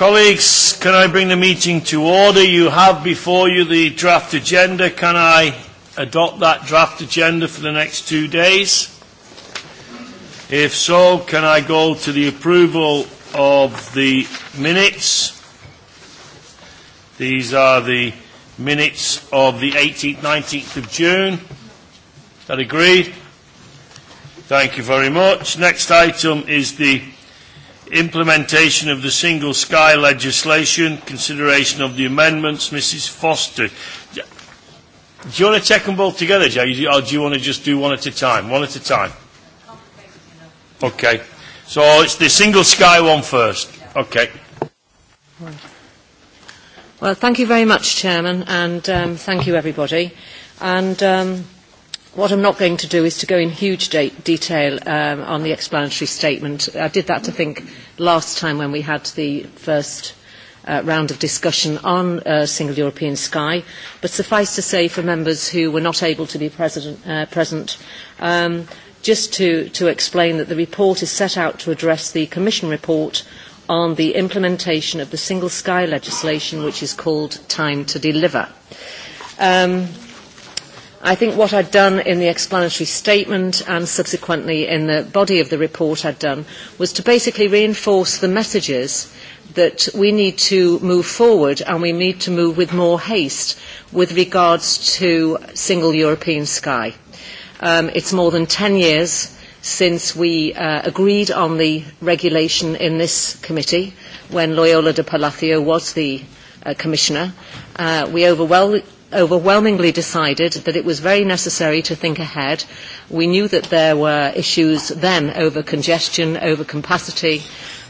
Colleagues, can I bring the meeting to order? You have before you the draft agenda. Can I adopt that draft agenda for the next two days? If so, can I go to the approval of the minutes? These are the minutes of the 18th, 19th of June. Is that agreed? Thank you very much. Next item is the implementation of the single sky legislation, consideration of the amendments, Mrs. Foster. Do you want to check them both together, Jay, or do you want to just do one at a time? One at a time. Okay. So it's the single sky one first. Okay. Well, thank you very much, Chairman, and um, thank you, everybody. And um, What I'm not going to do is to go in huge de detail um, on the explanatory statement. I did that, I think, last time when we had the first uh, round of discussion on uh, Single European Sky. But suffice to say, for members who were not able to be president, uh, present, um, just to, to explain that the report is set out to address the Commission report on the implementation of the Single Sky legislation, which is called Time to Deliver. Um, I think what I'd done in the explanatory statement and subsequently in the body of the report I'd done was to basically reinforce the messages that we need to move forward and we need to move with more haste with regards to single European sky. Um, it's more than 10 years since we uh, agreed on the regulation in this committee when Loyola de Palacio was the uh, commissioner. Uh, we overwhelmed overwhelmingly decided that it was very necessary to think ahead. We knew that there were issues then over congestion, over capacity,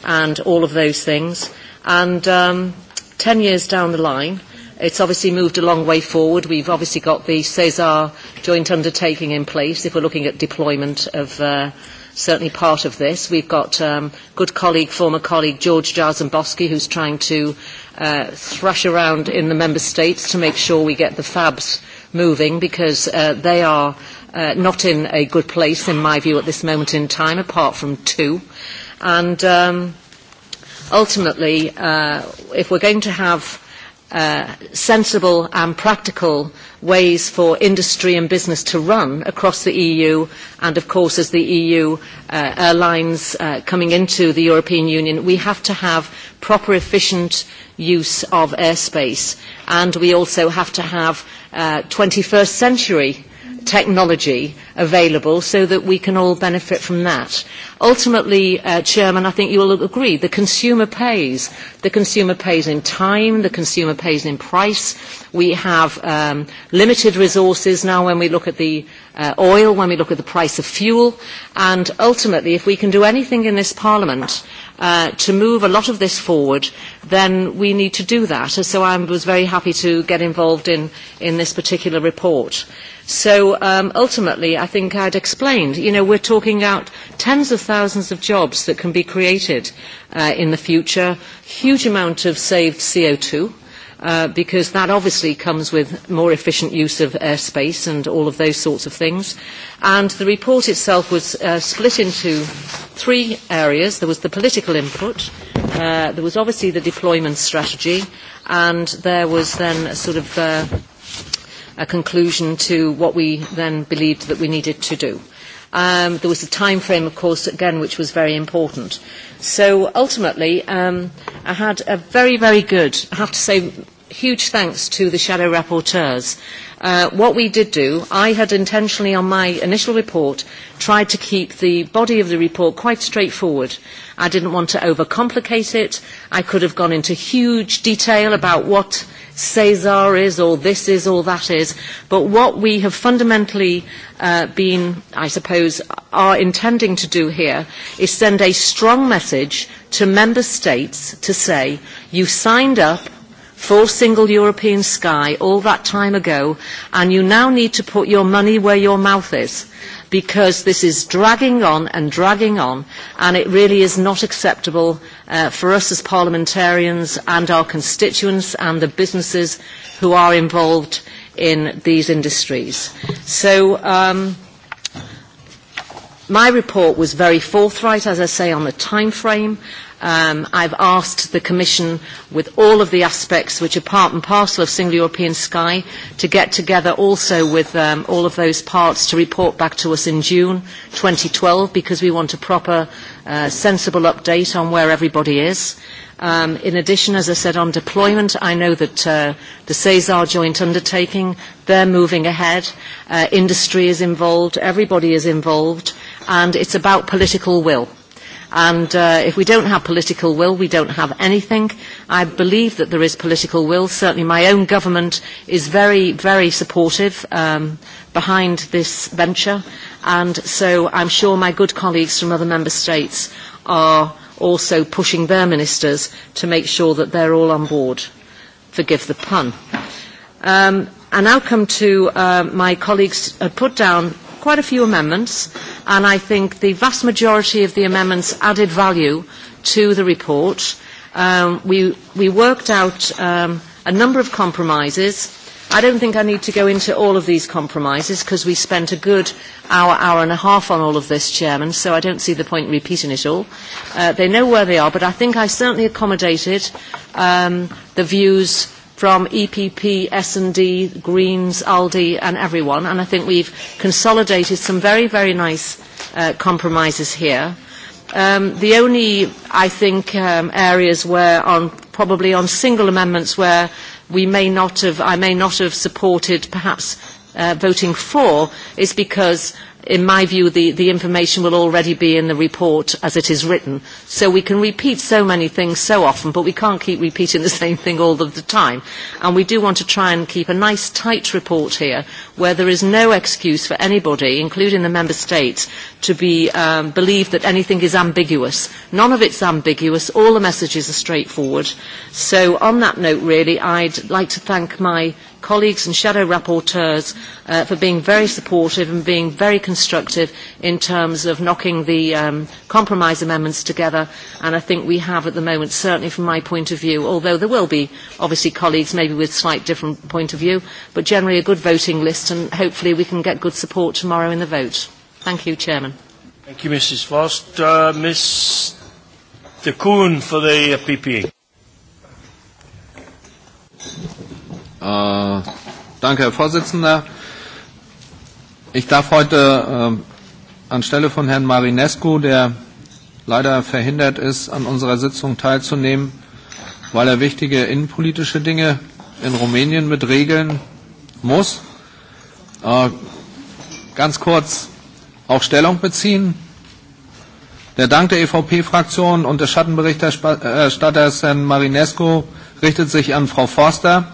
and all of those things. And um, 10 years down the line, it's obviously moved a long way forward. We've obviously got the CESAR joint undertaking in place if we're looking at deployment of uh, certainly part of this. We've got um, good colleague, former colleague George Jarzembowski, who's trying to uh, thrash around in the member states to make sure we get the fabs moving because uh, they are uh, not in a good place in my view at this moment in time apart from two and um, ultimately uh, if we're going to have uh, sensible and practical ways for industry and business to run across the EU and of course as the EU uh, airlines uh, coming into the European Union we have to have proper efficient use of airspace and we also have to have uh, 21st century technology available so that we can all benefit from that. Ultimately, uh, Chairman, I think you will agree, the consumer pays. The consumer pays in time, the consumer pays in price. We have um, limited resources now when we look at the uh, oil, when we look at the price of fuel. And ultimately, if we can do anything in this Parliament uh, to move a lot of this forward, then we need to do that. So I was very happy to get involved in, in this particular report. So um, ultimately, I think I'd explained, you know, we're talking about tens of thousands of jobs that can be created uh, in the future, huge amount of saved CO2, uh, because that obviously comes with more efficient use of airspace and all of those sorts of things. And the report itself was uh, split into three areas. There was the political input, uh, there was obviously the deployment strategy, and there was then a sort of uh, a conclusion to what we then believed that we needed to do. Um, there was a time frame, of course, again, which was very important. So ultimately, um, I had a very, very good, I have to say, huge thanks to the shadow rapporteurs. Uh, what we did do, I had intentionally on my initial report tried to keep the body of the report quite straightforward. I didn't want to overcomplicate it. I could have gone into huge detail about what Cesar is or this is or that is. But what we have fundamentally uh, been, I suppose, are intending to do here is send a strong message to member states to say, you signed up full single European sky all that time ago, and you now need to put your money where your mouth is, because this is dragging on and dragging on, and it really is not acceptable uh, for us as parliamentarians and our constituents and the businesses who are involved in these industries. So um, my report was very forthright, as I say, on the time frame. Um, I've asked the Commission, with all of the aspects which are part and parcel of Single European Sky, to get together also with um, all of those parts to report back to us in June 2012, because we want a proper, uh, sensible update on where everybody is. Um, in addition, as I said, on deployment, I know that uh, the CESAR joint undertaking, they're moving ahead. Uh, industry is involved. Everybody is involved. And it's about political will. And uh, if we don't have political will, we don't have anything. I believe that there is political will. Certainly my own government is very, very supportive um, behind this venture. And so I'm sure my good colleagues from other member states are also pushing their ministers to make sure that they're all on board. Forgive the pun. Um, and now come to uh, my colleagues uh, put down quite a few amendments, and I think the vast majority of the amendments added value to the report. Um, we, we worked out um, a number of compromises. I don't think I need to go into all of these compromises because we spent a good hour, hour and a half on all of this, Chairman, so I don't see the point in repeating it all. Uh, they know where they are, but I think I certainly accommodated um, the views from EPP, S&D, Greens, ALDE and everyone. And I think we've consolidated some very, very nice uh, compromises here. Um, the only, I think, um, areas where on, probably on single amendments where we may not have, I may not have supported perhaps uh, voting for is because in my view, the, the information will already be in the report as it is written. So we can repeat so many things so often, but we can't keep repeating the same thing all of the time. And we do want to try and keep a nice, tight report here where there is no excuse for anybody, including the Member States, to be um, believe that anything is ambiguous. None of it's ambiguous. All the messages are straightforward. So on that note, really, I'd like to thank my colleagues and shadow rapporteurs uh, for being very supportive and being very constructive in terms of knocking the um, compromise amendments together. And I think we have at the moment, certainly from my point of view, although there will be obviously colleagues maybe with slight different point of view, but generally a good voting list and hopefully we can get good support tomorrow in the vote. Thank you, Chairman. Thank you, Mrs. Frost. Uh, Ms. de Kuhn for the PPE. Äh, danke, Herr Vorsitzender. Ich darf heute äh, anstelle von Herrn Marinescu, der leider verhindert ist, an unserer Sitzung teilzunehmen, weil er wichtige innenpolitische Dinge in Rumänien mit regeln muss, äh, ganz kurz auch Stellung beziehen. Der Dank der EVP-Fraktion und des Schattenberichterstatters äh, Herrn Marinescu richtet sich an Frau Forster.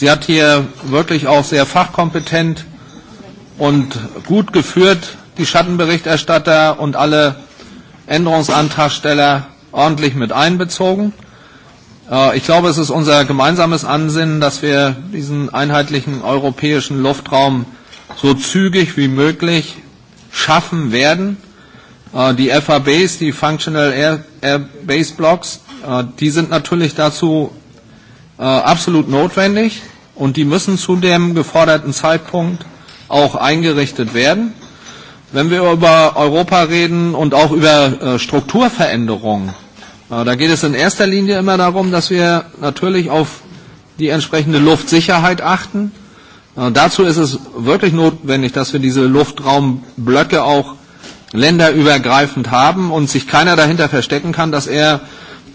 Sie hat hier wirklich auch sehr fachkompetent und gut geführt, die Schattenberichterstatter und alle Änderungsantragsteller ordentlich mit einbezogen. Äh, ich glaube, es ist unser gemeinsames Ansinnen, dass wir diesen einheitlichen europäischen Luftraum so zügig wie möglich schaffen werden. Äh, die FABs, die Functional Air Base Blocks, äh, die sind natürlich dazu Äh, absolut notwendig und die müssen zu dem geforderten Zeitpunkt auch eingerichtet werden. Wenn wir über Europa reden und auch über äh, Strukturveränderungen, äh, da geht es in erster Linie immer darum, dass wir natürlich auf die entsprechende Luftsicherheit achten. Äh, dazu ist es wirklich notwendig, dass wir diese Luftraumblöcke auch länderübergreifend haben und sich keiner dahinter verstecken kann, dass er äh,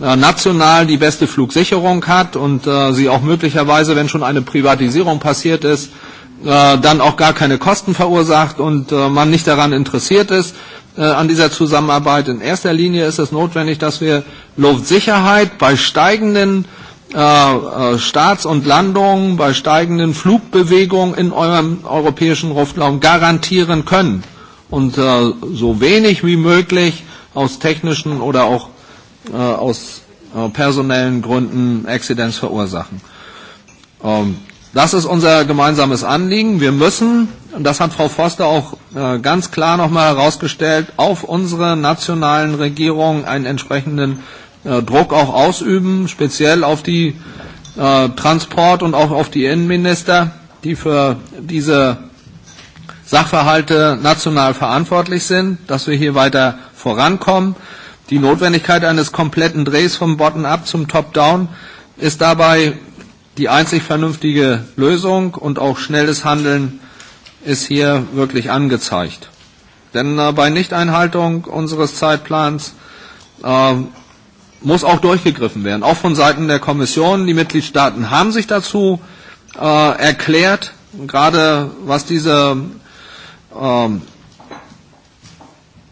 Äh, national die beste Flugsicherung hat und äh, sie auch möglicherweise, wenn schon eine Privatisierung passiert ist, äh, dann auch gar keine Kosten verursacht und äh, man nicht daran interessiert ist äh, an dieser Zusammenarbeit. In erster Linie ist es notwendig, dass wir Luftsicherheit bei steigenden äh, äh, Staats- und Landungen bei steigenden Flugbewegungen in eurem europäischen Luftraum garantieren können und äh, so wenig wie möglich aus technischen oder auch äh, aus äh, personellen Gründen Exzidenz verursachen. Ähm, das ist unser gemeinsames Anliegen. Wir müssen, und das hat Frau Forster auch äh, ganz klar nochmal herausgestellt, auf unsere nationalen Regierungen einen entsprechenden äh, Druck auch ausüben, speziell auf die äh, Transport- und auch auf die Innenminister, die für diese Sachverhalte national verantwortlich sind, dass wir hier weiter vorankommen. Äh, Die Notwendigkeit eines kompletten Drehs vom Bottom-up zum Top-down ist dabei die einzig vernünftige Lösung und auch schnelles Handeln ist hier wirklich angezeigt. Denn äh, bei Nichteinhaltung unseres Zeitplans äh, muss auch durchgegriffen werden, auch von Seiten der Kommission. Die Mitgliedstaaten haben sich dazu äh, erklärt, gerade was diese äh,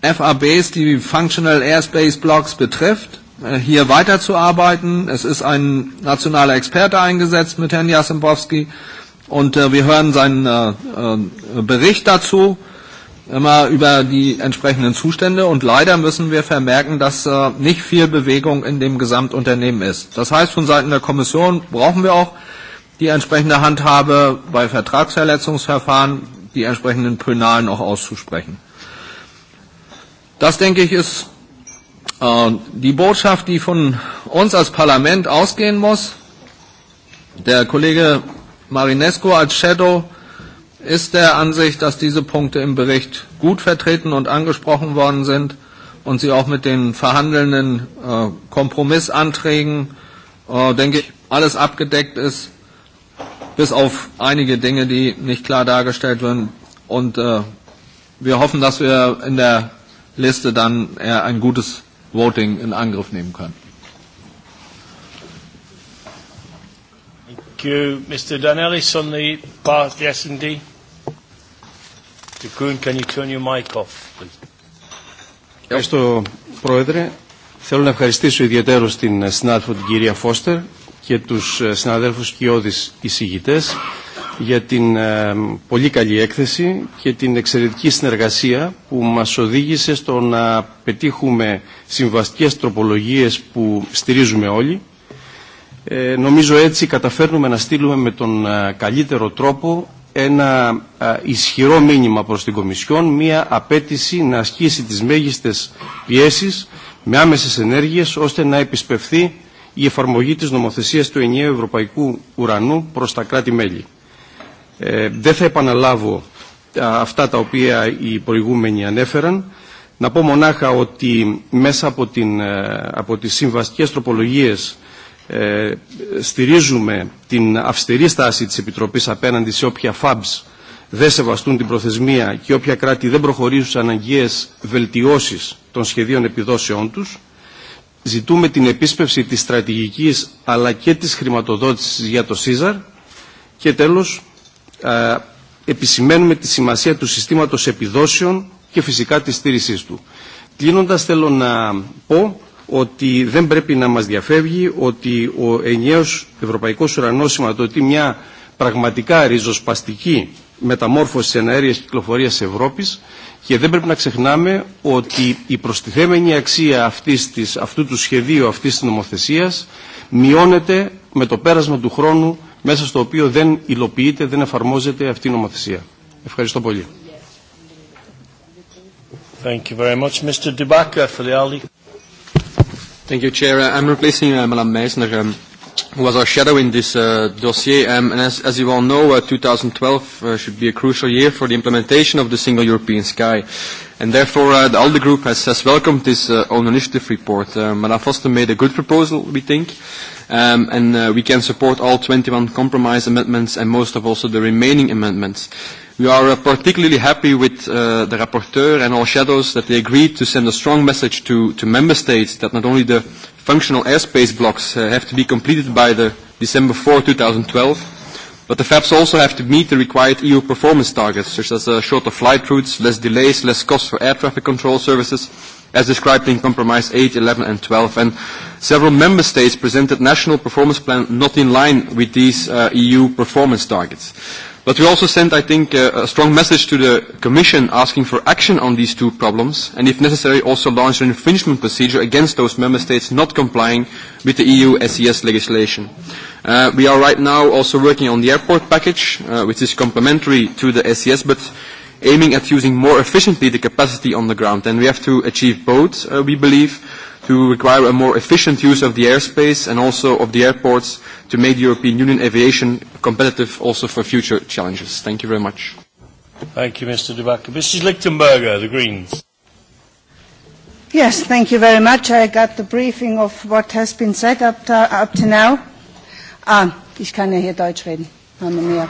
FABs, die Functional Airspace Blocks betrifft, äh, hier weiterzuarbeiten. Es ist ein nationaler Experte eingesetzt mit Herrn Jasimbowski und äh, wir hören seinen äh, Bericht dazu immer über die entsprechenden Zustände und leider müssen wir vermerken, dass nicht viel Bewegung in dem Gesamtunternehmen ist. Das heißt, von Seiten der Kommission brauchen wir auch die entsprechende Handhabe bei Vertragsverletzungsverfahren, die entsprechenden Penalen auch auszusprechen. Das, denke ich, ist äh, die Botschaft, die von uns als Parlament ausgehen muss. Der Kollege Marinesco als Shadow ist der Ansicht, dass diese Punkte im Bericht gut vertreten und angesprochen worden sind und sie auch mit den verhandelnden äh, Kompromissanträgen, äh, denke ich, alles abgedeckt ist, bis auf einige Dinge, die nicht klar dargestellt werden. Und äh, wir hoffen, dass wir in der Liste dann er ein gutes Voting in Angriff nehmen kann. Thank you, Mr. Danelis on the part of the SD. De Koen, can you turn your mic off, please? Ευχαριστώ, Πρόεδρε. Θέλω να ευχαριστήσω ιδιαίτερω την συνάδελφο την κυρία Φώστερ και τους συναδέλφους και οι εισηγητές για την ε, πολύ καλή έκθεση και την εξαιρετική συνεργασία που μας οδήγησε στο να πετύχουμε συμβαστικές τροπολογίες που στηρίζουμε όλοι. Ε, νομίζω έτσι καταφέρνουμε να στείλουμε με τον ε, καλύτερο τρόπο ένα ε, ισχυρό μήνυμα προς την Κομισιόν, μία απέτηση να ασκήσει τις μέγιστες πιέσεις με άμεσες ενέργειες ώστε να επισπευθεί η εφαρμογή της νομοθεσίας του ενιαίου Ευρωπαϊκού Ουρανού προς τα κράτη-μέλη. Ε, δεν θα επαναλάβω α, αυτά τα οποία οι προηγούμενοι ανέφεραν. Να πω μονάχα ότι μέσα από, την, από τις συμβαστικές τροπολογίες ε, στηρίζουμε την αυστηρή στάση της Επιτροπής απέναντι σε όποια ΦΑΜΣ δεν σεβαστούν την προθεσμία και όποια κράτη δεν προχωρήσουν σε αναγκαίες βελτιώσεις των σχεδίων επιδόσεών τους. Ζητούμε την επίσπευση της στρατηγικής αλλά και της χρηματοδότησης για το ΣΥΖΑΡ και τέλος επισημαίνουμε τη σημασία του συστήματος επιδόσεων και φυσικά της στήρησής του. Κλείνοντας θέλω να πω ότι δεν πρέπει να μας διαφεύγει ότι ο ενιαίος ευρωπαϊκός ουρανός ότι μια πραγματικά ριζοσπαστική μεταμόρφωση σε αέριες κυκλοφορίας Ευρώπης και δεν πρέπει να ξεχνάμε ότι η προστιθέμενη αξία αυτής της, αυτού του σχεδίου, αυτής της νομοθεσίας μειώνεται με το πέρασμα του χρόνου μέσα στο οποίο δεν υλοποιείται, δεν εφαρμόζεται αυτή η νομοθεσία. Ευχαριστώ πολύ. Thank you very much, Mr. Dibaka, for the early... Thank you, Chair. I'm replacing uh, Madam Meisner, um, who was our shadow in this uh, dossier. Um, and as, as you all know, uh, 2012 uh, should be a crucial year for the implementation of the single European sky. And therefore, uh, the ALDE Group has, has welcomed this uh, own initiative report. Um, Madame Foster made a good proposal, we think, um, and uh, we can support all 21 compromise amendments and most of also the remaining amendments. We are uh, particularly happy with uh, the rapporteur and all shadows that they agreed to send a strong message to, to member states that not only the functional airspace blocks uh, have to be completed by the December 4, 2012, But the fabs also have to meet the required EU performance targets, such as uh, shorter flight routes, less delays, less costs for air traffic control services, as described in Compromise 8, 11, and 12. And several member states presented national performance plans not in line with these uh, EU performance targets. Uh, But we also sent, I think, a, a strong message to the Commission asking for action on these two problems and, if necessary, also launched an infringement procedure against those Member States not complying with the EU SES legislation. Uh, we are right now also working on the airport package, uh, which is complementary to the SES, e but aiming at using more efficiently the capacity on the ground. And we have to achieve both, uh, we believe to require a more efficient use of the airspace and also of the airports to make European Union aviation competitive also for future challenges. Thank you very much. Thank you, Mr. Debacker. Mrs. Lichtenberger, the Greens. Yes, thank you very much. I got the briefing of what has been said up to, up to now. Ah, ich kann ja hier Deutsch reden. Haben wir mehr.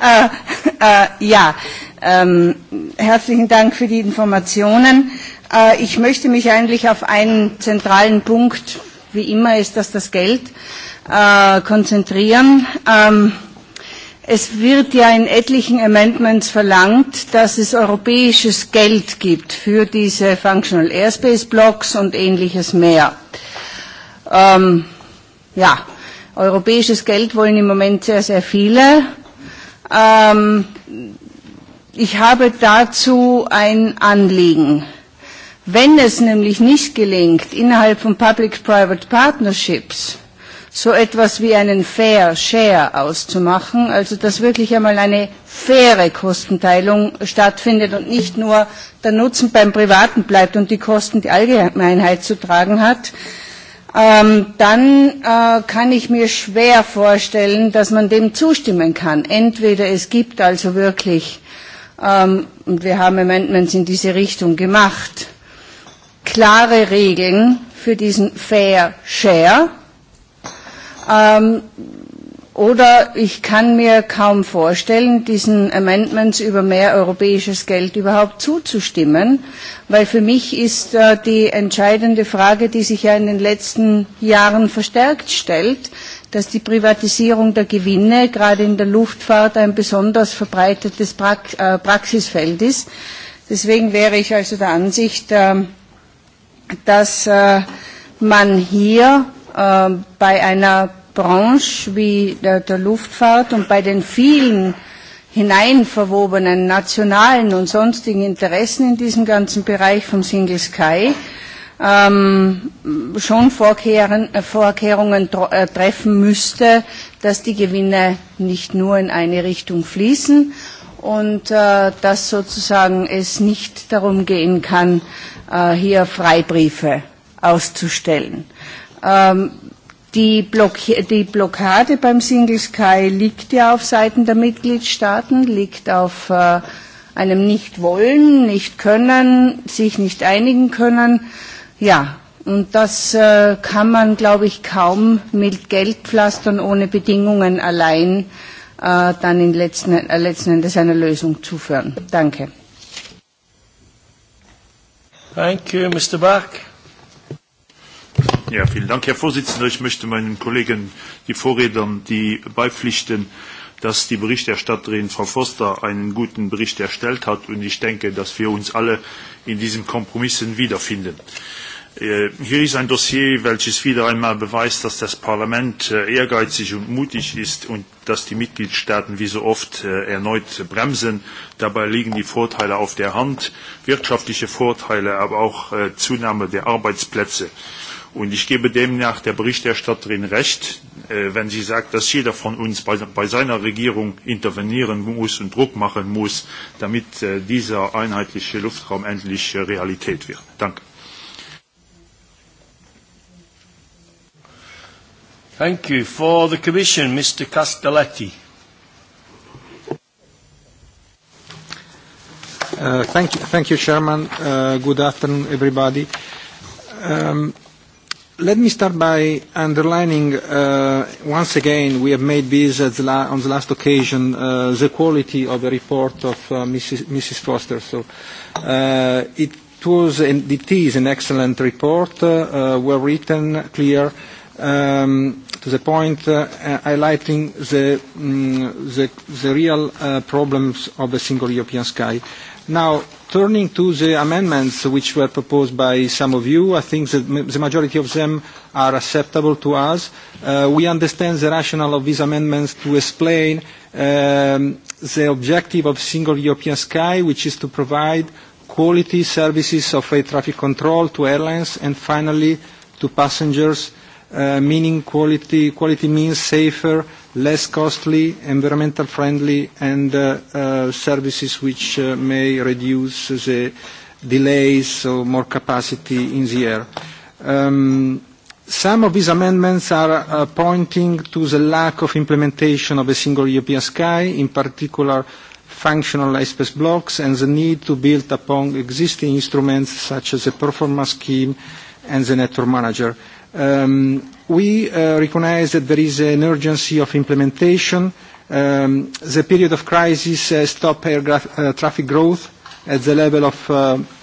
uh, uh, ja, um, herzlichen Dank für die Informationen. Äh, ich möchte mich eigentlich auf einen zentralen Punkt, wie immer ist das das Geld, äh, konzentrieren. Ähm, es wird ja in etlichen Amendments verlangt, dass es europäisches Geld gibt für diese Functional Airspace Blocks und ähnliches mehr. Ähm, ja, europäisches Geld wollen im Moment sehr, sehr viele. Ähm, ich habe dazu ein Anliegen. Wenn es nämlich nicht gelingt, innerhalb von Public-Private Partnerships so etwas wie einen Fair Share auszumachen, also dass wirklich einmal eine faire Kostenteilung stattfindet und nicht nur der Nutzen beim Privaten bleibt und die Kosten die Allgemeinheit zu tragen hat, ähm, dann äh, kann ich mir schwer vorstellen, dass man dem zustimmen kann. Entweder es gibt also wirklich, ähm, und wir haben Amendments in diese Richtung gemacht, klare Regeln für diesen Fair Share. Ähm, oder ich kann mir kaum vorstellen, diesen Amendments über mehr europäisches Geld überhaupt zuzustimmen, weil für mich ist äh, die entscheidende Frage, die sich ja in den letzten Jahren verstärkt stellt, dass die Privatisierung der Gewinne gerade in der Luftfahrt ein besonders verbreitetes Prax äh, Praxisfeld ist. Deswegen wäre ich also der Ansicht, äh, dass äh, man hier äh, bei einer Branche wie der, der Luftfahrt und bei den vielen hineinverwobenen nationalen und sonstigen Interessen in diesem ganzen Bereich vom Single Sky ähm, schon Vorkehren, äh, Vorkehrungen treffen müsste, dass die Gewinne nicht nur in eine Richtung fließen, und äh, dass sozusagen es nicht darum gehen kann, äh, hier Freibriefe auszustellen. Ähm, die, Block die Blockade beim Single Sky liegt ja auf Seiten der Mitgliedstaaten, liegt auf äh, einem Nicht-Wollen, Nicht-Können, sich nicht einigen können. Ja, und das äh, kann man, glaube ich, kaum mit Geldpflastern ohne Bedingungen allein äh, äh, ah, dann in letzten, äh, letzten Endes eine Lösung zuführen. Danke. Thank you, Mr. Bach. Ja, vielen Dank, Herr Vorsitzender. Ich möchte meinen Kollegen, die Vorredner, die beipflichten, dass die Berichterstatterin Frau Foster einen guten Bericht erstellt hat. Und ich denke, dass wir uns alle in diesen Kompromissen wiederfinden. Eh, hier ist ein Dossier, welches wieder einmal beweist, dass das Parlament eh, ehrgeizig und mutig ist und dass die Mitgliedstaaten wie so oft eh, erneut bremsen. Dabei liegen die Vorteile auf der Hand, wirtschaftliche Vorteile, aber auch Zunahme der Arbeitsplätze. Und ich gebe demnach der Berichterstatterin recht, wenn sie sagt, dass jeder von uns bei seiner Regierung intervenieren muss und Druck machen muss, damit dieser einheitliche Luftraum endlich Realität wird. Danke. Thank you. For the Commission, Mr Castelletti. Uh, thank, you, thank you, Chairman. Uh, good afternoon, everybody. Um, let me start by underlining uh, once again, we have made this at the la on the last occasion, uh, the quality of the report of uh, Mrs, Mrs Foster. So, uh, it, was an, it is an excellent report, uh, uh well written, clear, Um, to the point, uh, uh, highlighting the mm, real uh, problems of a Single European Sky. Now, turning to the amendments which were proposed by some of you, I think the majority of them are acceptable to us. We understand the rationale of these amendments to explain um, the objective of Single European Sky, which is to provide quality services of air traffic control to airlines and finally to passengers Uh, meaning quality. Quality means safer, less costly, environmental friendly, and uh, uh, services which uh, may reduce the delays or more capacity in the air. Um, some of these amendments are uh, pointing to the lack of implementation of a single European sky, in particular functional space blocks and the need to build upon existing instruments such as the performance scheme and the network manager. Um, we uh, recognize that there is an urgency of implementation. Um, the period of crisis uh, stopped air graf- uh, traffic growth at the level of uh,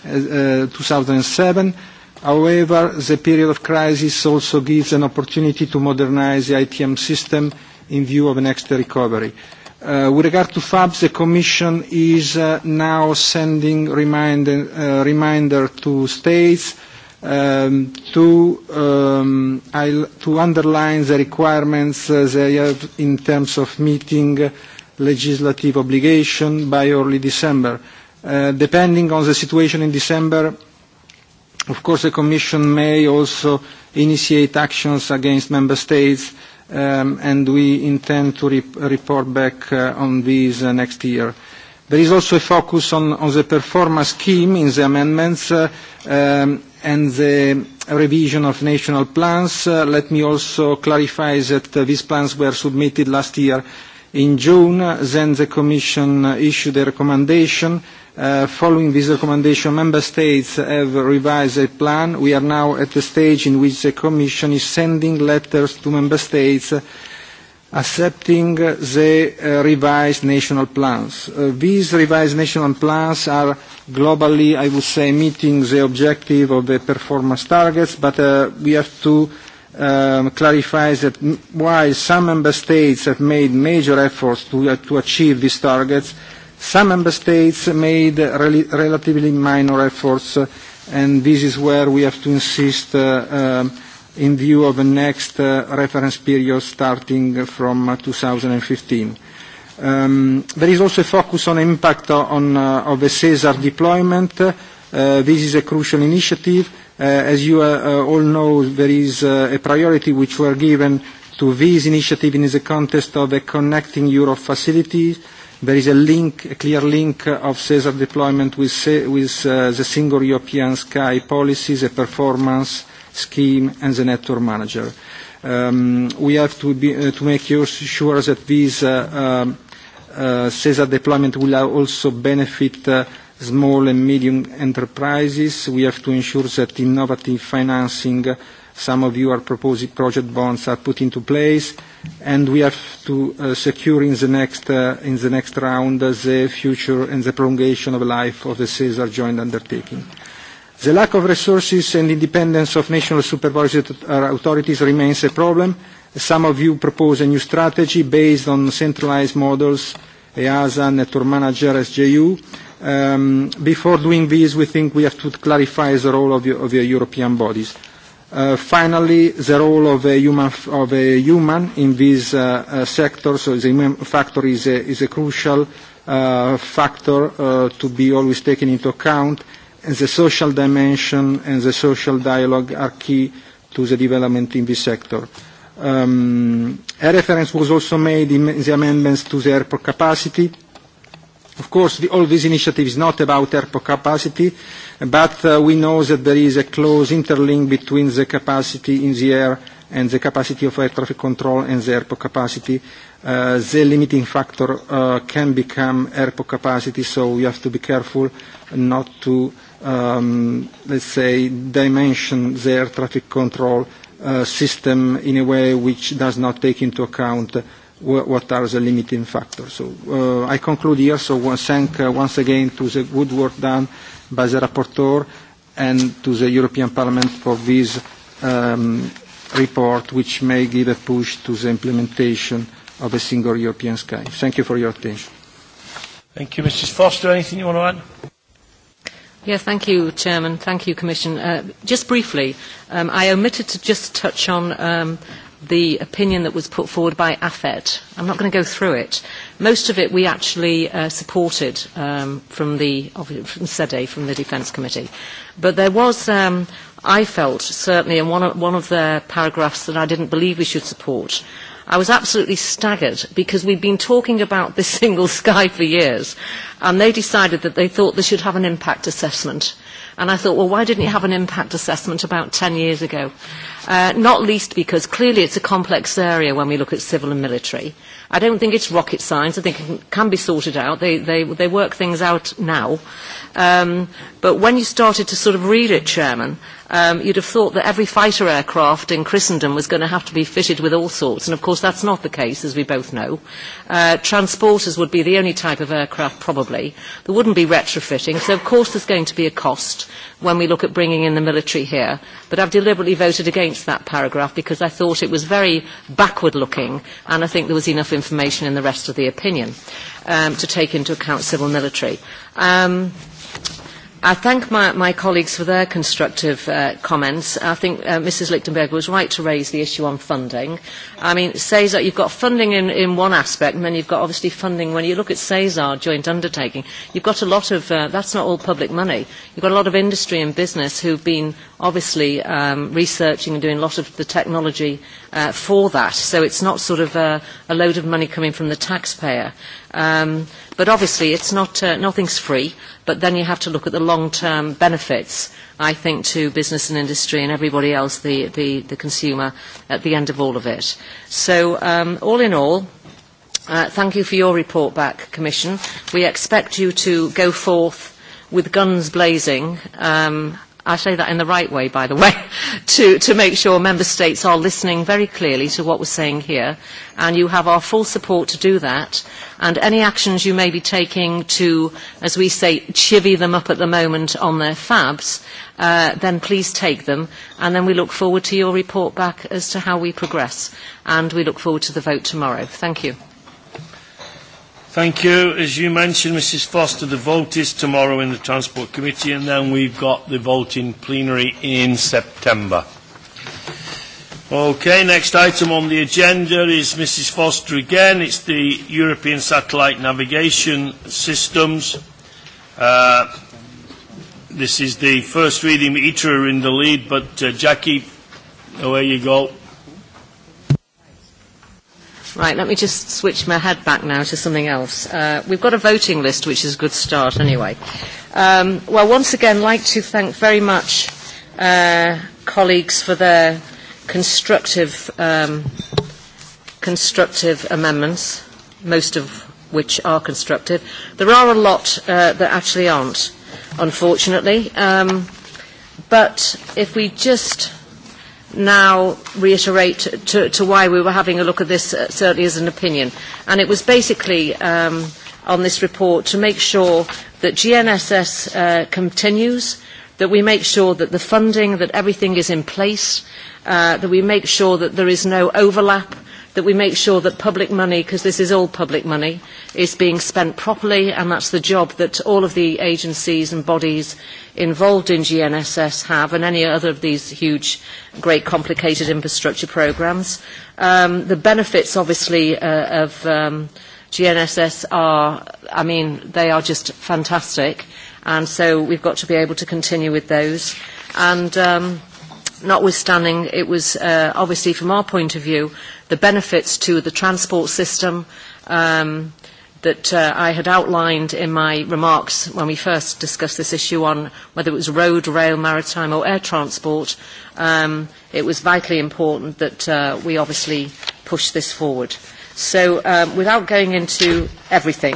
uh, 2007. However, the period of crisis also gives an opportunity to modernize the ITM system in view of next recovery. Uh, with regard to FABs, the Commission is uh, now sending reminder, uh, reminder to states uh, um, to, um, I'll, to underline the requirements uh, they have in terms of meeting legislative obligation by early December. Uh, depending on the situation in December, of course the Commission may also initiate actions against Member States um, and we intend to re report back uh, on these uh, next year. There is also a focus on, on the performance scheme in the amendments. Uh, um, and the revision of national plans. Uh, let me also clarify that uh, these plans were submitted last year in June. Then the Commission issued a recommendation. Uh, following this recommendation, Member States have revised a plan. We are now at the stage in which the Commission is sending letters to Member States uh, accepting the uh, revised national plans. Uh, these revised national plans are globally, I would say, meeting the objective of the performance targets, but uh, we have to um, clarify that while some member states have made major efforts to, uh, to achieve these targets, some member states made re relatively minor efforts, uh, and this is where we have to insist uh, um, in view of the next uh, reference period starting from 2015. Uh, um, there is also a focus on impact uh, of the SESAR deployment. This is a crucial initiative. As you all know, there is a priority which were given to this initiative in the context of a Connecting Europe facility. There is a clear link of SESAR deployment with the Single European Sky policies, a performance scheme and the network manager. Um, we have to, be, uh, to make sure that this uh, um, uh, CESA deployment will also benefit uh, small and medium enterprises. We have to ensure that innovative financing, uh, some of you are proposing project bonds, are put into place. And we have to uh, secure in the next, uh, in the next round uh, the future and the prolongation of life of the CESA joint undertaking. The lack of resources and independence of national supervisory uh, authorities remains a problem. Some of you propose a new strategy based on centralized models, EASA, Network Manager, SJU. Um, before doing this, we think we have to clarify the role of, of the European bodies. Uh, finally, the role of a human, of a human in this uh, uh, sector, so the human factor is a, is a crucial uh, factor uh, to be always taken into account and the social dimension and the social dialogue are key to the development in this sector. Um, a reference was also made in the amendments to the airport capacity. Of course, the, all these initiatives not about airport capacity, but uh, we know that there is a close interlink between the capacity in the air and the capacity of air traffic control and the airport capacity. Uh, the limiting factor uh, can become airport capacity, so we have to be careful not to uh, um, let's say, dimension their traffic control uh, system in a way which does not take into account uh, wh what are the limiting factors. So uh, I conclude here, so one thank uh, once again to the good work done by the rapporteur and to the European Parliament for this um, report which may give a push to the implementation of a single European sky. Thank you for your attention. Thank you, Mrs. Foster. Anything you want to add? Yeah, thank you, Chairman. Thank you, Commission. Uh, just briefly, um, I omitted to just touch on um, the opinion that was put forward by AFET. I'm not going to go through it. Most of it we actually uh, supported um, from the from SEDE, from the Defence Committee. But there was, um, I felt, certainly in one of, one of the paragraphs that I didn't believe we should support, I was absolutely staggered because we'd been talking about this single sky for years and they decided that they thought they should have an impact assessment. And I thought, well, why didn't you have an impact assessment about 10 years ago? Uh, not least because clearly it's a complex area when we look at civil and military. I don't think it's rocket science. I think it can be sorted out. They, they, they work things out now. Um, but when you started to sort of read it, Chairman, um, you'd have thought that every fighter aircraft in Christendom was going to have to be fitted with all sorts, and of course that's not the case, as we both know. Uh, transporters would be the only type of aircraft, probably. There wouldn't be retrofitting, so of course there's going to be a cost when we look at bringing in the military here. But I've deliberately voted against that paragraph because I thought it was very backward-looking, and I think there was enough information in the rest of the opinion um, to take into account civil military. Um, I thank my, my colleagues for their constructive uh, comments. I think uh, Mrs. Lichtenberg was right to raise the issue on funding. I mean, CESAR, you've got funding in, in one aspect, and then you've got obviously funding when you look at CESAR joint undertaking. You've got a lot of, uh, that's not all public money. You've got a lot of industry and business who've been obviously um, researching and doing a lot of the technology uh, for that. So it's not sort of a, a load of money coming from the taxpayer. Um, But obviously, it's not, uh, nothing's free, but then you have to look at the long-term benefits, I think, to business and industry and everybody else, the, the, the consumer, at the end of all of it. So um, all in all, uh, thank you for your report back, Commission. We expect you to go forth with guns blazing um, I say that in the right way, by the way, to, to make sure member states are listening very clearly to what we're saying here. And you have our full support to do that. And any actions you may be taking to, as we say, chivvy them up at the moment on their fabs, uh, then please take them. And then we look forward to your report back as to how we progress. And we look forward to the vote tomorrow. Thank you. Thank you. As you mentioned, Mrs Foster, the vote is tomorrow in the Transport Committee and then we've got the vote in plenary in September. Okay, next item on the agenda is Mrs Foster again. It's the European Satellite Navigation Systems. Uh, this is the first reading. ITRA are in the lead, but uh, Jackie, away you go. Thank you. Right, let me just switch my head back now to something else. Uh, we've got a voting list, which is a good start anyway. Um, well, once again, I'd like to thank very much uh, colleagues for their constructive, um, constructive amendments, most of which are constructive. There are a lot uh, that actually aren't, unfortunately. Um, but if we just now reiterate to, to why we were having a look at this uh, certainly as an opinion. And it was basically um, on this report to make sure that GNSS uh, continues, that we make sure that the funding, that everything is in place, uh, that we make sure that there is no overlap, that we make sure that public money, because this is all public money, is being spent properly, and that's the job that all of the agencies and bodies involved in GNSS have and any other of these huge, great, complicated infrastructure programs. Um, the benefits, obviously, uh, of um, GNSS are, I mean, they are just fantastic. And so we've got to be able to continue with those. And um, notwithstanding, it was uh, obviously from our point of view, the benefits to the transport system, um, that uh, I had outlined in my remarks when we first discussed this issue on whether it was road, rail, maritime or air transport, um, it was vitally important that uh, we obviously push this forward. So um, without going into everything,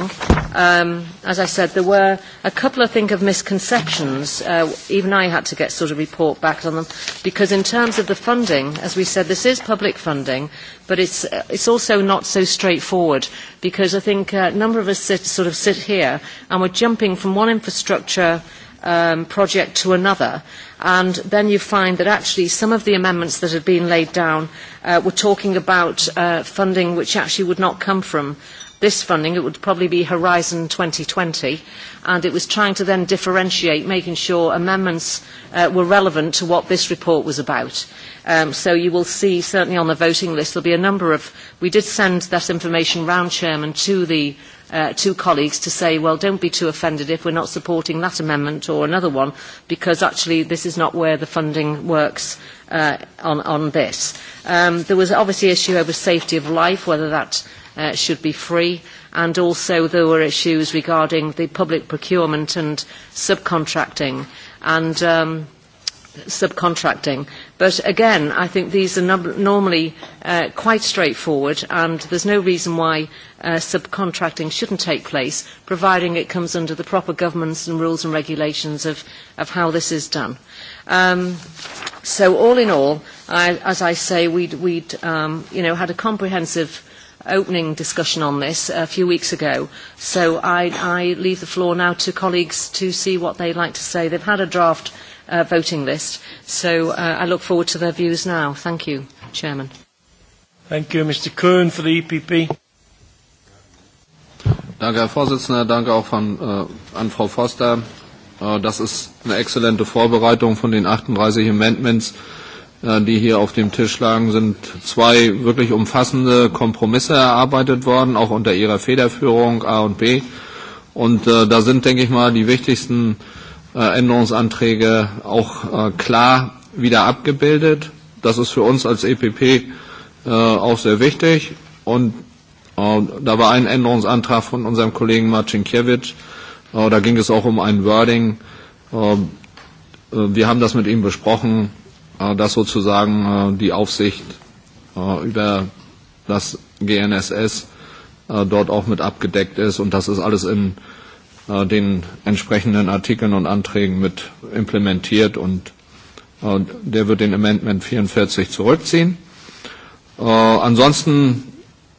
um, as I said, there were a couple of things of misconceptions. Uh, even I had to get sort of report back on them. Because in terms of the funding, as we said, this is public funding, but it's, uh, it's also not so straightforward. Because I think uh, a number of us sit, sort of sit here and we're jumping from one infrastructure um, project to another. And then you find that actually some of the amendments that have been laid down uh, were talking about uh, funding which actually would not come from this funding, it would probably be Horizon 2020, and it was trying to then differentiate, making sure amendments uh, were relevant to what this report was about. Um, so you will see, certainly on the voting list, there'll be a number of, we did send that information round, Chairman, to the uh, two colleagues to say, well, don't be too offended if we're not supporting that amendment or another one, because actually this is not where the funding works uh, on, on this. Um, there was obviously issue over safety of life, whether that's uh, should be free. And also there were issues regarding the public procurement and subcontracting and um, subcontracting. But again, I think these are num- normally uh, quite straightforward and there's no reason why uh, subcontracting shouldn't take place, providing it comes under the proper governance and rules and regulations of, of how this is done. Um, so all in all, I, as I say, we'd, we'd um, you know, had a comprehensive – opening discussion on this a few weeks ago. So I, I leave the floor now to colleagues to see what they'd like to say. They've had a draft uh, voting list, so uh, I look forward to their views now. Thank you, Chairman. Thank you, Mr. Kern, for the EPP. Danke, Herr Vorsitzender. Danke auch von, äh, an Frau Foster. Äh, das ist eine exzellente Vorbereitung von den 38 Amendments. Äh, Äh, die hier auf dem Tisch lagen, sind zwei wirklich umfassende Kompromisse erarbeitet worden, auch unter Ihrer Federführung A und B. Und äh, da sind, denke ich mal, die wichtigsten äh, Änderungsanträge auch äh, klar wieder abgebildet. Das ist für uns als EPP äh, auch sehr wichtig. Und äh, da war ein Änderungsantrag von unserem Kollegen Marcinkiewicz. Äh, da ging es auch um ein Wording. Ähm, äh, wir haben das mit ihm besprochen. Äh, dass sozusagen äh, die Aufsicht äh, über das GNSS dort auch mit abgedeckt ist und das ist alles in den entsprechenden Artikeln und Anträgen mit implementiert und der wird den Amendment 44 zurückziehen. Ansonsten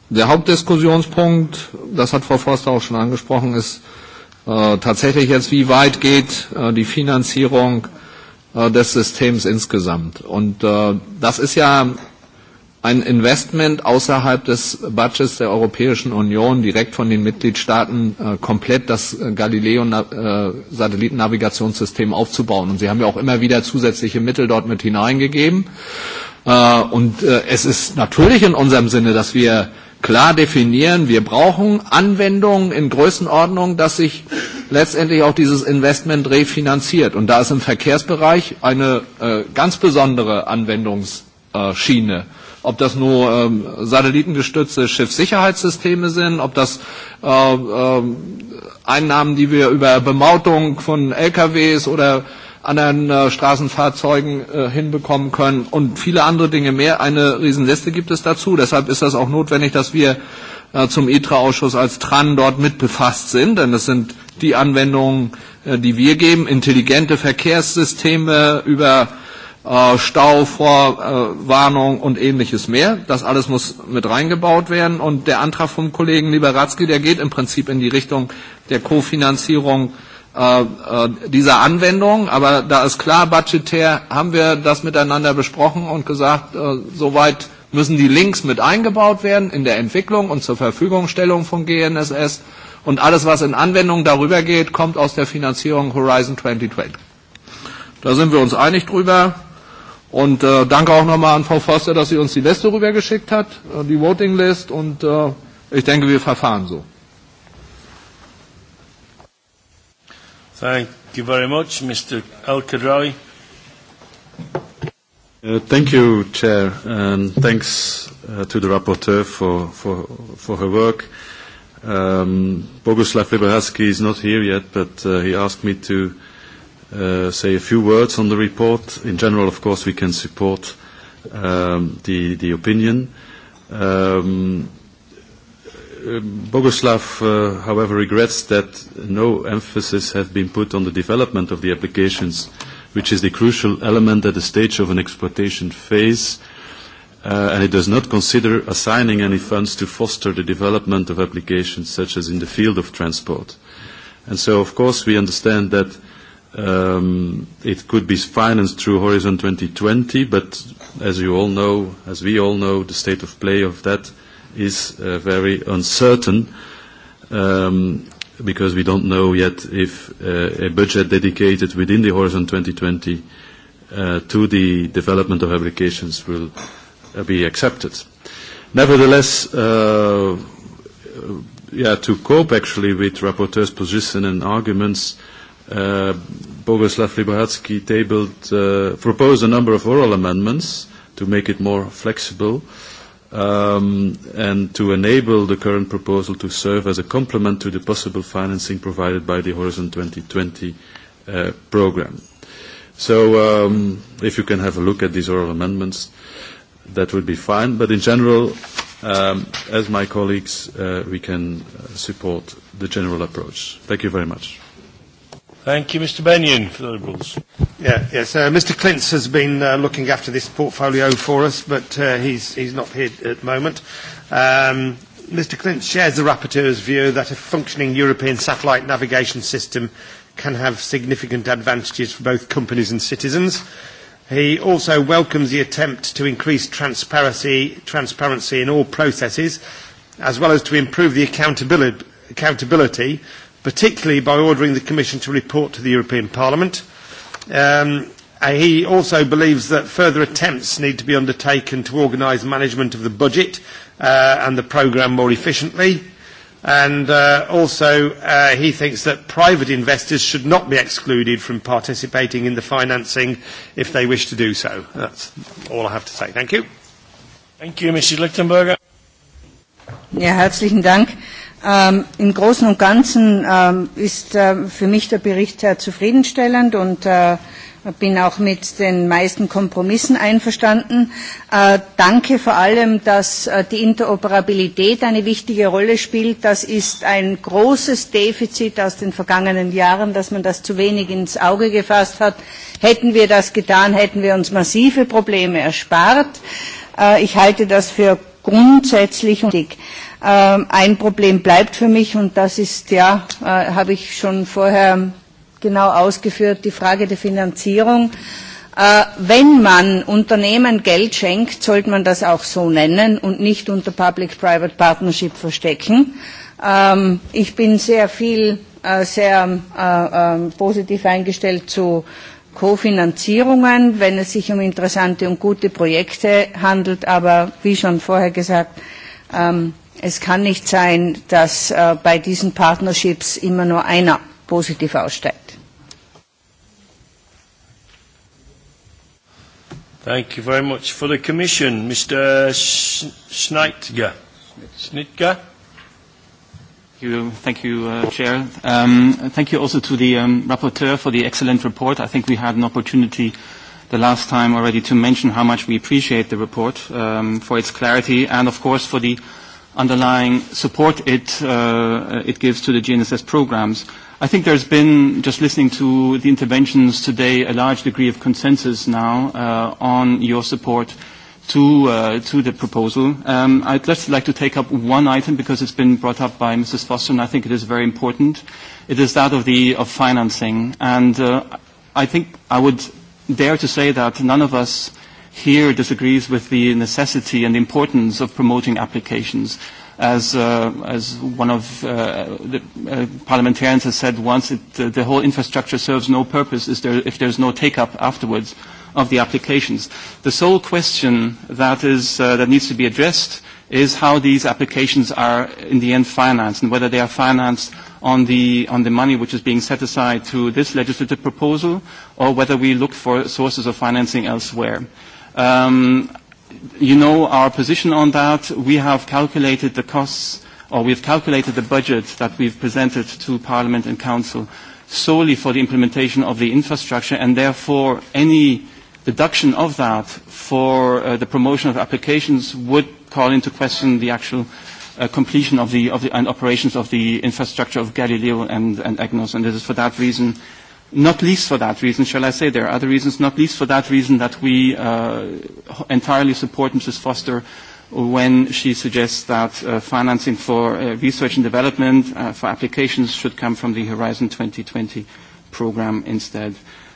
der Hauptdiskussionspunkt, das hat Frau Forster auch schon angesprochen, ist tatsächlich jetzt, wie weit geht die Finanzierung Äh, des Systems insgesamt. Und äh, das ist ja ein Investment außerhalb des Budgets der Europäischen Union, direkt von den Mitgliedstaaten äh, komplett das Galileo-Satellitennavigationssystem äh, aufzubauen. Und Sie haben ja auch immer wieder zusätzliche Mittel dort mit hineingegeben. Äh, und äh, es ist natürlich in unserem Sinne, dass wir klar definieren, wir brauchen Anwendungen in Größenordnung, dass sich letztendlich auch dieses Investment refinanziert. Und da ist im Verkehrsbereich eine äh, ganz besondere Anwendungsschiene. Ob das nur ähm, satellitengestützte Schiffssicherheitssysteme sind, ob das äh, äh, Einnahmen, die wir über Bemautung von LKWs oder anderen äh, Straßenfahrzeugen äh, hinbekommen können und viele andere Dinge mehr. Eine Riesenliste gibt es dazu. Deshalb ist das auch notwendig, dass wir äh, zum ITRA-Ausschuss e als TRAN dort mit befasst sind, denn das sind äh, die Anwendungen, äh, die wir geben, intelligente Verkehrssysteme über äh, Stauvorwarnung äh, und ähnliches mehr. Das alles muss mit reingebaut werden. Und der Antrag vom Kollegen Liberatzki, der geht im Prinzip in die Richtung der Kofinanzierung äh, äh, dieser Anwendung, aber da ist klar, budgetär haben wir das miteinander besprochen und gesagt, äh, soweit müssen die Links mit eingebaut werden in der Entwicklung und zur Verfügungstellung von GNSS. Und alles, was in Anwendung darüber geht, kommt aus der Finanzierung Horizon 2020. Da sind wir uns einig drüber. Und äh, danke auch nochmal an Frau Foster, dass sie uns die Liste rübergeschickt hat, äh, die Voting List. Und äh, ich denke, wir verfahren so. Thank you very much, Mr. El -Kadrawi. Uh, thank you, Chair, and thanks uh, to the rapporteur for, for, for her work. Uh, Um, Bogoslav Liberhatsky is not here yet, but uh, he asked me to uh, say a few words on the report. In general, of course, we can support um, the, the opinion. Um, uh, Bogoslav, uh, however, regrets that no emphasis has been put on the development of the applications, which is the crucial element at the stage of an exploitation phase. Uh, uh, and it does not consider assigning any funds to foster the development of applications such as in the field of transport. And so, of course, we understand that um, it could be financed through Horizon 2020, but as you all know, as we all know, the state of play of that is uh, very uncertain um, because we don't know yet if uh, a budget dedicated within the Horizon 2020 uh, to the development of applications will be accepted. Nevertheless, uh, uh, yeah, to cope actually with rapporteur's position and arguments, uh, Bogoslav Liberatsky tabled, uh, proposed a number of oral amendments to make it more flexible um, and to enable the current proposal to serve as a complement to the possible financing provided by the Horizon 2020 uh, program. So um, if you can have a look at these oral amendments, uh, that would be fine. But in general, um, as my colleagues, uh, we can uh, support the general approach. Thank you very much. Thank you, Mr. Bennion, for the Liberals. Yeah, yes. Uh, Mr. Clintz has been uh, looking after this portfolio for us, but uh, he's, he's not here at the moment. Um, Mr. Clintz shares the rapporteur's view that a functioning European satellite navigation system can have significant advantages for both companies and citizens. He also welcomes the attempt to increase transparency, transparency in all processes, as well as to improve the accountability, accountability, particularly by ordering the Commission to report to the European Parliament. Um, uh, he also believes that further attempts need to be undertaken to organise management of the budget uh, and the programme more efficiently. Uh, And uh, also, uh, he thinks that private investors should not be excluded from participating in the financing if they wish to do so. That's all I have to say. Thank you. Thank you, Mrs. Lichtenberger. Ja, herzlichen Dank. Ähm, Im Großen und Ganzen ähm, ist äh, für mich der Bericht sehr äh, zufriedenstellend und äh, bin auch mit den meisten Kompromissen einverstanden. Äh, danke vor allem, dass äh, die Interoperabilität eine wichtige Rolle spielt. Das ist ein großes Defizit aus den vergangenen Jahren, dass man das zu wenig ins Auge gefasst hat. Hätten wir das getan, hätten wir uns massive Probleme erspart. Äh, ich halte das für grundsätzlich wichtig. Ähm, ein Problem bleibt für mich, und das ist, ja, äh, habe ich schon vorher genau ausgeführt, die Frage der Finanzierung. Äh, wenn man Unternehmen Geld schenkt, sollte man das auch so nennen und nicht unter Public-Private Partnership verstecken. Ähm, ich bin sehr viel, äh, sehr äh, ähm, positiv eingestellt zu Kofinanzierungen, wenn es sich um interessante und gute Projekte handelt. Aber wie schon vorher gesagt, ähm, es kann nicht sein, dass bei diesen Partnerships immer nur einer positiv aussteigt. Thank you very much for the commission, Mr. Schneitger. Schneitger. Thank you, thank you uh, Chair. Um, thank you also to the um, rapporteur for the excellent report. I think we had an opportunity the last time already to mention how much we appreciate the report um, for its clarity and, of course, for the uh, underlying support it, uh, it gives to the GNSS programs. I think there's been, just listening to the interventions today, a large degree of consensus now uh, on your support to, uh, to the proposal. Um, I'd just like to take up one item because it's been brought up by Mrs. Foster and I think it is very important. It is that of, the, of financing. And uh, I think I would dare to say that none of us uh, here disagrees with the necessity and the importance of promoting applications. As, uh, as one of uh, the uh, parliamentarians has said once, it, the, uh, the whole infrastructure serves no purpose is there, if there is no take-up afterwards of the applications. The sole question that, is, uh, that needs to be addressed is how these applications are in the end financed and whether they are financed on the, on the money which is being set aside to this legislative proposal or whether we look for sources of financing elsewhere. Um, you know our position on that. We have calculated the costs, or we have calculated the budget that we've presented to Parliament and Council solely for the implementation of the infrastructure, and therefore any deduction of that for uh, the promotion of applications would call into question the actual uh, completion of the, of the and operations of the infrastructure of Galileo and, and EGNOS, and it is for that reason not least for that reason, shall I say there are other reasons, not least for that reason that we uh, entirely support Mrs. Foster when she suggests that uh, financing for uh, research and development uh, for applications should come from the Horizon 2020 program instead.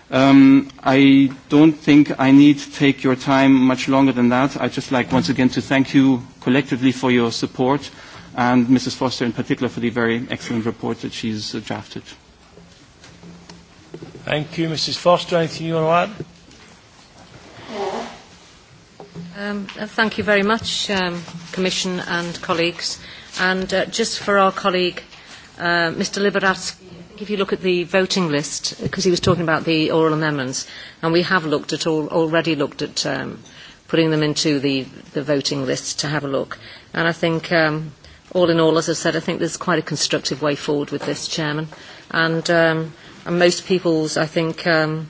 Um, I don't think I need to take your time much longer than that. I'd just like once again to thank you collectively for your support and Mrs. Foster in particular for the very excellent report that she's uh, drafted. Thank you, Mrs. Foster. Anything you want to add? Um, uh, thank you very much, um, Commission and colleagues. And uh, just for our colleague, uh, Mr. Liberatsky, if you look at the voting list, because he was talking about the oral amendments, and we have looked at all, already looked at um, putting them into the, the voting list to have a look. And I think, um, all in all, as I said, I think there's quite a constructive way forward with this, Chairman. And um, and most people's, I think, um,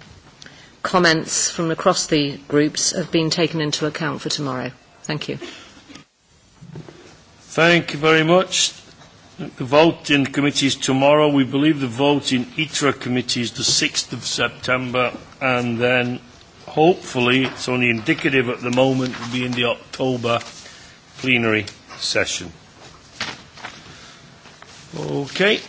comments from across the groups have been taken into account for tomorrow. Thank you. Thank you very much. The vote in committees tomorrow, we believe the vote in ITRA committee is the 6th of September, and then hopefully, it's only indicative at the moment, will be in the October plenary session. Okay.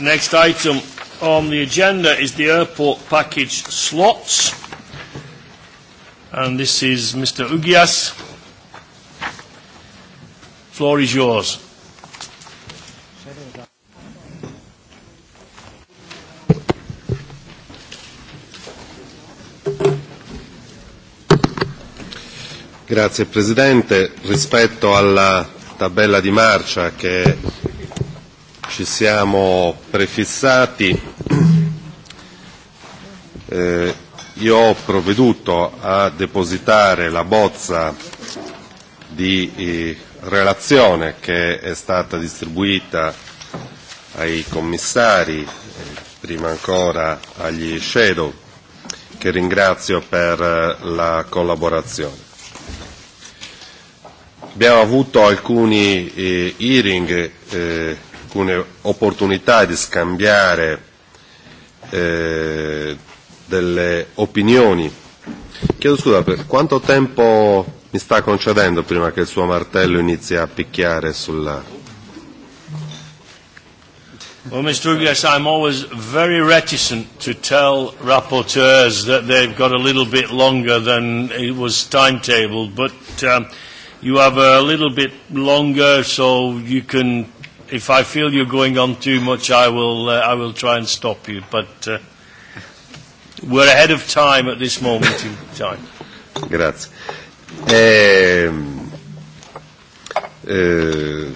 Next item on the agenda is the airport package slots. And this is Mr. Ugias. Floor is yours. Grazie Presidente. Rispetto alla tabella di marcia che ci siamo prefissati. Eh, io ho provveduto a depositare la bozza di eh, relazione che è stata distribuita ai commissari, eh, prima ancora agli shadow, che ringrazio per eh, la collaborazione. Abbiamo avuto alcuni eh, hearing eh, alcune opportunità di scambiare eh, delle opinioni. Chiedo scusa, quanto tempo mi sta concedendo prima che il suo martello inizi a picchiare sulla... Well, Mr. Ugles, I'm always very reticent to tell rapporteurs that they've got a little bit longer than it was timetabled, but um, you have a little bit longer, so you can if I feel you're going on too much, I will, uh, I will try and stop you. But uh, we're ahead of time at this moment in time. Grazie. Eh, eh,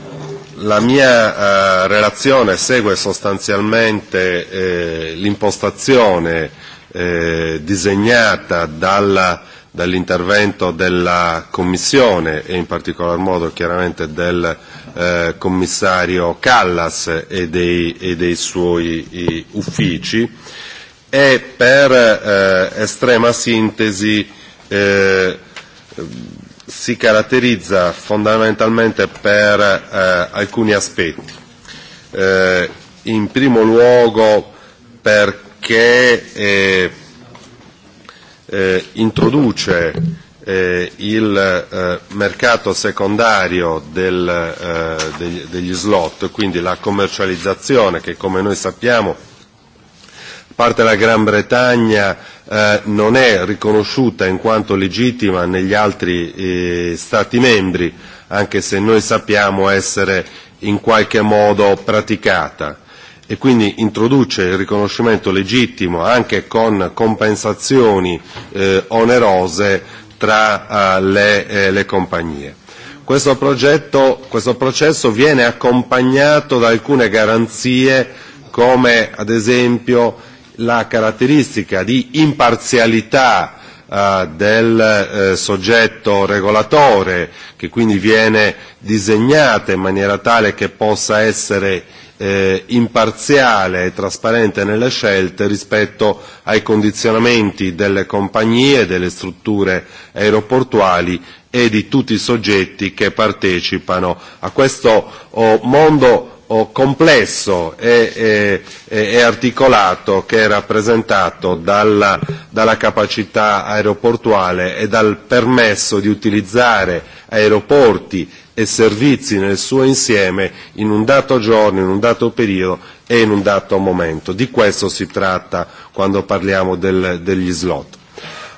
la mia eh, relazione segue sostanzialmente eh, l'impostazione eh, disegnata dalla, dall'intervento della Commissione e in particolar modo chiaramente del eh, Eh, commissario Callas e dei, e dei suoi i, uffici e per eh, estrema sintesi eh, si caratterizza fondamentalmente per eh, alcuni aspetti. Eh, in primo luogo perché eh, eh, introduce eh, il eh, mercato secondario del, eh, degli, degli slot, quindi la commercializzazione che come noi sappiamo a parte la Gran Bretagna eh, non è riconosciuta in quanto legittima negli altri eh, Stati membri, anche se noi sappiamo essere in qualche modo praticata e quindi introduce il riconoscimento legittimo anche con compensazioni eh, onerose eh, tra uh, le, eh, le compagnie. Questo, progetto, questo processo viene accompagnato da alcune garanzie come ad esempio la caratteristica di imparzialità uh, del eh, soggetto regolatore che quindi viene disegnata in maniera tale che possa essere eh, imparziale e trasparente nelle scelte rispetto ai condizionamenti delle compagnie, delle strutture aeroportuali e di tutti i soggetti che partecipano a questo oh, mondo oh, complesso e, e, e, e articolato che è rappresentato dalla, dalla capacità aeroportuale e dal permesso di utilizzare aeroporti e servizi nel suo insieme in un dato giorno, in un dato periodo e in un dato momento. Di questo si tratta quando parliamo del, degli slot.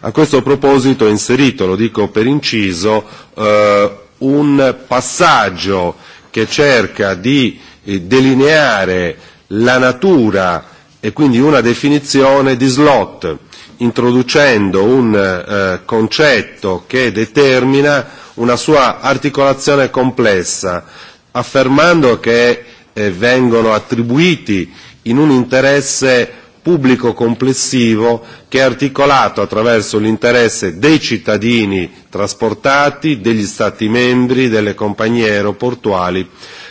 A questo proposito ho inserito, lo dico per inciso, eh, un passaggio che cerca di eh, delineare la natura e quindi una definizione di slot, introducendo un eh, concetto che determina una sua articolazione complessa, affermando che eh, vengono attribuiti in un interesse pubblico complessivo che è articolato attraverso l'interesse dei cittadini trasportati, degli Stati membri, delle compagnie aeroportuali,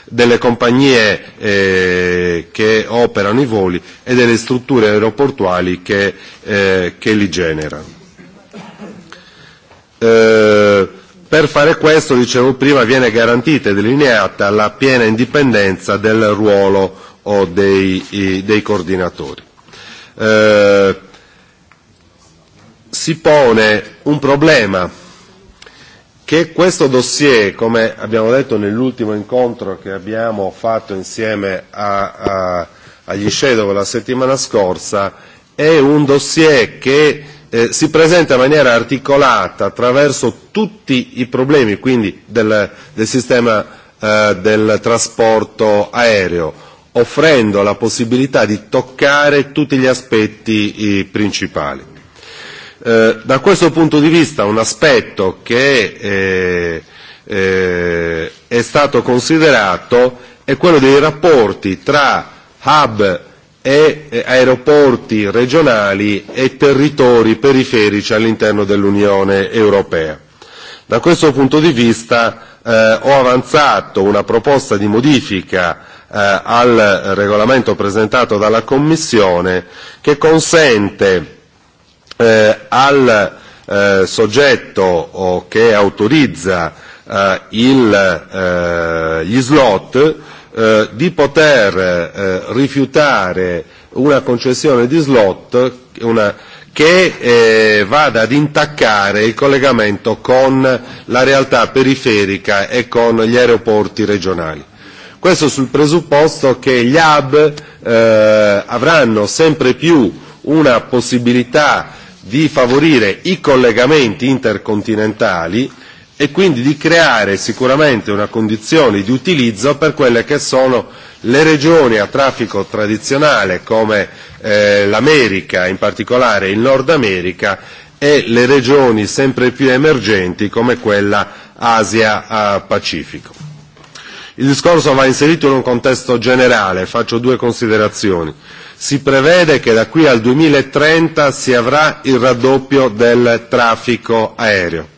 delle compagnie eh, che operano i voli e delle strutture aeroportuali che, eh, che li generano. Eh, Per fare questo, dicevo prima, viene garantita e delineata la piena indipendenza del ruolo o dei, i, dei coordinatori. Eh, si pone un problema che questo dossier, come abbiamo detto nell'ultimo incontro che abbiamo fatto insieme a, a, agli Shadow la settimana scorsa, è un dossier che eh, si presenta in maniera articolata attraverso tutti i problemi quindi del, del sistema eh, del trasporto aereo, offrendo la possibilità di toccare tutti gli aspetti i, principali. Eh, da questo punto di vista un aspetto che eh, eh, è stato considerato è quello dei rapporti tra hub E, e aeroporti regionali e territori periferici all'interno dell'Unione Europea. Da questo punto di vista eh, ho avanzato una proposta di modifica eh, al regolamento presentato dalla Commissione che consente eh, al eh, soggetto oh, che autorizza eh, il, eh, gli slot eh, Eh, di poter eh, eh, rifiutare una concessione di slot una, che eh, vada ad intaccare il collegamento con la realtà periferica e con gli aeroporti regionali. Questo sul presupposto che gli hub eh, avranno sempre più una possibilità di favorire i collegamenti intercontinentali eh, e quindi di creare sicuramente una condizione di utilizzo per quelle che sono le regioni a traffico tradizionale come eh, l'America, in particolare il Nord America, e le regioni sempre più emergenti come quella Asia-Pacifico. Eh, il discorso va inserito in un contesto generale, faccio due considerazioni. Si prevede che da qui al 2030 si avrà il raddoppio del traffico aereo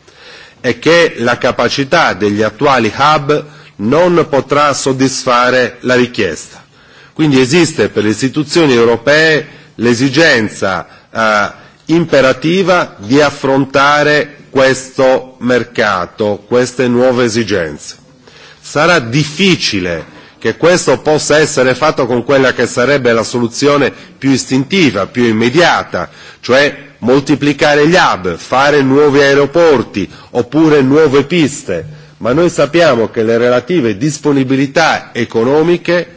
è che la capacità degli attuali hub non potrà soddisfare la richiesta. Quindi esiste per le istituzioni europee l'esigenza eh, imperativa di affrontare questo mercato, queste nuove esigenze. Sarà difficile che questo possa essere fatto con quella che sarebbe la soluzione più istintiva, più immediata, cioè moltiplicare gli hub, fare nuovi aeroporti oppure nuove piste, ma noi sappiamo che le relative disponibilità economiche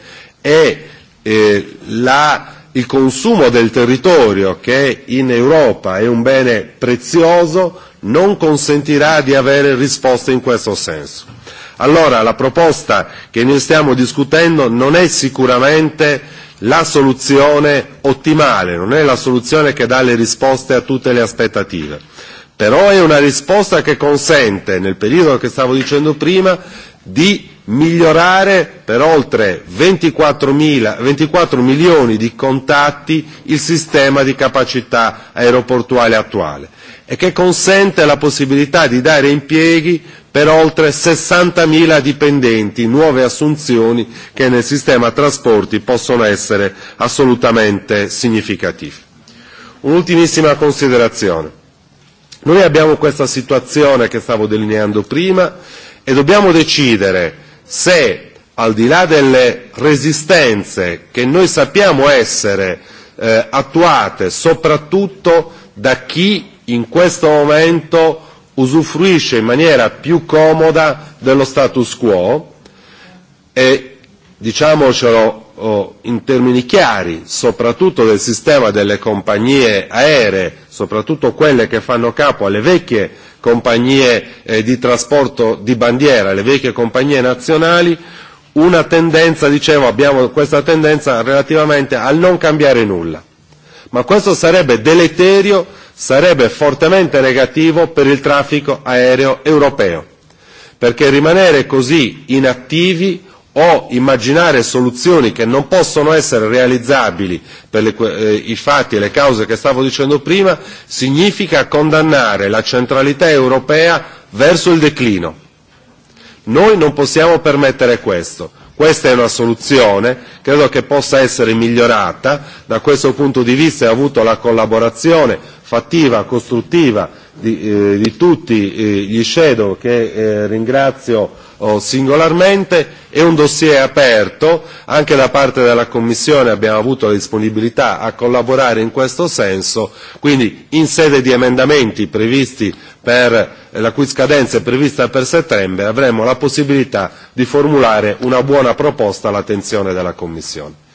e eh, la, il consumo del territorio che in Europa è un bene prezioso non consentirà di avere risposte in questo senso. Allora la proposta che noi stiamo discutendo non è sicuramente eh, la soluzione ottimale, non è la soluzione che dà le risposte a tutte le aspettative, però è una risposta che consente, nel periodo che stavo dicendo prima, di migliorare per oltre 24 milioni di contatti il sistema di capacità aeroportuale attuale e che consente la possibilità di dare impieghi per oltre 60.000 dipendenti, nuove assunzioni che nel sistema trasporti possono essere assolutamente significative. Un'ultimissima considerazione. Noi abbiamo questa situazione che stavo delineando prima e dobbiamo decidere se al di là delle resistenze che noi sappiamo essere eh, attuate soprattutto da chi in questo momento usufruisce in maniera più comoda dello status quo e diciamocelo oh, in termini chiari, soprattutto del sistema delle compagnie aeree, soprattutto quelle che fanno capo alle vecchie compagnie eh, di trasporto di bandiera, le vecchie compagnie nazionali, una tendenza, dicevo, abbiamo questa tendenza relativamente al non cambiare nulla. Ma questo sarebbe deleterio, sarebbe fortemente negativo per il traffico aereo europeo, perché rimanere così inattivi o immaginare soluzioni che non possono essere realizzabili per le, eh, i fatti e le cause che stavo dicendo prima, significa condannare la centralità europea verso il declino. Noi non possiamo permettere questo. Questa è una soluzione, credo che possa essere migliorata, da questo punto di vista ha avuto la collaborazione fattiva, costruttiva di, eh, di tutti eh, gli shadow che eh, ringrazio oh, singolarmente, è un dossier aperto, anche da parte della Commissione abbiamo avuto la disponibilità a collaborare in questo senso, quindi in sede di emendamenti previsti per eh, la cui scadenza è prevista per settembre avremo la possibilità di formulare una buona proposta all'attenzione della Commissione.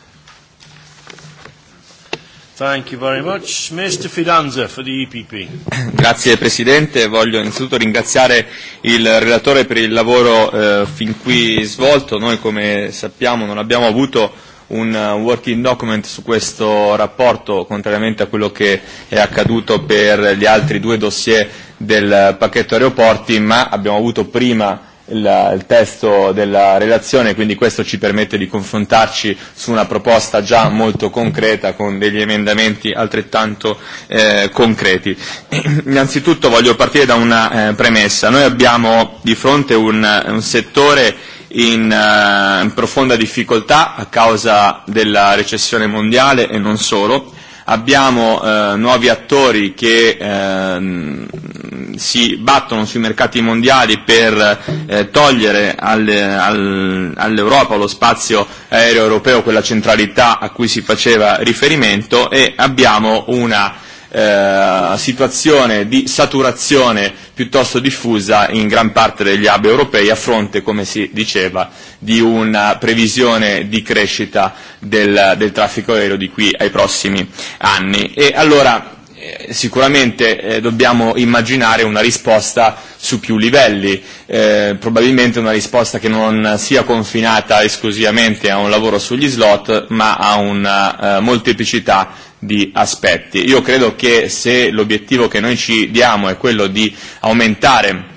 Thank you very much. Mr. Fidanza for the EPP. Grazie Presidente, voglio innanzitutto ringraziare il relatore per il lavoro eh, fin qui svolto. Noi come sappiamo non abbiamo avuto un eh, working document su questo rapporto, contrariamente a quello che è accaduto per gli altri due dossier del pacchetto aeroporti, ma abbiamo avuto prima il, il testo della relazione, quindi questo ci permette di confrontarci su una proposta già molto concreta con degli emendamenti altrettanto eh, concreti. Innanzitutto voglio partire da una eh, premessa. Noi abbiamo di fronte un, un settore in, uh, in profonda difficoltà a causa della recessione mondiale e non solo, abbiamo eh, nuovi attori che ehm, si battono sui mercati mondiali per eh, togliere al, al, all'Europa lo spazio aereo europeo, quella centralità a cui si faceva riferimento e abbiamo una eh, eh, situazione di saturazione piuttosto diffusa in gran parte degli hub europei a fronte, come si diceva, di una previsione di crescita del, del traffico aereo di qui ai prossimi anni. E allora, eh, Sicuramente eh, dobbiamo immaginare una risposta su più livelli, eh, probabilmente una risposta che non sia confinata esclusivamente a un lavoro sugli slot, ma a una eh, molteplicità di aspetti. Io credo che se l'obiettivo che noi ci diamo è quello di aumentare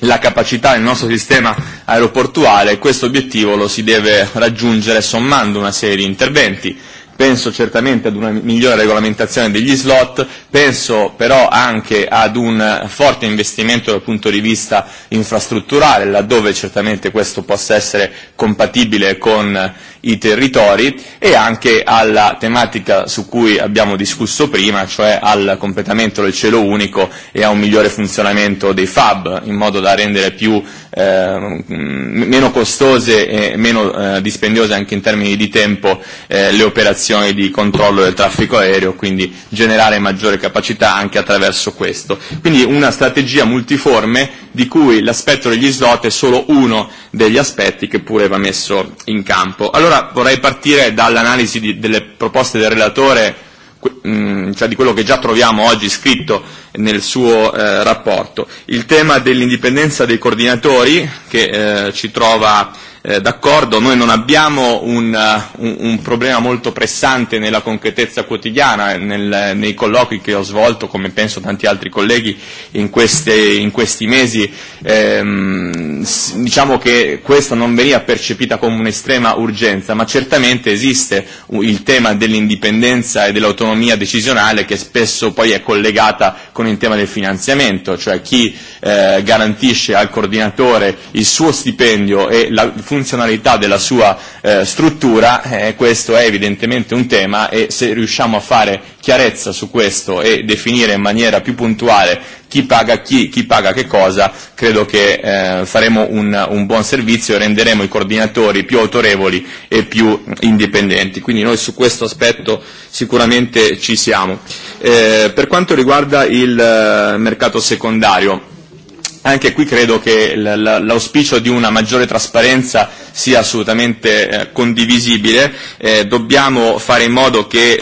la capacità del nostro sistema aeroportuale, questo obiettivo lo si deve raggiungere sommando una serie di interventi penso certamente ad una migliore regolamentazione degli slot, penso però anche ad un forte investimento dal punto di vista infrastrutturale, laddove certamente questo possa essere compatibile con i territori, e anche alla tematica su cui abbiamo discusso prima, cioè al completamento del cielo unico e a un migliore funzionamento dei FAB, in modo da rendere più Eh, meno costose e meno eh, dispendiose anche in termini di tempo eh, le operazioni di controllo del traffico aereo, quindi generare maggiore capacità anche attraverso questo. Quindi una strategia multiforme di cui l'aspetto degli slot è solo uno degli aspetti che pure va messo in campo. Allora vorrei partire dall'analisi delle proposte del relatore Mm, cioè di quello che già troviamo oggi scritto nel suo eh, rapporto. Il tema dell'indipendenza dei coordinatori che eh, ci trova Eh, d'accordo, noi non abbiamo un, eh, un, un problema molto pressante nella concretezza quotidiana, nel, nei colloqui che ho svolto, come penso tanti altri colleghi, in, queste, in questi mesi, ehm, diciamo che questa non veniva percepita come un'estrema urgenza, ma certamente esiste il tema dell'indipendenza e dell'autonomia decisionale che spesso poi è collegata con il tema del finanziamento, cioè chi Eh, garantisce al coordinatore il suo stipendio e la funzionalità della sua eh, struttura, eh, questo è evidentemente un tema e se riusciamo a fare chiarezza su questo e definire in maniera più puntuale chi paga chi, chi paga che cosa, credo che eh, faremo un, un buon servizio e renderemo i coordinatori più autorevoli e più indipendenti. Quindi noi su questo aspetto sicuramente ci siamo. Eh, per quanto riguarda il eh, mercato secondario, anche qui credo che l'auspicio di una maggiore trasparenza sia assolutamente eh, condivisibile, eh, dobbiamo fare in modo che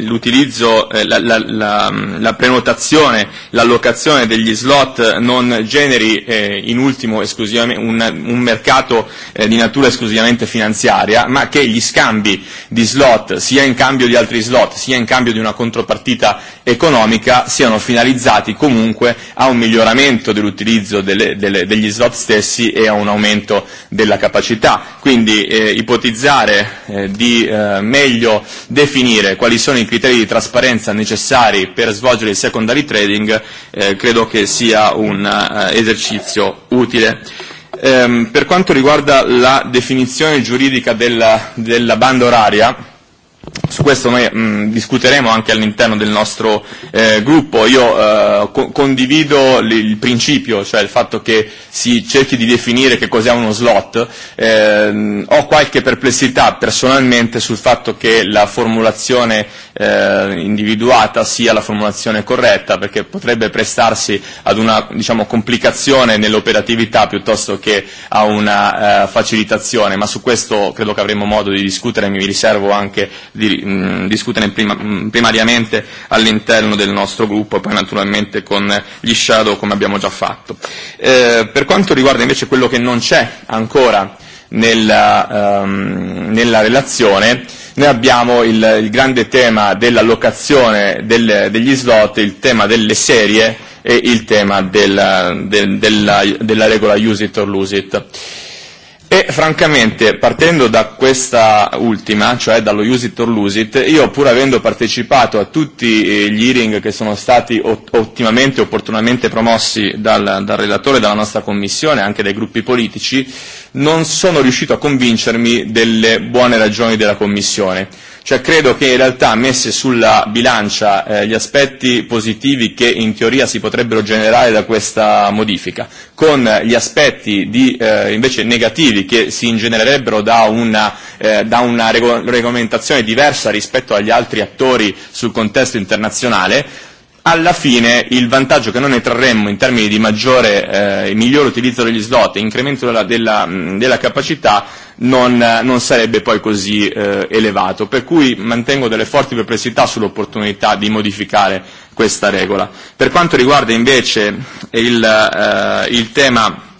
l'utilizzo, eh, la, la, la, la prenotazione, l'allocazione degli slot non generi in ultimo un, un mercato di natura esclusivamente finanziaria, ma che gli scambi di slot, sia in cambio di altri slot, sia in cambio di una contropartita economica, siano finalizzati comunque a un miglioramento dell'utilizzo utilizzo delle, delle, degli slot stessi e a un aumento della capacità. Quindi eh, ipotizzare eh, di eh, meglio definire quali sono i criteri di trasparenza necessari per svolgere il secondary trading eh, credo che sia un eh, esercizio utile. Eh, per quanto riguarda la definizione giuridica della, della banda oraria, su questo noi mh, mm, discuteremo anche all'interno del nostro eh, gruppo. Io eh, co- condivido l- il principio, cioè il fatto che si cerchi di definire che cos'è uno slot. Eh, ho qualche perplessità personalmente sul fatto che la formulazione eh, individuata sia la formulazione corretta, perché potrebbe prestarsi ad una diciamo, complicazione nell'operatività piuttosto che a una eh, facilitazione, ma su questo credo che avremo modo di discutere, mi riservo anche di, mh, mm, discutere prima, mh, mm, primariamente all'interno del nostro gruppo e poi naturalmente con gli shadow come abbiamo già fatto. Eh, per quanto riguarda invece quello che non c'è ancora nella, um, nella relazione, noi abbiamo il, il grande tema dell'allocazione del, degli slot, il tema delle serie e il tema del, del, della, della regola use it or lose it. Eh, E francamente, partendo da questa ultima, cioè dallo use it or lose it, io pur avendo partecipato a tutti eh, gli hearing che sono stati ottimamente e opportunamente promossi dal, dal relatore, dalla nostra commissione, anche dai gruppi politici, non sono riuscito a convincermi delle buone ragioni della commissione. Cioè credo che in realtà messe sulla bilancia eh, gli aspetti positivi che in teoria si potrebbero generare da questa modifica, con gli aspetti di, eh, invece negativi che si ingenererebbero da una, eh, da una rego regolamentazione diversa rispetto agli altri attori sul contesto internazionale, alla fine il vantaggio che noi ne trarremmo in termini di maggiore e eh, migliore utilizzo degli slot e incremento della, della, della capacità non, eh, non sarebbe poi così eh, elevato, per cui mantengo delle forti perplessità sull'opportunità di modificare questa regola. Per quanto riguarda invece il, eh, il tema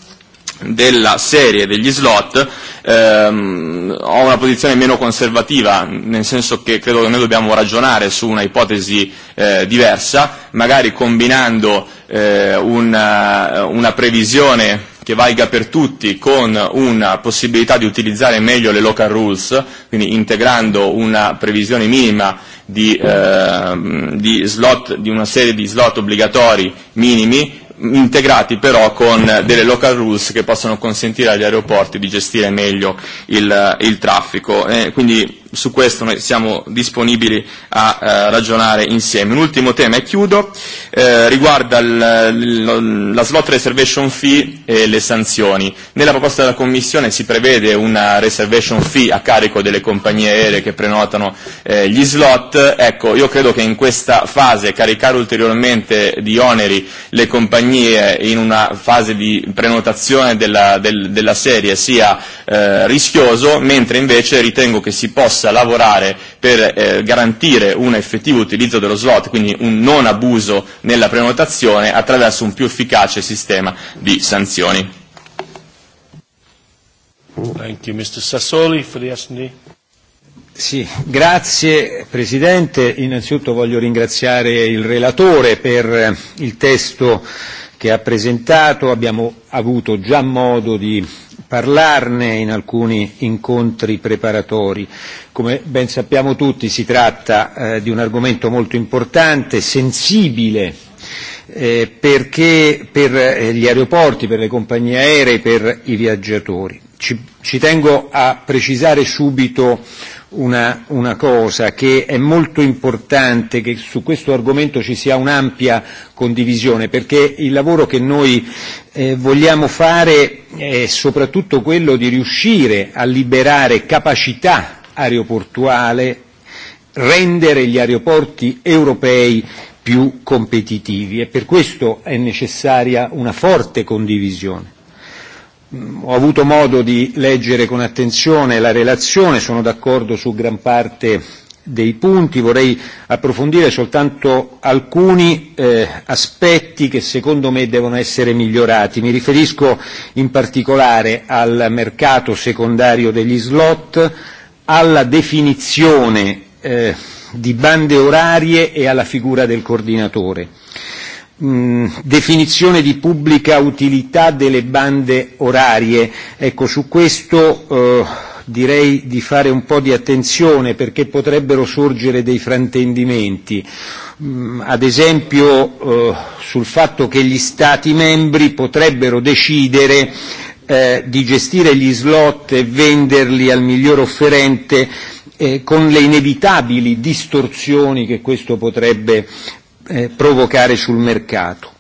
della serie degli slot, ehm, ho una posizione meno conservativa, nel senso che credo che noi dobbiamo ragionare su una ipotesi eh, diversa, magari combinando eh, una, eh, una previsione che valga per tutti con una possibilità di utilizzare meglio le local rules, quindi integrando una previsione minima di, ehm, di, slot, di una serie di slot obbligatori minimi, integrati però con delle local rules che possono consentire agli aeroporti di gestire meglio il, il traffico. Eh, quindi su questo noi siamo disponibili a eh, ragionare insieme. Un ultimo tema e chiudo, eh, riguarda l, l, la slot reservation fee e le sanzioni. Nella proposta della Commissione si prevede una reservation fee a carico delle compagnie aeree che prenotano eh, gli slot. Ecco, io credo che in questa fase caricare ulteriormente di oneri le compagnie in una fase di prenotazione della, del, della serie sia eh, rischioso, mentre invece ritengo che si possa possa lavorare per eh, garantire un effettivo utilizzo dello slot, quindi un non abuso nella prenotazione attraverso un più efficace sistema di sanzioni. Thank you, Mr. Sassoli, for the sì, grazie Presidente. Innanzitutto voglio ringraziare il relatore per eh, il testo che ha presentato. Abbiamo avuto già modo di parlarne in alcuni incontri preparatori. Come ben sappiamo tutti si tratta eh, di un argomento molto importante, sensibile, eh, perché per eh, gli aeroporti, per le compagnie aeree, per i viaggiatori. Ci, ci tengo a precisare subito una, una cosa che è molto importante che su questo argomento ci sia un'ampia condivisione perché il lavoro che noi eh, vogliamo fare è soprattutto quello di riuscire a liberare capacità aeroportuale, rendere gli aeroporti europei più competitivi e per questo è necessaria una forte condivisione ho avuto modo di leggere con attenzione la relazione, sono d'accordo su gran parte dei punti, vorrei approfondire soltanto alcuni eh, aspetti che secondo me devono essere migliorati. Mi riferisco in particolare al mercato secondario degli slot, alla definizione eh, di bande orarie e alla figura del coordinatore. Mm, definizione di pubblica utilità delle bande orarie. Ecco, su questo eh, direi di fare un po' di attenzione perché potrebbero sorgere dei fraintendimenti. Mm, ad esempio eh, sul fatto che gli Stati membri potrebbero decidere eh, di gestire gli slot e venderli al miglior offerente eh, con le inevitabili distorsioni che questo potrebbe eh, provocare sul mercato.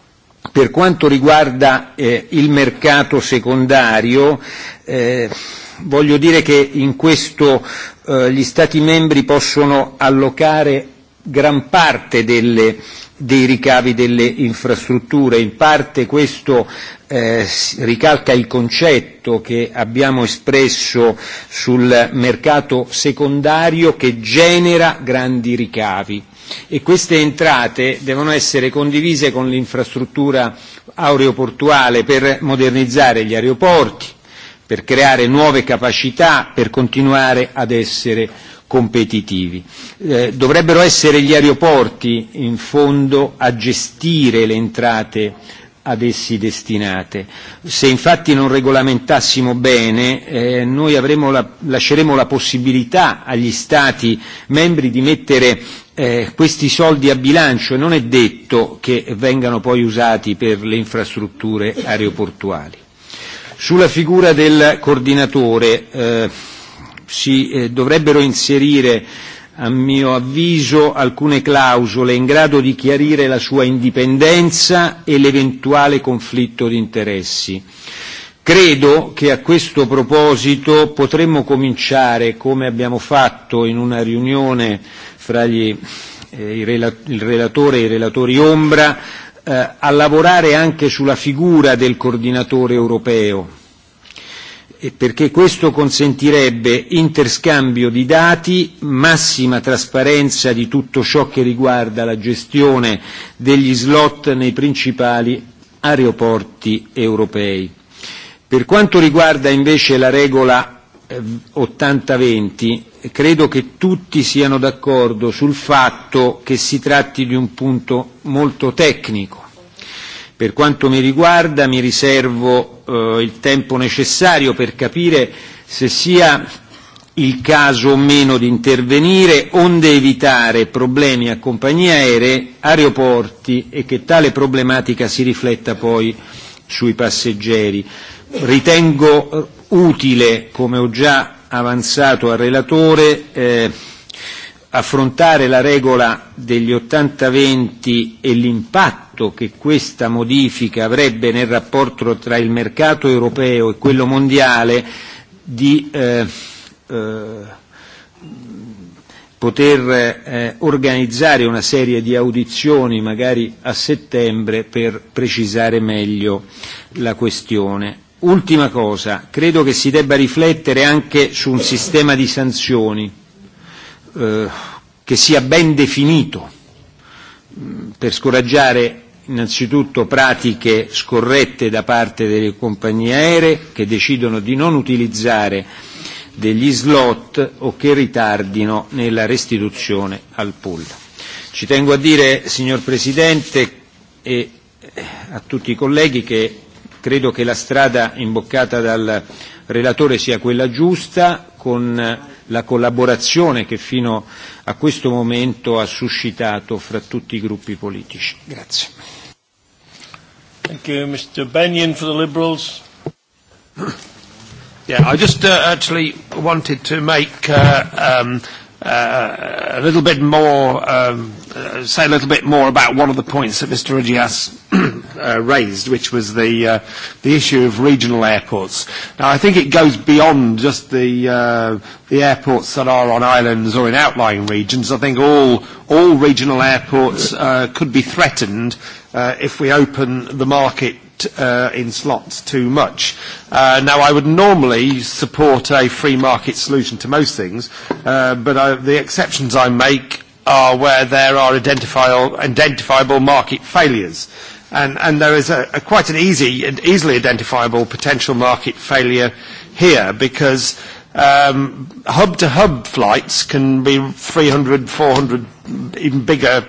Per quanto riguarda eh, il mercato secondario, eh, voglio dire che in questo eh, gli Stati membri possono allocare gran parte delle, dei ricavi delle infrastrutture, in parte questo eh, ricalca il concetto che abbiamo espresso sul mercato secondario che genera grandi ricavi e queste entrate devono essere condivise con l'infrastruttura aeroportuale per modernizzare gli aeroporti, per creare nuove capacità, per continuare ad essere competitivi. Eh, dovrebbero essere gli aeroporti in fondo a gestire le entrate ad essi destinate. Se infatti non regolamentassimo bene, eh, noi la, lasceremo la possibilità agli Stati membri di mettere eh, questi soldi a bilancio non è detto che vengano poi usati per le infrastrutture aeroportuali. Sulla figura del coordinatore eh, si eh, dovrebbero inserire a mio avviso alcune clausole in grado di chiarire la sua indipendenza e l'eventuale conflitto di interessi. Credo che a questo proposito potremmo cominciare, come abbiamo fatto in una riunione fra gli, eh, il, rela- il relatore e i relatori ombra eh, a lavorare anche sulla figura del coordinatore europeo e perché questo consentirebbe interscambio di dati, massima trasparenza di tutto ciò che riguarda la gestione degli slot nei principali aeroporti europei. Per quanto riguarda invece la regola 80-20, eh, credo che tutti siano d'accordo sul fatto che si tratti di un punto molto tecnico. Per quanto mi riguarda mi riservo eh, il tempo necessario per capire se sia il caso o meno di intervenire onde evitare problemi a compagnie aeree, aeroporti e che tale problematica si rifletta poi sui passeggeri. Ritengo utile, come ho già avanzato al relatore eh, affrontare la regola degli 80-20 e l'impatto che questa modifica avrebbe nel rapporto tra il mercato europeo e quello mondiale di eh, eh, poter eh, organizzare una serie di audizioni magari a settembre per precisare meglio la questione. Ultima cosa, credo che si debba riflettere anche su un sistema di sanzioni eh, che sia ben definito mm, per scoraggiare innanzitutto pratiche scorrette da parte delle compagnie aeree che decidono di non utilizzare degli slot o che ritardino nella restituzione al pool. Ci tengo a dire, signor Presidente, e eh, a tutti i colleghi che credo che la strada imboccata dal relatore sia quella giusta, con la collaborazione che fino a questo momento ha suscitato fra tutti i gruppi politici. Grazie. Thank you, Mr. Bennion for the Liberals. Yeah, I just uh, actually wanted to make uh, um, uh, a little bit more um, uh, say a little bit more about one of the points that Mr. Rudias uh, raised, which was the, uh, the issue of regional airports. Now, I think it goes beyond just the, uh, the airports that are on islands or in outlying regions. I think all, all regional airports uh, could be threatened uh, if we open the market uh, in slots too much. Uh, now, I would normally support a free market solution to most things, uh, but I, uh, the exceptions I make are where there are identifiable market failures. And there is a quite an easy and easily identifiable potential market failure here, because um, hub-to-hub flights can be 300, 400, even bigger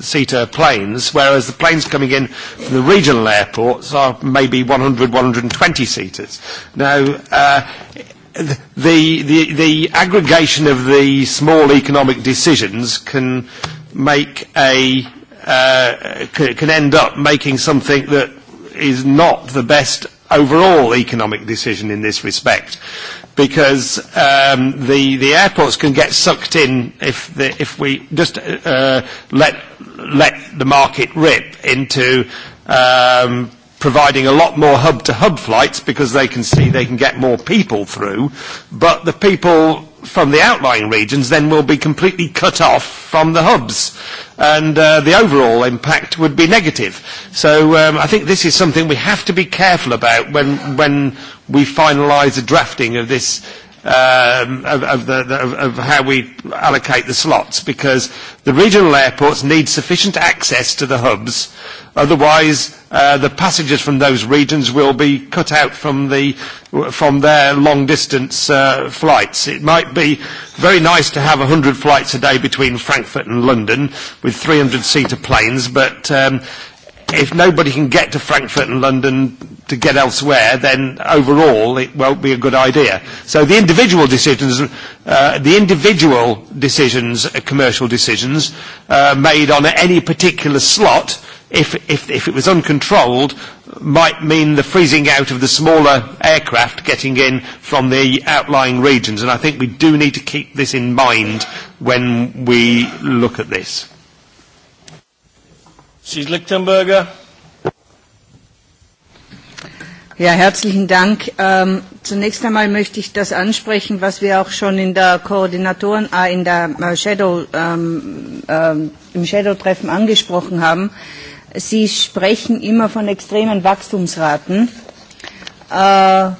seater planes, whereas the planes coming in from the regional airports are maybe 100, 120 seaters. Now, uh, the, the aggregation of the small economic decisions can make a uh, can end up making something that is not the best overall economic decision in this respect because um, the the airports can get sucked in if the, if we just uh, let let the market rip into um, providing a lot more hub-to-hub flights because they can see they can get more people through, but the people from the outlying regions then will be completely cut off from the hubs, and uh, the overall impact would be negative. So um, I think this is something we have to be careful about when, when we finalise the drafting of this Um, of how we allocate the slots because the regional airports need sufficient access to the hubs. Otherwise, uh, the passengers from those regions will be cut out from their long-distance uh, flights. It might be very nice to have 100 flights a day between Frankfurt and London with 300-seater planes, but um, if nobody can get to Frankfurt and London to get elsewhere, then overall it won't be a good idea. So the individual decisions, uh, the individual decisions, uh, commercial decisions uh, made on any particular slot, if, if, if it was uncontrolled, might mean the freezing out of the smaller aircraft getting in from the outlying regions. And I think we do need to keep this in mind when we look at this. Sie ist Lichtenberger. Ja, herzlichen Dank. Ähm, zunächst einmal möchte ich das ansprechen, was wir auch schon in der Koordinatoren, äh, in der äh, Shadow, ähm, äh, im Shadow-Treffen angesprochen haben. Sie sprechen immer von extremen Wachstumsraten. Äh,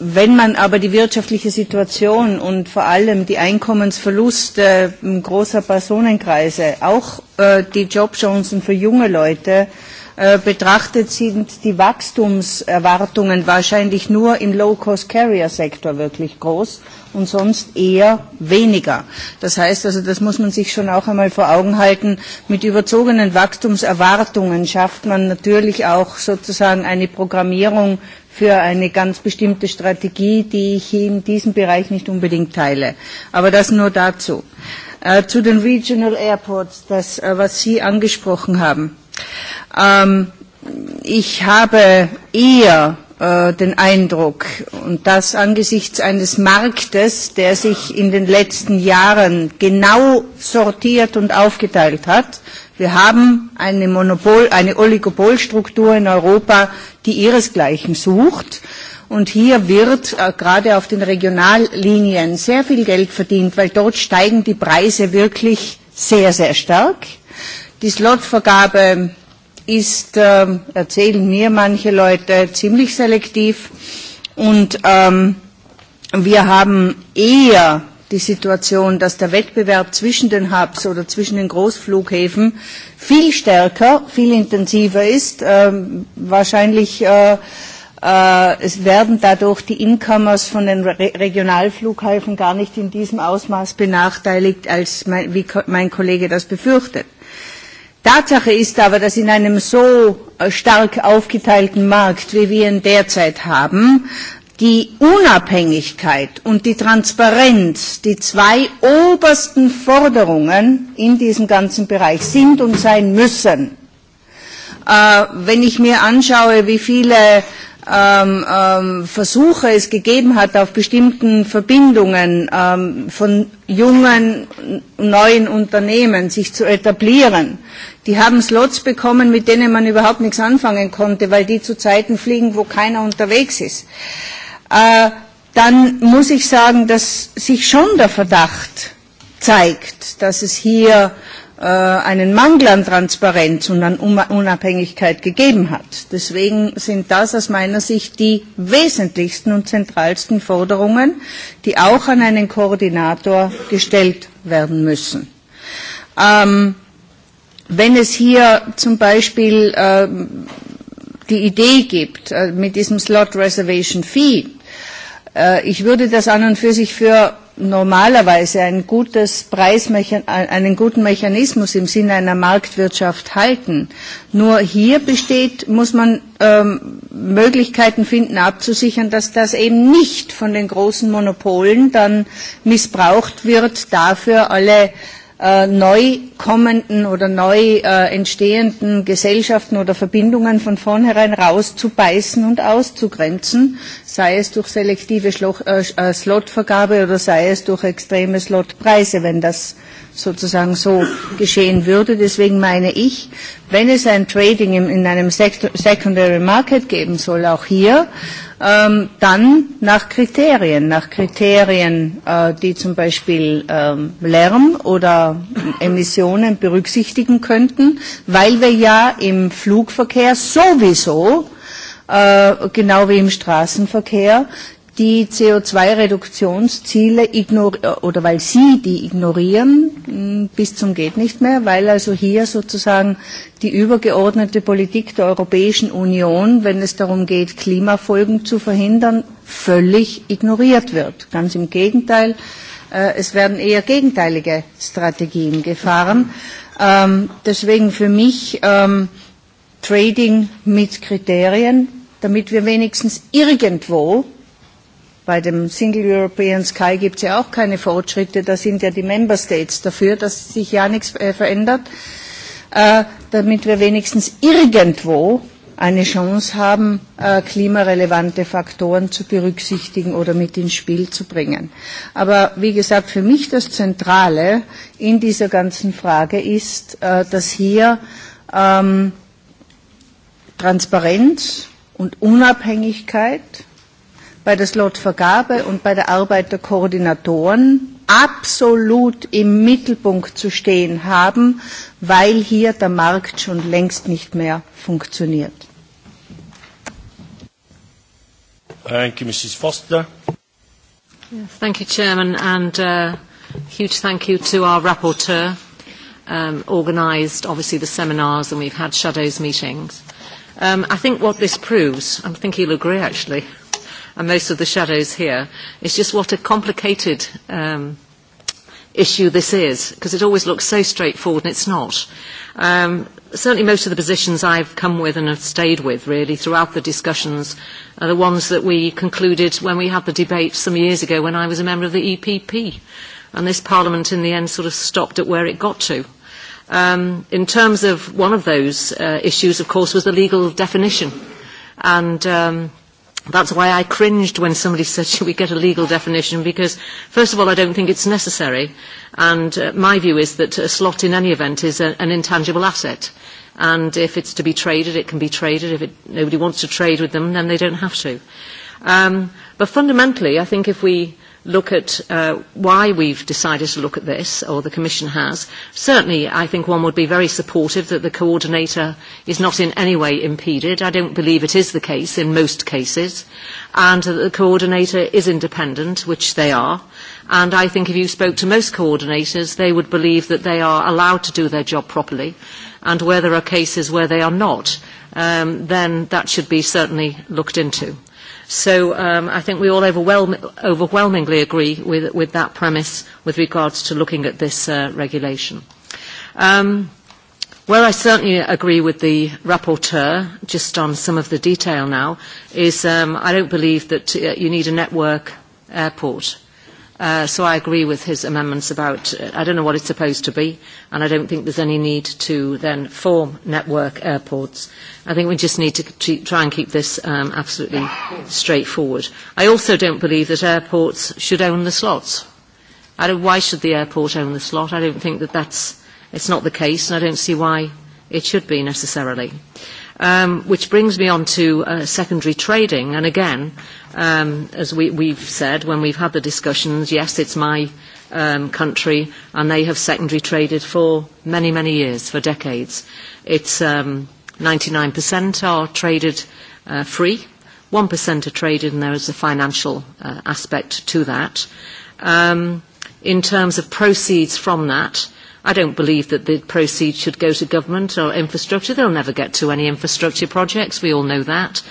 Wenn man aber die wirtschaftliche Situation und vor allem die Einkommensverluste äh, großer Personenkreise, auch äh, die Jobchancen für junge Leute äh, betrachtet, sind die Wachstumserwartungen wahrscheinlich nur im Low-Cost-Carrier-Sektor wirklich groß und sonst eher weniger. Das heißt, also, das muss man sich schon auch einmal vor Augen halten, mit überzogenen Wachstumserwartungen schafft man natürlich auch sozusagen eine Programmierung, für eine ganz bestimmte Strategie, die ich in diesem Bereich nicht unbedingt teile. Aber das nur dazu. Äh, zu den Regional Airports, das, äh, was Sie angesprochen haben. Ähm, ich habe eher äh, den Eindruck, und das angesichts eines Marktes, der sich in den letzten Jahren genau sortiert und aufgeteilt hat, Wir haben eine, Monopol, eine Oligopolstruktur in Europa, die ihresgleichen sucht. Und hier wird äh, gerade auf den Regionallinien sehr viel Geld verdient, weil dort steigen die Preise wirklich sehr, sehr stark. Die Slotvergabe ist, äh, erzählen mir manche Leute, ziemlich selektiv. Und ähm, wir haben eher die Situation, dass der Wettbewerb zwischen den Hubs oder zwischen den Großflughäfen viel stärker, viel intensiver ist. Ähm, wahrscheinlich äh, äh, es werden dadurch die Incomers von den Re Regionalflughäfen gar nicht in diesem Ausmaß benachteiligt, als mein, wie ko mein Kollege das befürchtet. Tatsache ist aber, dass in einem so äh, stark aufgeteilten Markt, wie wir ihn derzeit haben, die Unabhängigkeit und die Transparenz, die zwei obersten Forderungen in diesem ganzen Bereich sind und sein müssen. Äh, wenn ich mir anschaue, wie viele ähm, ähm, Versuche es gegeben hat, auf bestimmten Verbindungen ähm, von jungen, neuen Unternehmen sich zu etablieren, die haben Slots bekommen, mit denen man überhaupt nichts anfangen konnte, weil die zu Zeiten fliegen, wo keiner unterwegs ist. Äh, dann muss ich sagen, dass sich schon der Verdacht zeigt, dass es hier äh, einen Mangel an Transparenz und an Unabhängigkeit gegeben hat. Deswegen sind das aus meiner Sicht die wesentlichsten und zentralsten Forderungen, die auch an einen Koordinator gestellt werden müssen. Ähm, wenn es hier zum Beispiel ähm, die Idee gibt äh, mit diesem Slot Reservation Fee, Äh, ich würde das an und für sich für normalerweise ein gutes einen guten Mechanismus im Sinne einer Marktwirtschaft halten. Nur hier besteht, muss man ähm, Möglichkeiten finden, abzusichern, dass das eben nicht von den großen Monopolen dann missbraucht wird, dafür alle äh, äh, neu kommenden oder neu äh, entstehenden Gesellschaften oder Verbindungen von vornherein rauszubeißen und auszugrenzen, sei es durch selektive Schloch, äh, äh Slotvergabe oder sei es durch extreme Slotpreise, wenn das sozusagen so geschehen würde. Deswegen meine ich, wenn es ein Trading in einem Secondary Market geben soll, auch hier, ähm, dann nach Kriterien, nach Kriterien, äh, die zum Beispiel ähm, Lärm oder ähm, Emissionen berücksichtigen könnten, weil wir ja im Flugverkehr sowieso, äh, genau wie im Straßenverkehr, die CO2-Reduktionsziele oder weil sie die ignorieren hm, bis zum geht nicht mehr, weil also hier sozusagen die übergeordnete Politik der Europäischen Union, wenn es darum geht, Klimafolgen zu verhindern, völlig ignoriert wird. Ganz im Gegenteil, äh, es werden eher gegenteilige Strategien gefahren. Ähm, deswegen für mich ähm, Trading mit Kriterien, damit wir wenigstens irgendwo bei dem Single European Sky gibt es ja auch keine Fortschritte, da sind ja die Member States dafür, dass sich ja nichts äh, verändert, äh, damit wir wenigstens irgendwo eine Chance haben, äh, klimarelevante Faktoren zu berücksichtigen oder mit ins Spiel zu bringen. Aber wie gesagt, für mich das Zentrale in dieser ganzen Frage ist, äh, dass hier ähm, Transparenz und Unabhängigkeit bei der Slotvergabe und bei der Arbeit der Koordinatoren absolut im Mittelpunkt zu stehen haben, weil hier der Markt schon längst nicht mehr funktioniert. Thank you, Mrs. Foster. Yes, thank you, Chairman, and a uh, huge thank you to our rapporteur, um, organised obviously the seminars and we've had shadows meetings. Um, I think what this proves, I think he'll agree actually, and most of the shadows here, is just what a complicated um, issue this is, because it always looks so straightforward, and it's not. Um, certainly most of the positions I've come with and have stayed with, really, throughout the discussions are the ones that we concluded when we had the debate some years ago when I was a member of the EPP, and this Parliament in the end sort of stopped at where it got to. Um, in terms of one of those uh, issues, of course, was the legal definition. And... Um, That's why I cringed when somebody said, should we get a legal definition? Because, first of all, I don't think it's necessary. And uh, my view is that a slot, in any event, is a, an intangible asset. And if it's to be traded, it can be traded. If it, nobody wants to trade with them, then they don't have to. Um, but fundamentally, I think if we look at uh, why we've decided to look at this, or the Commission has. Certainly, I think one would be very supportive that the coordinator is not in any way impeded. I don't believe it is the case in most cases. And that the coordinator is independent, which they are. And I think if you spoke to most coordinators, they would believe that they are allowed to do their job properly. And where there are cases where they are not, um, then that should be certainly looked into. So um, I think we all overwhelm overwhelmingly agree with, with that premise with regards to looking at this uh, regulation. Um, where I certainly agree with the rapporteur, just on some of the detail now, is um, I don't believe that uh, you need a network airport. Uh, Uh, so I agree with his amendments about, uh, I don't know what it's supposed to be, and I don't think there's any need to then form network airports. I think we just need to try and keep this um, absolutely straightforward. I also don't believe that airports should own the slots. I don't, why should the airport own the slot? I don't think that that's, it's not the case, and I don't see why it should be necessarily. Uh, Um, which brings me on to uh, secondary trading. And again, um, as we, we've said when we've had the discussions, yes, it's my um, country, and they have secondary traded for many, many years, for decades. It's um, 99% are traded uh, free, 1% are traded, and there is a financial uh, aspect to that. Um, in terms of proceeds from that, uh, I don't believe that the proceeds should go to government or infrastructure. They'll never get to any infrastructure projects. We all know that.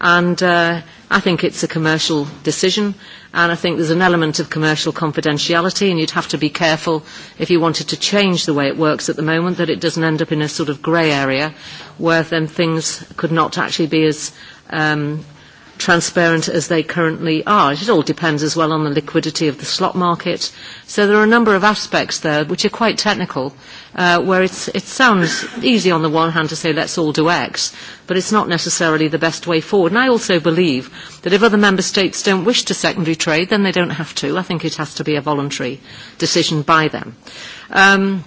And uh, I think it's a commercial decision. And I think there's an element of commercial confidentiality, and you'd have to be careful if you wanted to change the way it works at the moment that it doesn't end up in a sort of grey area where then things could not actually be as um, transparent as they currently are. It all depends as well on the liquidity of the slot market. So there are a number of aspects there which are quite technical, uh, where it's, it sounds easy on the one hand to say let's all do X, but it's not necessarily the best way forward. And I also believe that if other member states don't wish to secondary trade, then they don't have to. I think it has to be a voluntary decision by them. Um,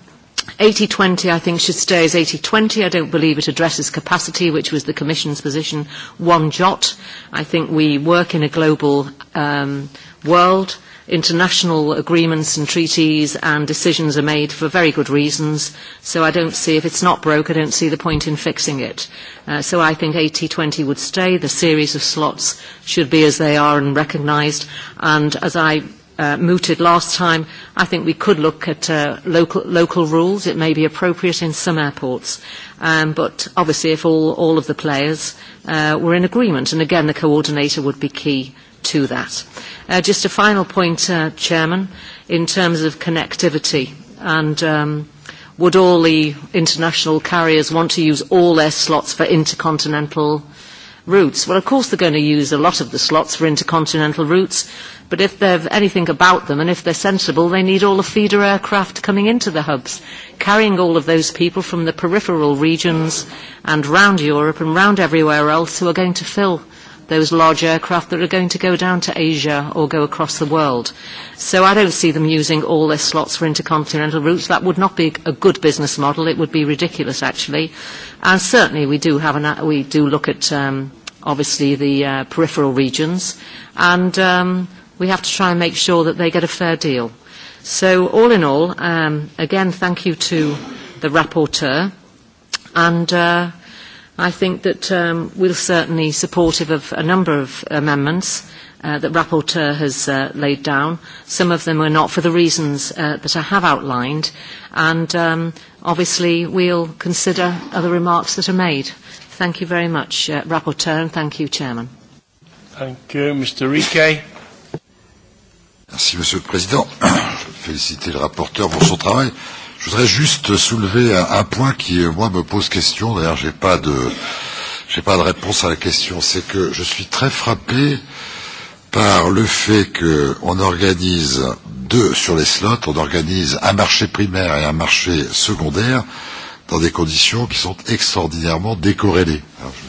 80-20, I think, should stay as 80-20. I don't believe it addresses capacity, which was the Commission's position, one jot. I think we work in a global um, world. International agreements and treaties and decisions are made for very good reasons. So I don't see, if it's not broke, I don't see the point in fixing it. Uh, so I think 80-20 would stay. The series of slots should be as they are and recognised. And as I uh, mooted last time, I think we could look at uh, local, local rules. It may be appropriate in some airports. Um, but obviously, if all, all of the players uh, were in agreement, and again, the coordinator would be key to that. Uh, just a final point, uh, Chairman, in terms of connectivity. And um, would all the international carriers want to use all their slots for intercontinental routes? Well, of course, they're going to use a lot of the slots for intercontinental routes but if they've anything about them and if they're sensible, they need all the feeder aircraft coming into the hubs, carrying all of those people from the peripheral regions and round Europe and round everywhere else who are going to fill those large aircraft that are going to go down to Asia or go across the world. So I don't see them using all their slots for intercontinental routes. That would not be a good business model. It would be ridiculous, actually. And certainly we do, have an, we do look at, um, obviously, the uh, peripheral regions. And... Um, we have to try and make sure that they get a fair deal. So all in all, um, again, thank you to the rapporteur. And uh, I think that um, we're certainly supportive of a number of amendments uh, that rapporteur has uh, laid down. Some of them are not for the reasons uh, that I have outlined. And um, obviously, we'll consider other remarks that are made. Thank you very much, uh, rapporteur, and thank you, Chairman. Thank you, Mr. Rike. Merci, Monsieur le Président. Féliciter le rapporteur pour son travail. Je voudrais juste soulever un, un point qui, moi, me pose question. D'ailleurs, je n'ai pas, pas de réponse à la question. C'est que je suis très frappé par le fait qu'on organise deux sur les slots, on organise un marché primaire et un marché secondaire dans des conditions qui sont extraordinairement décorrélées. Alors, je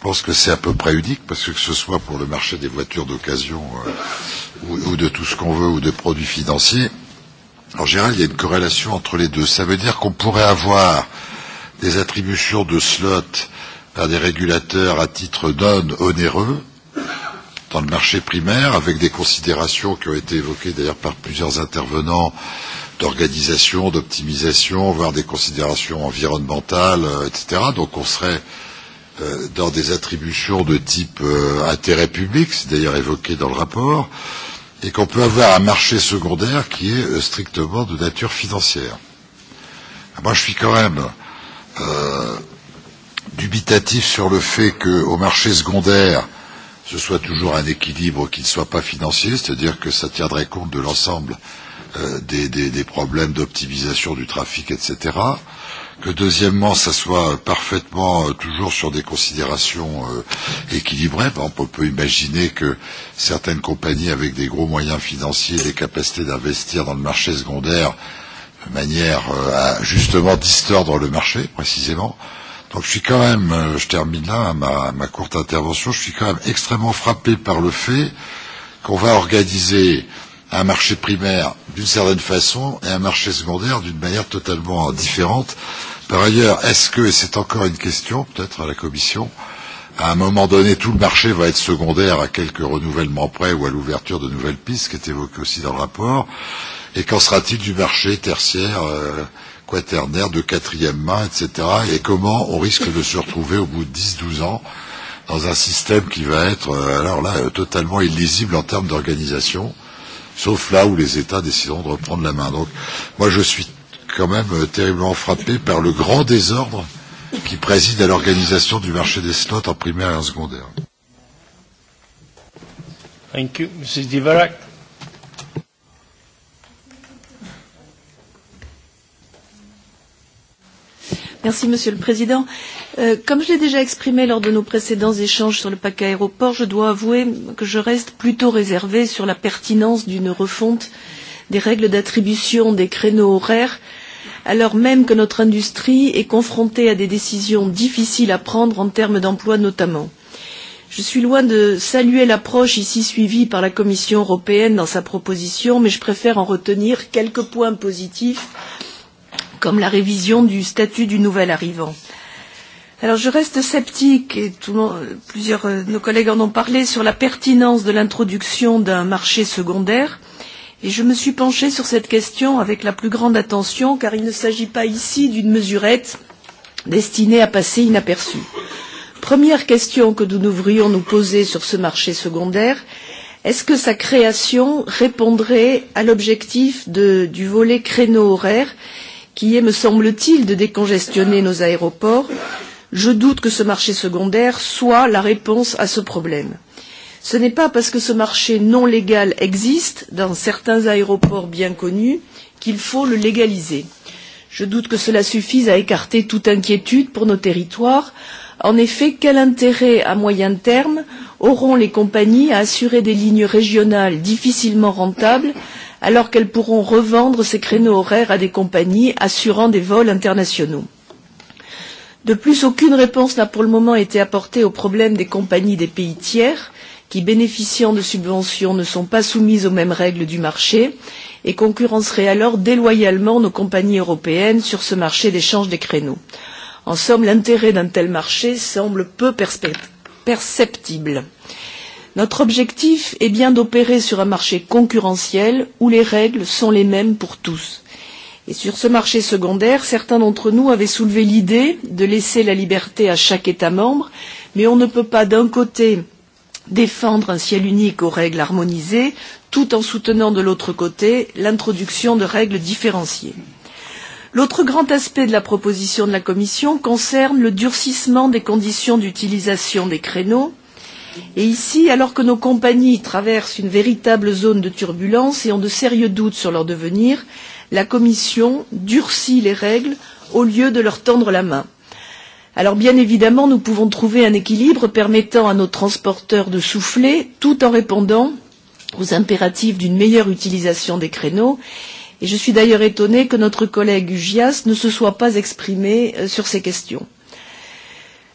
pense que c'est à peu près unique, parce que que ce soit pour le marché des voitures d'occasion euh, ou, ou de tout ce qu'on veut ou de produits financiers, en général, il y a une corrélation entre les deux. Ça veut dire qu'on pourrait avoir des attributions de slots par des régulateurs à titre non onéreux dans le marché primaire, avec des considérations qui ont été évoquées d'ailleurs par plusieurs intervenants d'organisation, d'optimisation, voire des considérations environnementales, euh, etc. Donc on serait Euh, dans des attributions de type euh, intérêt public, c'est d'ailleurs évoqué dans le rapport, et qu'on peut avoir un marché secondaire qui est euh, strictement de nature financière. Ah, moi, je suis quand même euh, dubitatif sur le fait qu'au marché secondaire, ce soit toujours un équilibre qui ne soit pas financier, c'est-à-dire que ça tiendrait compte de l'ensemble euh, des, des, des problèmes d'optimisation du trafic, etc. Euh, que deuxièmement, ça soit parfaitement euh, toujours sur des considérations euh, équilibrées. Ben, on, peut, on peut imaginer que certaines compagnies avec des gros moyens financiers, des capacités d'investir dans le marché secondaire, de manière euh, à justement distordre le marché, précisément. Donc je suis quand même, euh, je termine là ma, ma courte intervention, je suis quand même extrêmement frappé par le fait qu'on va organiser un marché primaire d'une certaine façon et un marché secondaire d'une manière totalement différente. Par ailleurs, est-ce que, et c'est encore une question peut-être à la Commission, à un moment donné, tout le marché va être secondaire à quelques renouvellements prêts ou à l'ouverture de nouvelles pistes, qui est évoqué aussi dans le rapport, et qu'en sera-t-il du marché tertiaire euh, quaternaire, de quatrième main, etc. Et comment on risque de se retrouver au bout de 10-12 ans dans un système qui va être, euh, alors là, euh, totalement illisible en termes d'organisation, sauf là où les États décideront de reprendre la main. Donc, moi, je suis quand même euh, terriblement frappé par le grand désordre qui préside à l'organisation du marché des slots en primaire et en secondaire. Thank you, Mrs. Divarac. Merci, Monsieur le Président. Euh, comme je l'ai déjà exprimé lors de nos précédents échanges sur le paquet aéroport, je dois avouer que je reste plutôt réservée sur la pertinence d'une refonte des règles d'attribution des créneaux horaires euh, alors même que notre industrie est confrontée à des décisions difficiles à prendre en termes d'emploi notamment. Je suis loin de saluer l'approche ici suivie par la Commission européenne dans sa proposition, mais je préfère en retenir quelques points positifs, comme la révision du statut du nouvel arrivant. Alors je reste sceptique, et tout le monde, plusieurs de euh, nos collègues en ont parlé, sur la pertinence de l'introduction d'un marché secondaire. Et je me suis penchée sur cette question avec la plus grande attention, car il ne s'agit pas ici d'une mesurette destinée à passer inaperçue. Première question que nous devrions nous poser sur ce marché secondaire, est-ce que sa création répondrait à l'objectif du volet créneau horaire qui est, me semble-t-il, de décongestionner nos aéroports Je doute que ce marché secondaire soit la réponse à ce problème. Ce n'est pas parce que ce marché non légal existe dans certains aéroports bien connus qu'il faut le légaliser. Je doute que cela suffise à écarter toute inquiétude pour nos territoires. En effet, quel intérêt à moyen terme auront les compagnies à assurer des lignes régionales difficilement rentables alors qu'elles pourront revendre ces créneaux horaires à des compagnies assurant des vols internationaux De plus, aucune réponse n'a pour le moment été apportée au problème des compagnies des pays tiers qui bénéficiant de subventions ne sont pas soumises aux mêmes règles du marché et concurrenceraient alors déloyalement nos compagnies européennes sur ce marché d'échange des créneaux. En somme, l'intérêt d'un tel marché semble peu perceptible. Notre objectif est bien d'opérer sur un marché concurrentiel où les règles sont les mêmes pour tous. Et sur ce marché secondaire, certains d'entre nous avaient soulevé l'idée de laisser la liberté à chaque État membre, mais on ne peut pas d'un côté défendre un ciel unique aux règles harmonisées tout en soutenant de l'autre côté l'introduction de règles différenciées. L'autre grand aspect de la proposition de la Commission concerne le durcissement des conditions d'utilisation des créneaux. Et ici, alors que nos compagnies traversent une véritable zone de turbulence et ont de sérieux doutes sur leur devenir, la Commission durcit les règles au lieu de leur tendre la main. Alors bien évidemment, nous pouvons trouver un équilibre permettant à nos transporteurs de souffler tout en répondant aux impératifs d'une meilleure utilisation des créneaux. Et je suis d'ailleurs étonnée que notre collègue Gias ne se soit pas exprimé euh, sur ces questions.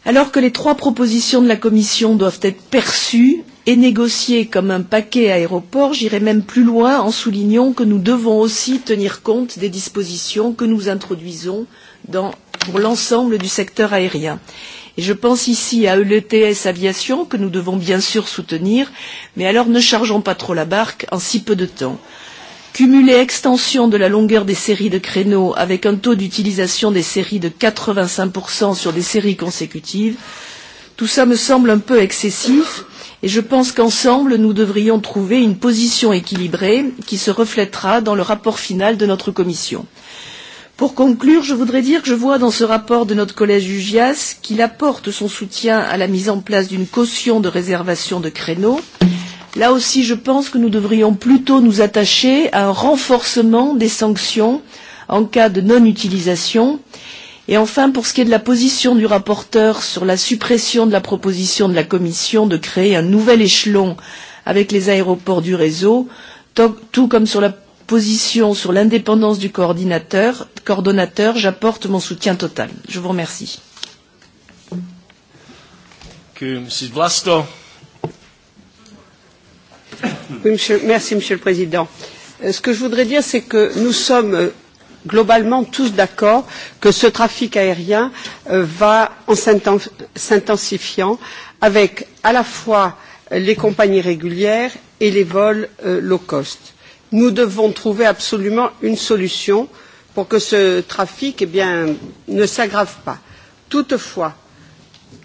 Alors que les trois propositions de la Commission doivent être perçues et négociées comme un paquet aéroport, j'irai même plus loin en soulignant que nous devons aussi tenir compte des dispositions que nous introduisons dans pour l'ensemble du secteur aérien. Et je pense ici à ELTS Aviation, que nous devons bien sûr soutenir, mais alors ne chargeons pas trop la barque en si peu de temps. Cumuler extension de la longueur des séries de créneaux avec un taux d'utilisation des séries de 85% sur des séries consécutives, tout ça me semble un peu excessif et je pense qu'ensemble nous devrions trouver une position équilibrée qui se reflètera dans le rapport final de notre commission. Pour conclure, je voudrais dire que je vois dans ce rapport de notre collège UGIAS qu'il apporte son soutien à la mise en place d'une caution de réservation de créneaux. Là aussi, je pense que nous devrions plutôt nous attacher à un renforcement des sanctions en cas de non-utilisation. Et enfin, pour ce qui est de la position du rapporteur sur la suppression de la proposition de la Commission de créer un nouvel échelon avec les aéroports du réseau, tout comme sur la position sur l'indépendance du coordinateur, coordonnateur, j'apporte mon soutien total. Je vous remercie. Oui, monsieur, merci, Monsieur le Président. Euh, ce que je voudrais dire, c'est que nous sommes euh, globalement tous d'accord que ce trafic aérien euh, va en s'intensifiant avec à la fois les compagnies régulières et les vols low cost. Euh, nous devons trouver absolument une solution pour que ce trafic eh bien, ne s'aggrave pas. Toutefois,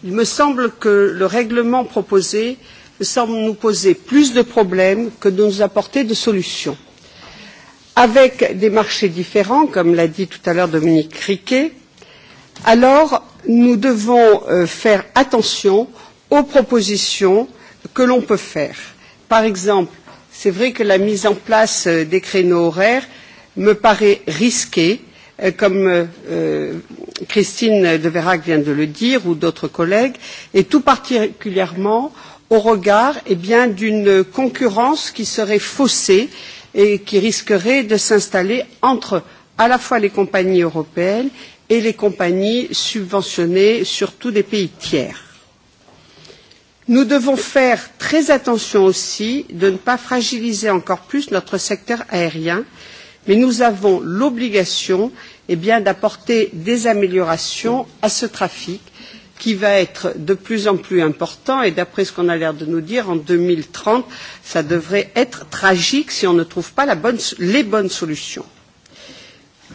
il me semble que le règlement proposé semble nous poser plus de problèmes que de nous apporter de solutions. Avec des marchés différents, comme l'a dit tout à l'heure Dominique Criquet, alors nous devons euh, faire attention aux propositions que l'on peut faire. Par exemple, C'est vrai que la mise en place euh, des créneaux horaires me paraît risquée, euh, comme euh, Christine de Verac vient de le dire, ou d'autres collègues, et tout particulièrement au regard eh bien, d'une concurrence qui serait faussée et qui risquerait de s'installer entre à la fois les compagnies européennes et les compagnies subventionnées, surtout des pays tiers. Nous devons faire très attention aussi de ne pas fragiliser encore plus notre secteur aérien, mais nous avons l'obligation eh bien, d'apporter des améliorations à ce trafic qui va être de plus en plus important et d'après ce qu'on a l'air de nous dire, en 2030, ça devrait être tragique si on ne trouve pas la bonne, les bonnes solutions.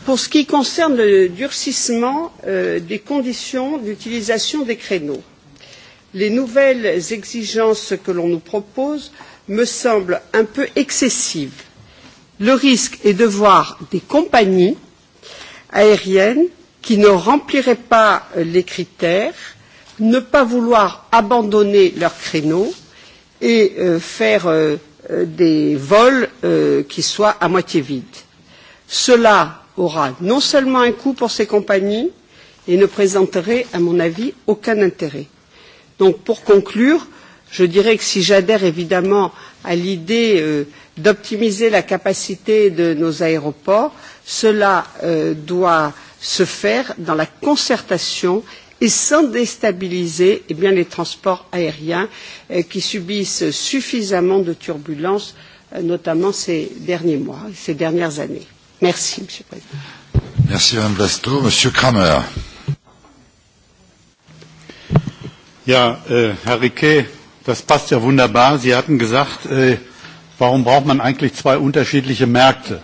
Pour ce qui concerne le durcissement euh, des conditions d'utilisation des créneaux, les nouvelles exigences que l'on nous propose me semblent un peu excessives. Le risque est de voir des compagnies aériennes qui ne rempliraient pas les critères ne pas vouloir abandonner leur créneau et euh, faire euh, euh des vols euh, qui soient à moitié vides. Cela aura non seulement un coût pour ces compagnies et ne présenterait, à mon avis, aucun intérêt. Donc pour conclure, je dirais que si j'adhère évidemment à l'idée euh, d'optimiser la capacité de nos aéroports, cela euh, doit se faire dans la concertation et sans déstabiliser eh bien, les transports aériens euh, qui subissent suffisamment de turbulences, euh, notamment ces derniers mois, ces dernières années. Merci, Monsieur le Président. Merci, Mme Blasto. Monsieur Kramer. Ja, äh, Herr Riquet, das passt ja wunderbar. Sie hatten gesagt, äh, warum braucht man eigentlich zwei unterschiedliche Märkte?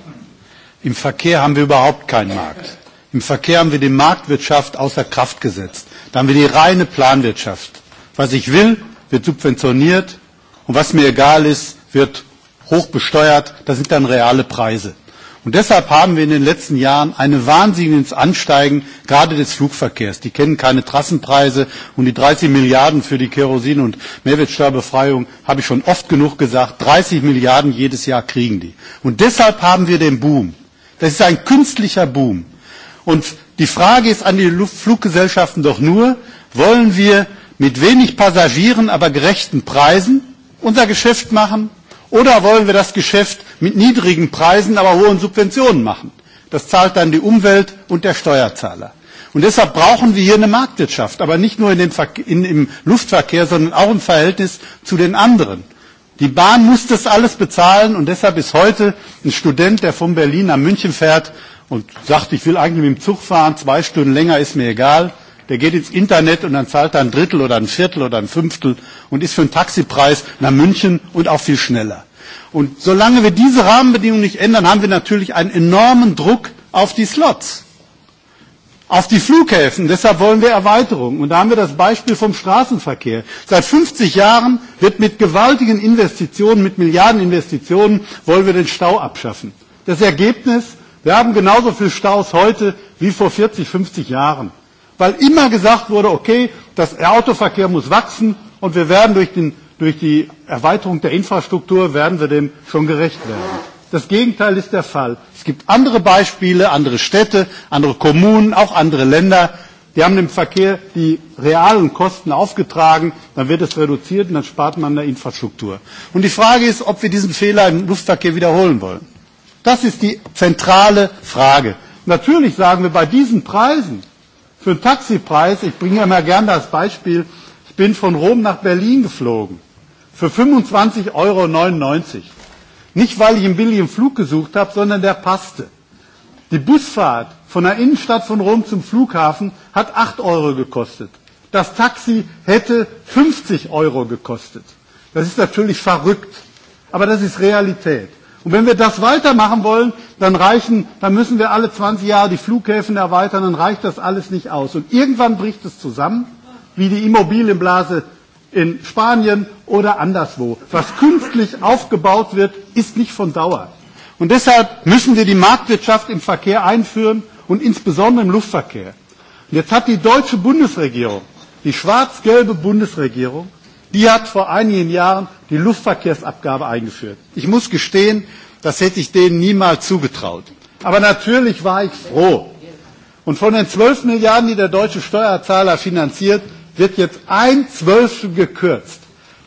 Im Verkehr haben wir überhaupt keinen Markt. Im Verkehr haben wir die Marktwirtschaft außer Kraft gesetzt. Da haben wir die reine Planwirtschaft. Was ich will, wird subventioniert und was mir egal ist, wird hoch besteuert. Das sind dann reale Preise. Und deshalb haben wir in den letzten Jahren ein wahnsinniges Ansteigen gerade des Flugverkehrs. Die kennen keine Trassenpreise und die 30 Milliarden für die Kerosin- und Mehrwertsteuerbefreiung habe ich schon oft genug gesagt. 30 Milliarden jedes Jahr kriegen die. Und deshalb haben wir den Boom. Das ist ein künstlicher Boom. Und die Frage ist an die Fluggesellschaften doch nur, wollen wir mit wenig Passagieren, aber gerechten Preisen unser Geschäft machen Oder wollen wir das Geschäft mit niedrigen Preisen, aber hohen Subventionen machen? Das zahlt dann die Umwelt und der Steuerzahler. Und deshalb brauchen wir hier eine Marktwirtschaft, aber nicht nur in dem in, im Luftverkehr, sondern auch im Verhältnis zu den anderen. Die Bahn muss das alles bezahlen und deshalb ist heute ein Student, der von Berlin nach München fährt und sagt, ich will eigentlich mit dem Zug fahren, zwei Stunden länger ist mir egal, der geht ins Internet und dann zahlt er ein Drittel oder ein Viertel oder ein Fünftel und ist für einen Taxipreis nach München und auch viel schneller. Und solange wir diese Rahmenbedingungen nicht ändern, haben wir natürlich einen enormen Druck auf die Slots, auf die Flughäfen. Deshalb wollen wir Erweiterungen. Und da haben wir das Beispiel vom Straßenverkehr. Seit 50 Jahren wird mit gewaltigen Investitionen, mit Milliardeninvestitionen, wollen wir den Stau abschaffen. Das Ergebnis, wir haben genauso viele Staus heute wie vor 40, 50 Jahren weil immer gesagt wurde, okay, das Autoverkehr muss wachsen und wir werden durch, den, durch die Erweiterung der Infrastruktur, werden wir dem schon gerecht werden. Das Gegenteil ist der Fall. Es gibt andere Beispiele, andere Städte, andere Kommunen, auch andere Länder, die haben dem Verkehr die realen Kosten aufgetragen, dann wird es reduziert und dann spart man an der Infrastruktur. Und die Frage ist, ob wir diesen Fehler im Luftverkehr wiederholen wollen. Das ist die zentrale Frage. Natürlich sagen wir bei diesen Preisen, für einen Taxipreis, ich bringe ja immer gern das Beispiel, ich bin von Rom nach Berlin geflogen. Für 25,99 Euro. Nicht, weil ich einen billigen Flug gesucht habe, sondern der passte. Die Busfahrt von der Innenstadt von Rom zum Flughafen hat 8 Euro gekostet. Das Taxi hätte 50 Euro gekostet. Das ist natürlich verrückt, aber das ist Realität. Und wenn wir das weitermachen wollen, dann reichen, dann müssen wir alle 20 Jahre die Flughäfen erweitern, dann reicht das alles nicht aus. Und irgendwann bricht es zusammen, wie die Immobilienblase in Spanien oder anderswo. Was künstlich aufgebaut wird, ist nicht von Dauer. Und deshalb müssen wir die Marktwirtschaft im Verkehr einführen und insbesondere im Luftverkehr. Und jetzt hat die deutsche Bundesregierung, die schwarz-gelbe Bundesregierung, Die hat vor einigen Jahren die Luftverkehrsabgabe eingeführt. Ich muss gestehen, das hätte ich denen niemals zugetraut. Aber natürlich war ich froh. Und von den 12 Milliarden, die der deutsche Steuerzahler finanziert, wird jetzt ein Zwölftel gekürzt.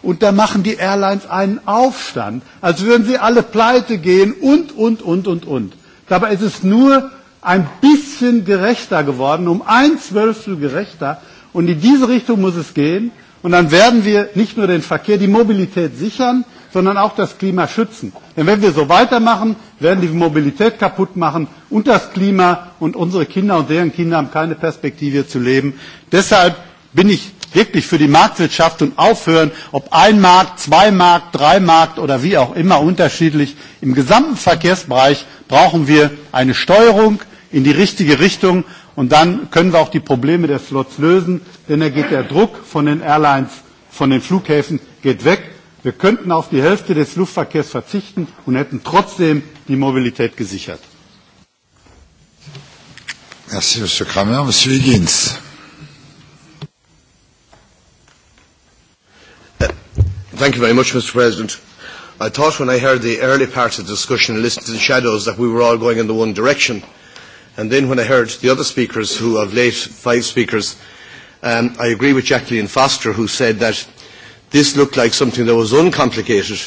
Und da machen die Airlines einen Aufstand, als würden sie alle pleite gehen und, und, und, und, und. Dabei ist es nur ein bisschen gerechter geworden, um ein Zwölftel gerechter. Und in diese Richtung muss es gehen. Und dann werden wir nicht nur den Verkehr, die Mobilität sichern, sondern auch das Klima schützen. Denn wenn wir so weitermachen, werden die Mobilität kaputt machen und das Klima und unsere Kinder und deren Kinder haben keine Perspektive zu leben. Deshalb bin ich wirklich für die Marktwirtschaft und aufhören, ob ein Markt, zwei Markt, drei Markt oder wie auch immer unterschiedlich. Im gesamten Verkehrsbereich brauchen wir eine Steuerung in die richtige Richtung. Und dann können wir auch die Probleme der Slots lösen, denn dann geht der Druck von den Airlines, von den Flughäfen, geht weg. Wir könnten auf die Hälfte des Luftverkehrs verzichten und hätten trotzdem die Mobilität gesichert. Merci, Monsieur Kramer. Monsieur Higgins. Uh, thank you very much, Mr. President. I thought when I heard the early part of the discussion and listened to the shadows that we were all going in the one direction. And then when I heard the other speakers, who of late five speakers, um, I agree with Jacqueline Foster, who said that this looked like something that was uncomplicated.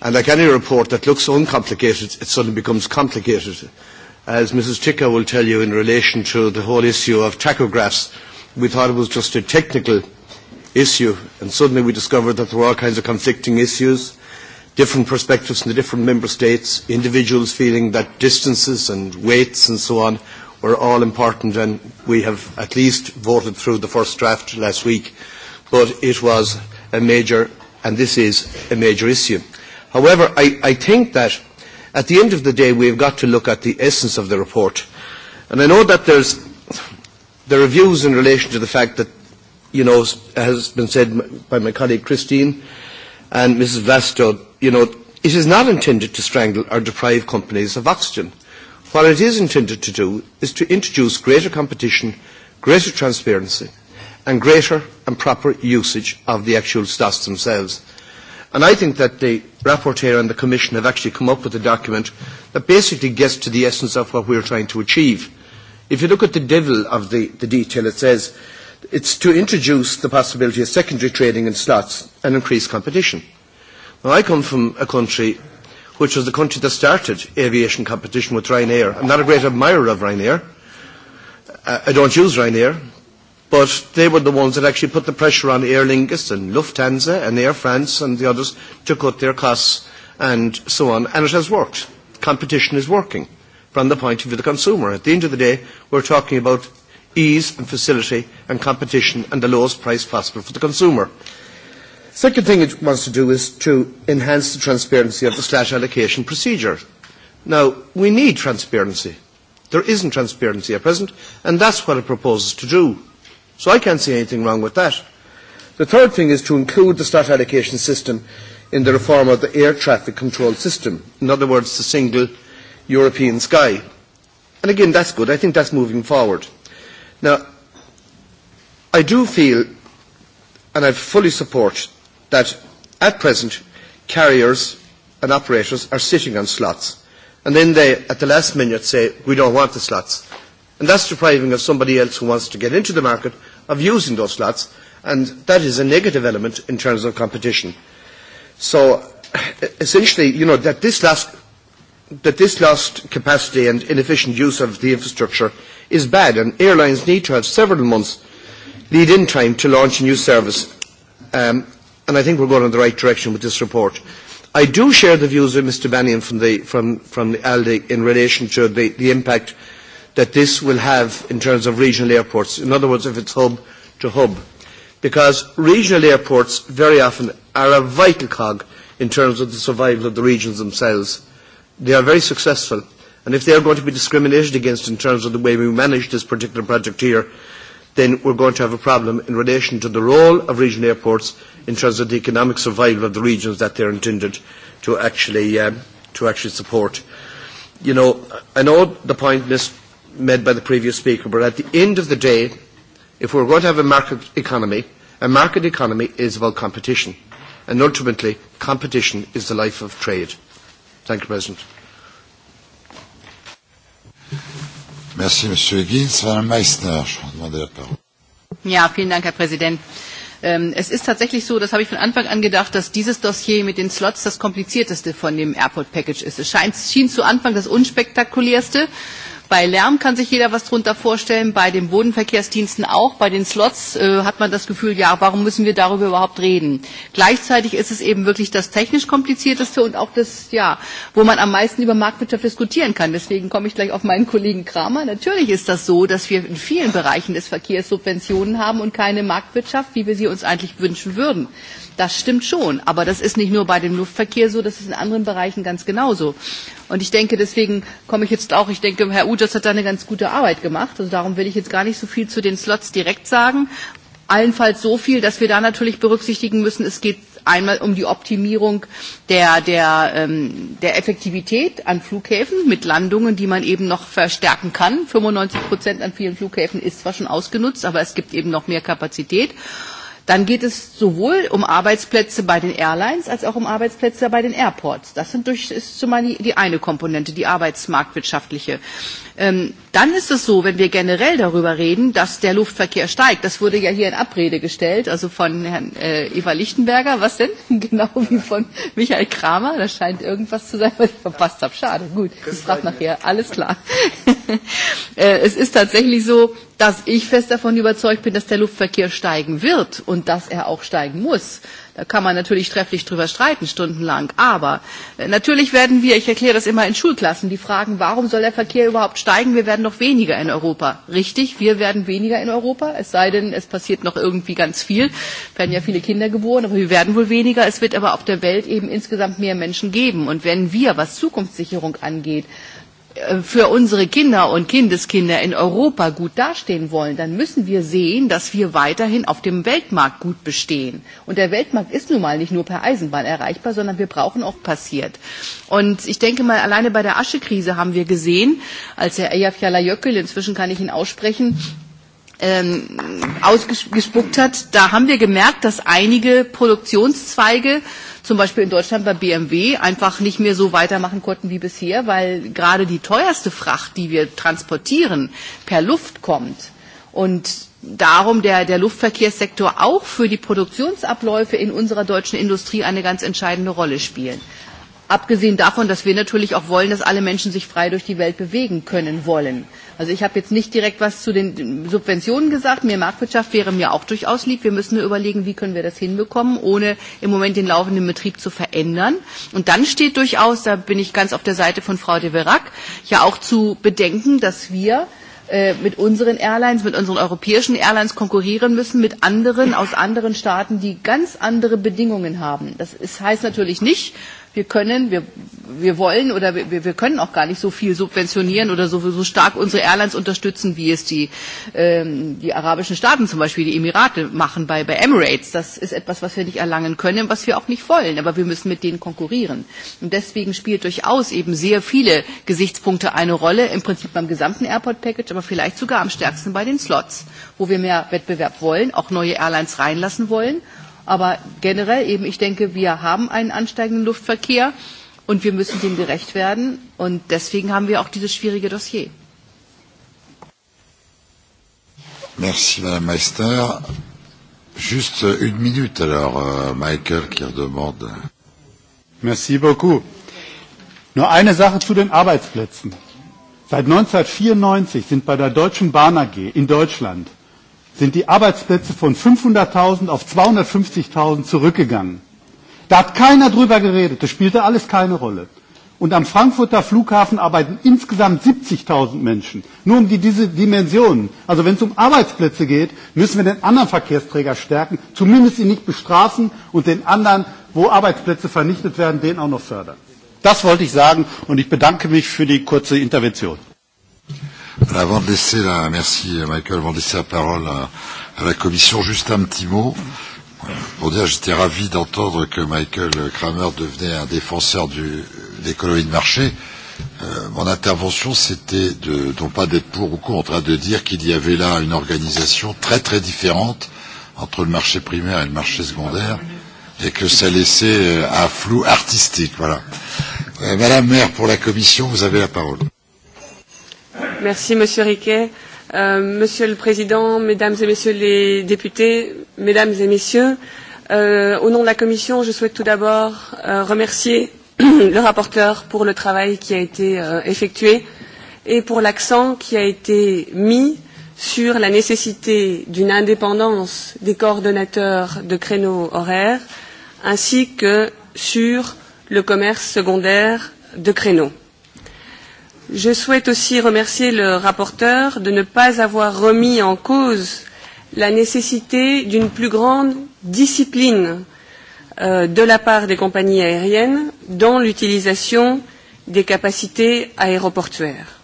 And like any report that looks uncomplicated, it suddenly becomes complicated. As Mrs. Ticker will tell you in relation to the whole issue of tachographs, we thought it was just a technical issue. And suddenly we discovered that there were all kinds of conflicting issues different perspectives from the different member states, individuals feeling that distances and weights and so on were all important and we have at least voted through the first draft last week. But it was a major, and this is a major issue. However, I, I think that at the end of the day we've got to look at the essence of the report. And I know that there's, there are views in relation to the fact that, you know, as has been said by my colleague Christine and Mrs. Vasto, you know, it is not intended to strangle or deprive companies of oxygen. What it is intended to do is to introduce greater competition, greater transparency, and greater and proper usage of the actual stocks themselves. And I think that the rapporteur and the Commission have actually come up with a document that basically gets to the essence of what we're trying to achieve. If you look at the devil of the, the detail, it says it's to introduce the possibility of secondary trading in slots and increase competition. Now, I come from a country which was the country that started aviation competition with Ryanair. I'm not a great admirer of Ryanair. Uh, I don't use Ryanair. But they were the ones that actually put the pressure on Aer Lingus and Lufthansa and Air France and the others to cut their costs and so on. And it has worked. Competition is working from the point of view of the consumer. At the end of the day, we're talking about ease and facility and competition and the lowest price possible for the consumer. Second thing it wants to do is to enhance the transparency of the slash allocation procedure. Now, we need transparency. There isn't transparency at present, and that's what it proposes to do. So I can't see anything wrong with that. The third thing is to include the slot allocation system in the reform of the air traffic control system. In other words, the single European sky. And again, that's good. I think that's moving forward. Now, I do feel, and I fully support that at present carriers and operators are sitting on slots and then they at the last minute say we don't want the slots and that's depriving of somebody else who wants to get into the market of using those slots and that is a negative element in terms of competition. So essentially, you know, that this last that this lost capacity and inefficient use of the infrastructure is bad and airlines need to have several months lead-in time to launch a new service um, and I think we're going in the right direction with this report. I do share the views of Mr. Bannion from the, from, from the ALDE in relation to the, the impact that this will have in terms of regional airports. In other words, if it's hub to hub. Because regional airports very often are a vital cog in terms of the survival of the regions themselves. They are very successful. And if they are going to be discriminated against in terms of the way we manage this particular project here, then we're going to have a problem in relation to the role of regional airports in terms of the economic survival of the regions that they're intended to actually, um, to actually support. You know, I know the point missed, made by the previous speaker, but at the end of the day, if we're going to have a market economy, a market economy is about competition. And ultimately, competition is the life of trade. Thank you, President. Merci, Monsieur Higgins. Madame Meissner, je vous demander la parole. Ja, vielen Dank, Herr Präsident. Ähm, es ist tatsächlich so, das habe ich von Anfang an gedacht, dass dieses Dossier mit den Slots das komplizierteste von dem Airport Package ist. Es scheint, schien zu Anfang das unspektakulärste. Bei Lärm kann sich jeder was darunter vorstellen, bei den Bodenverkehrsdiensten auch, bei den Slots äh, hat man das Gefühl, ja, warum müssen wir darüber überhaupt reden? Gleichzeitig ist es eben wirklich das technisch komplizierteste und auch das, ja, wo man am meisten über Marktwirtschaft diskutieren kann. Deswegen komme ich gleich auf meinen Kollegen Kramer. Natürlich ist das so, dass wir in vielen Bereichen des Verkehrs Subventionen haben und keine Marktwirtschaft, wie wir sie uns eigentlich wünschen würden. Das stimmt schon, aber das ist nicht nur bei dem Luftverkehr so, das ist in anderen Bereichen ganz genauso. Und ich denke, deswegen komme ich jetzt auch, ich denke, Herr Ujas hat da eine ganz gute Arbeit gemacht, also darum will ich jetzt gar nicht so viel zu den Slots direkt sagen. Allenfalls so viel, dass wir da natürlich berücksichtigen müssen, es geht einmal um die Optimierung der, der, ähm, der Effektivität an Flughäfen mit Landungen, die man eben noch verstärken kann. 95 Prozent an vielen Flughäfen ist zwar schon ausgenutzt, aber es gibt eben noch mehr Kapazität dann geht es sowohl um Arbeitsplätze bei den Airlines als auch um Arbeitsplätze bei den Airports. Das sind durch, ist zumal die, die eine Komponente, die arbeitsmarktwirtschaftliche. Ähm, dann ist es so, wenn wir generell darüber reden, dass der Luftverkehr steigt. Das wurde ja hier in Abrede gestellt, also von Herrn äh, Eva Lichtenberger. Was denn? Genau wie von Michael Kramer. Das scheint irgendwas zu sein, was ich verpasst habe. Schade. Gut, ich frage nachher. Alles klar. äh, es ist tatsächlich so, dass ich fest davon überzeugt bin, dass der Luftverkehr steigen wird und dass er auch steigen muss. Da kann man natürlich trefflich drüber streiten, stundenlang. Aber äh, natürlich werden wir, ich erkläre das immer in Schulklassen, die fragen, warum soll der Verkehr überhaupt steigen? Wir werden noch weniger in Europa. Richtig, wir werden weniger in Europa. Es sei denn, es passiert noch irgendwie ganz viel. Es werden ja viele Kinder geboren, aber wir werden wohl weniger. Es wird aber auf der Welt eben insgesamt mehr Menschen geben. Und wenn wir, was Zukunftssicherung angeht, für unsere Kinder und Kindeskinder in Europa gut dastehen wollen, dann müssen wir sehen, dass wir weiterhin auf dem Weltmarkt gut bestehen. Und der Weltmarkt ist nun mal nicht nur per Eisenbahn erreichbar, sondern wir brauchen auch passiert. Und ich denke mal, alleine bei der Aschekrise haben wir gesehen, als Herr Eyjafjalla Jöckel, inzwischen kann ich ihn aussprechen, ähm, ausgespuckt hat, da haben wir gemerkt, dass einige Produktionszweige äh, zum Beispiel in Deutschland bei BMW einfach nicht mehr so weitermachen konnten wie bisher, weil gerade die teuerste Fracht, die wir transportieren, per Luft kommt und darum der, der Luftverkehrssektor auch für die Produktionsabläufe in unserer deutschen Industrie eine ganz entscheidende Rolle spielen. Abgesehen davon, dass wir natürlich auch wollen, dass alle Menschen sich frei durch die Welt bewegen können wollen. Also ich habe jetzt nicht direkt was zu den Subventionen gesagt. Mehr Marktwirtschaft wäre mir auch durchaus lieb. Wir müssen nur überlegen, wie können wir das hinbekommen, ohne im Moment den laufenden Betrieb zu verändern. Und dann steht durchaus, da bin ich ganz auf der Seite von Frau de Verac, ja auch zu bedenken, dass wir äh, mit unseren Airlines, mit unseren europäischen Airlines konkurrieren müssen, mit anderen aus anderen Staaten, die ganz andere Bedingungen haben. Das ist, heißt natürlich nicht, wir können, wir, wir wollen oder wir, wir können auch gar nicht so viel subventionieren oder so, so stark unsere Airlines unterstützen, wie es die, ähm, die arabischen Staaten zum Beispiel, die Emirate machen bei, bei Emirates. Das ist etwas, was wir nicht erlangen können, was wir auch nicht wollen. Aber wir müssen mit denen konkurrieren. Und deswegen spielt durchaus eben sehr viele Gesichtspunkte eine Rolle, im Prinzip beim gesamten Airport-Package, aber vielleicht sogar am stärksten bei den Slots, wo wir mehr Wettbewerb wollen, auch neue Airlines reinlassen wollen Aber generell eben, ich denke, wir haben einen ansteigenden Luftverkehr und wir müssen dem gerecht werden. Und deswegen haben wir auch dieses schwierige Dossier. Merci, Madame Meister. Juste une minute, alors, euh, Michael, qui demande. Merci beaucoup. Nur eine Sache zu den Arbeitsplätzen. Seit 1994 sind bei der Deutschen Bahn AG in Deutschland sind die Arbeitsplätze von 500.000 auf 250.000 zurückgegangen. Da hat keiner drüber geredet, das spielte alles keine Rolle. Und am Frankfurter Flughafen arbeiten insgesamt 70.000 Menschen. Nur um die, diese Dimensionen. Also wenn es um Arbeitsplätze geht, müssen wir den anderen Verkehrsträger stärken, zumindest ihn nicht bestrafen und den anderen, wo Arbeitsplätze vernichtet werden, den auch noch fördern. Das wollte ich sagen und ich bedanke mich für die kurze Intervention. Avant de laisser la, merci euh, Michael, avant de laisser la parole à, à la commission, juste un petit mot. Pour dire, j'étais ravi d'entendre que Michael Kramer devenait un défenseur du, d'économie de marché. Euh, mon intervention, c'était de, non pas d'être pour ou contre, hein, de dire qu'il y avait là une organisation très très différente entre le marché primaire et le marché secondaire et que ça laissait euh, un flou artistique. Voilà. Euh, Madame Maire, pour la commission, vous avez la parole. Merci, Monsieur Riquet. Euh, monsieur le Président, Mesdames et Messieurs les députés, Mesdames et Messieurs, euh, au nom de la Commission, je souhaite tout d'abord euh, remercier le rapporteur pour le travail qui a été euh, effectué et pour l'accent qui a été mis sur la nécessité d'une indépendance des coordonnateurs de créneaux horaires ainsi que sur le commerce secondaire de créneaux. Je souhaite aussi remercier le rapporteur de ne pas avoir remis en cause la nécessité d'une plus grande discipline euh, de la part des compagnies aériennes dans l'utilisation des capacités aéroportuaires.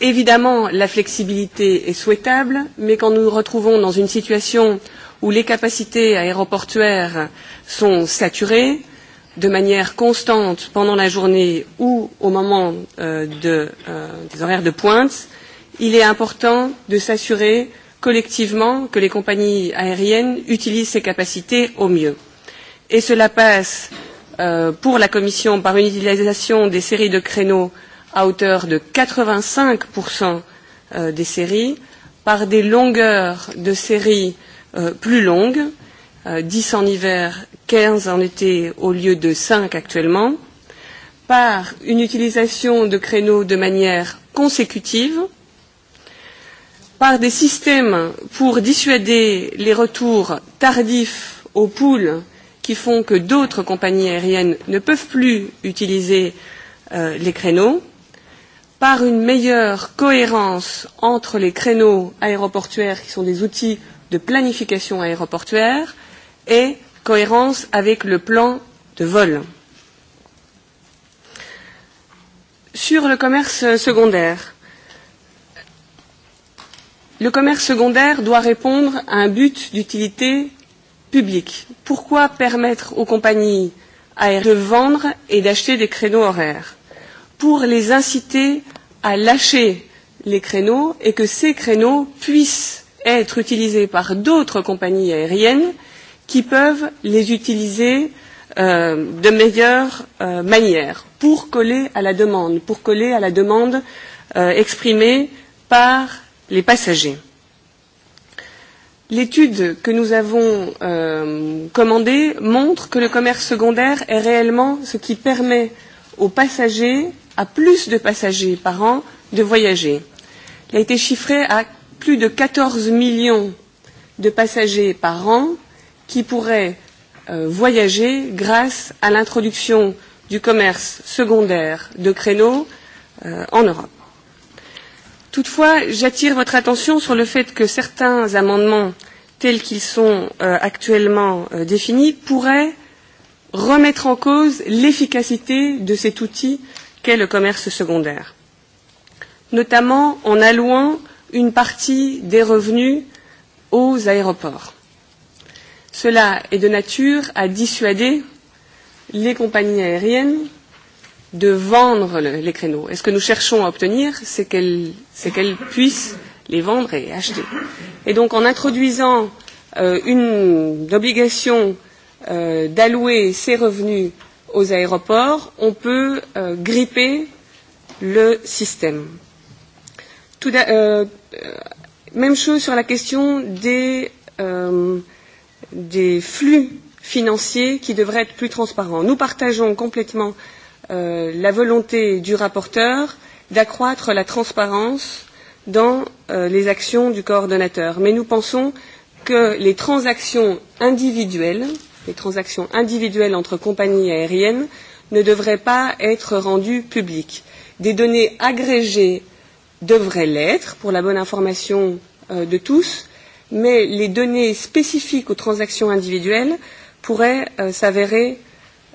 Évidemment, la flexibilité est souhaitable, mais quand nous nous retrouvons dans une situation où les capacités aéroportuaires sont saturées, de manière constante pendant la journée ou au moment euh, de, euh, des horaires de pointe, il est important de s'assurer collectivement que les compagnies aériennes utilisent ces capacités au mieux. Et cela passe euh, pour la Commission par une utilisation des séries de créneaux à hauteur de 85% euh, des séries, par des longueurs de séries euh, plus longues, euh, 10 en hiver, 15 en été au lieu de 5 actuellement, par une utilisation de créneaux de manière consécutive, par des systèmes pour dissuader les retours tardifs aux poules qui font que d'autres compagnies aériennes ne peuvent plus utiliser euh, les créneaux, par une meilleure cohérence entre les créneaux aéroportuaires qui sont des outils de planification aéroportuaire et cohérence avec le plan de vol. Sur le commerce secondaire, le commerce secondaire doit répondre à un but d'utilité publique. Pourquoi permettre aux compagnies aériennes de vendre et d'acheter des créneaux horaires Pour les inciter à lâcher les créneaux et que ces créneaux puissent être utilisés par d'autres compagnies aériennes qui peuvent les utiliser euh, de meilleure euh, manière pour coller à la demande, pour coller à la demande euh, exprimée par les passagers. L'étude que nous avons euh, commandée montre que le commerce secondaire est réellement ce qui permet aux passagers, à plus de passagers par an, de voyager. Il a été chiffré à plus de 14 millions de passagers par an, qui pourraient euh, voyager grâce à l'introduction du commerce secondaire de créneaux euh, en Europe. Toutefois, j'attire votre attention sur le fait que certains amendements tels qu'ils sont euh, actuellement euh, définis pourraient remettre en cause l'efficacité de cet outil qu'est le commerce secondaire, notamment en allouant une partie des revenus aux aéroports. Cela est de nature à dissuader les compagnies aériennes de vendre le, les créneaux. Et ce que nous cherchons à obtenir, c'est qu'elles qu puissent les vendre et acheter. Et donc, en introduisant euh, une obligation euh, d'allouer ces revenus aux aéroports, on peut euh, gripper le système. Tout euh, euh, même chose sur la question des. Euh, des flux financiers qui devraient être plus transparents. Nous partageons complètement euh, la volonté du rapporteur d'accroître la transparence dans euh, les actions du coordonnateur. Mais nous pensons que les transactions individuelles, les transactions individuelles entre compagnies aériennes, ne devraient pas être rendues publiques. Des données agrégées devraient l'être pour la bonne information euh, de tous, mais les données spécifiques aux transactions individuelles pourraient euh, s'avérer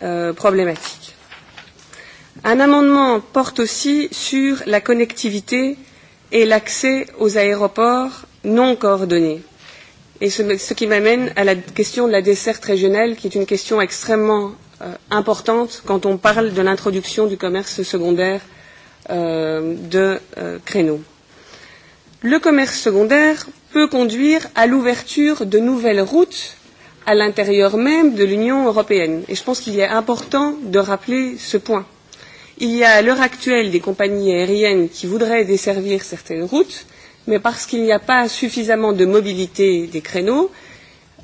euh, problématiques. Un amendement porte aussi sur la connectivité et l'accès aux aéroports non coordonnés. Et ce, ce qui m'amène à la question de la desserte régionale, qui est une question extrêmement euh, importante quand on parle de l'introduction du commerce secondaire euh, de euh, créneaux. Le commerce secondaire, peut conduire à l'ouverture de nouvelles routes à l'intérieur même de l'Union européenne. Et je pense qu'il est important de rappeler ce point. Il y a à l'heure actuelle des compagnies aériennes qui voudraient desservir certaines routes, mais parce qu'il n'y a pas suffisamment de mobilité des créneaux,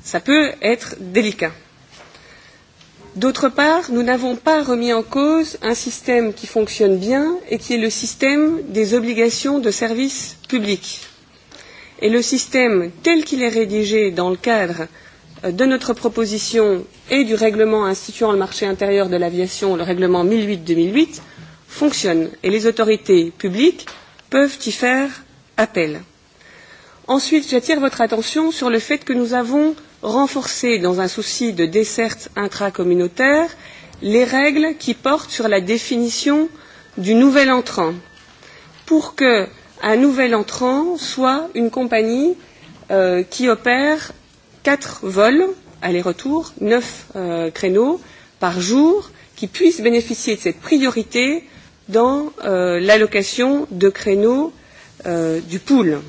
ça peut être délicat. D'autre part, nous n'avons pas remis en cause un système qui fonctionne bien et qui est le système des obligations de services publics. Et le système tel qu'il est rédigé dans le cadre euh, de notre proposition et du règlement instituant le marché intérieur de l'aviation, le règlement 1008-2008, fonctionne et les autorités publiques peuvent y faire appel. Ensuite, j'attire votre attention sur le fait que nous avons renforcé, dans un souci de desserte intracommunautaire, les règles qui portent sur la définition du nouvel entrant pour que un nouvel entrant soit une compagnie euh, qui opère quatre vols aller-retour, neuf euh, créneaux par jour, qui puissent bénéficier de cette priorité dans euh, l'allocation de créneaux euh, du pool.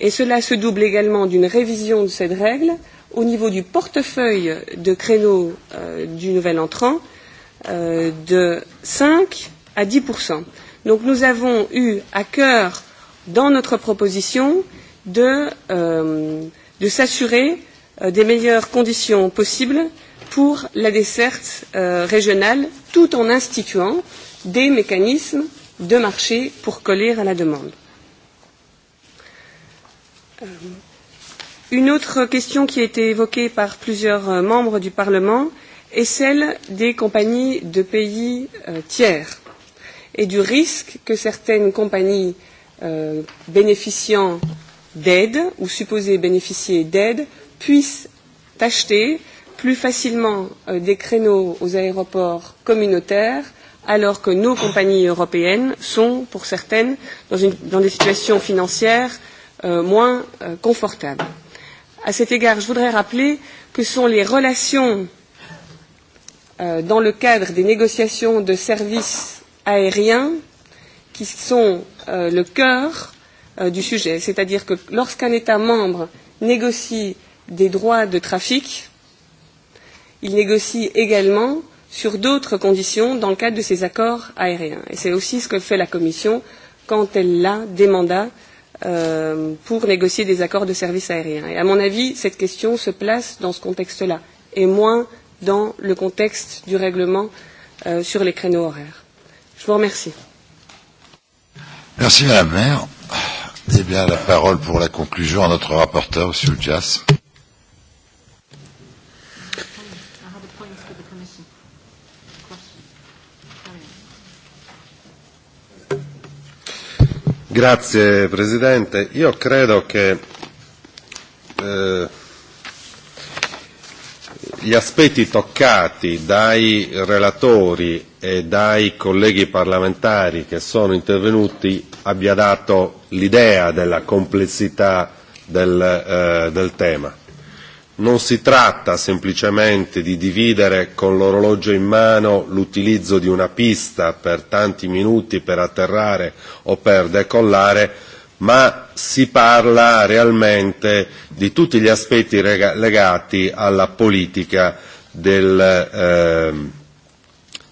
Et cela se double également d'une révision de cette règle au niveau du portefeuille de créneaux euh, du nouvel entrant euh, de 5 à 10 Donc nous avons eu à cœur, dans notre proposition, de, euh, de s'assurer euh, des meilleures conditions possibles pour la desserte euh, régionale, tout en instituant des mécanismes de marché pour coller à la demande. Euh, une autre question qui a été évoquée par plusieurs euh, membres du Parlement est celle des compagnies de pays euh, tiers et du risque que certaines compagnies euh, bénéficiant d'aide ou supposées bénéficier d'aide puissent acheter plus facilement euh, des créneaux aux aéroports communautaires alors que nos compagnies européennes sont, pour certaines, dans, une, dans des situations financières euh, moins euh, confortables. À cet égard, je voudrais rappeler que sont les relations euh, dans le cadre des négociations de services aériens qui sont euh, le cœur euh, du sujet. C'est-à-dire que lorsqu'un État membre négocie des droits de trafic, il négocie également sur d'autres conditions dans le cadre de ses accords aériens. Et c'est aussi ce que fait la Commission quand elle a des mandats euh, pour négocier des accords de services aériens. Et à mon avis, cette question se place dans ce contexte-là et moins dans le contexte du règlement euh, sur les créneaux horaires. Je vous remercie. Merci Madame la Maire. Eh bien, la parole pour la conclusion à notre rapporteur, Monsieur Jas. Grazie Presidente. Io credo che eh, gli aspetti toccati dai relatori e dai colleghi parlamentari che sono intervenuti abbia dato l'idea della complessità del, eh, del tema. Non si tratta semplicemente di dividere con l'orologio in mano l'utilizzo di una pista per tanti minuti per atterrare o per decollare, ma si parla realmente di tutti gli aspetti rega- legati alla politica del, eh,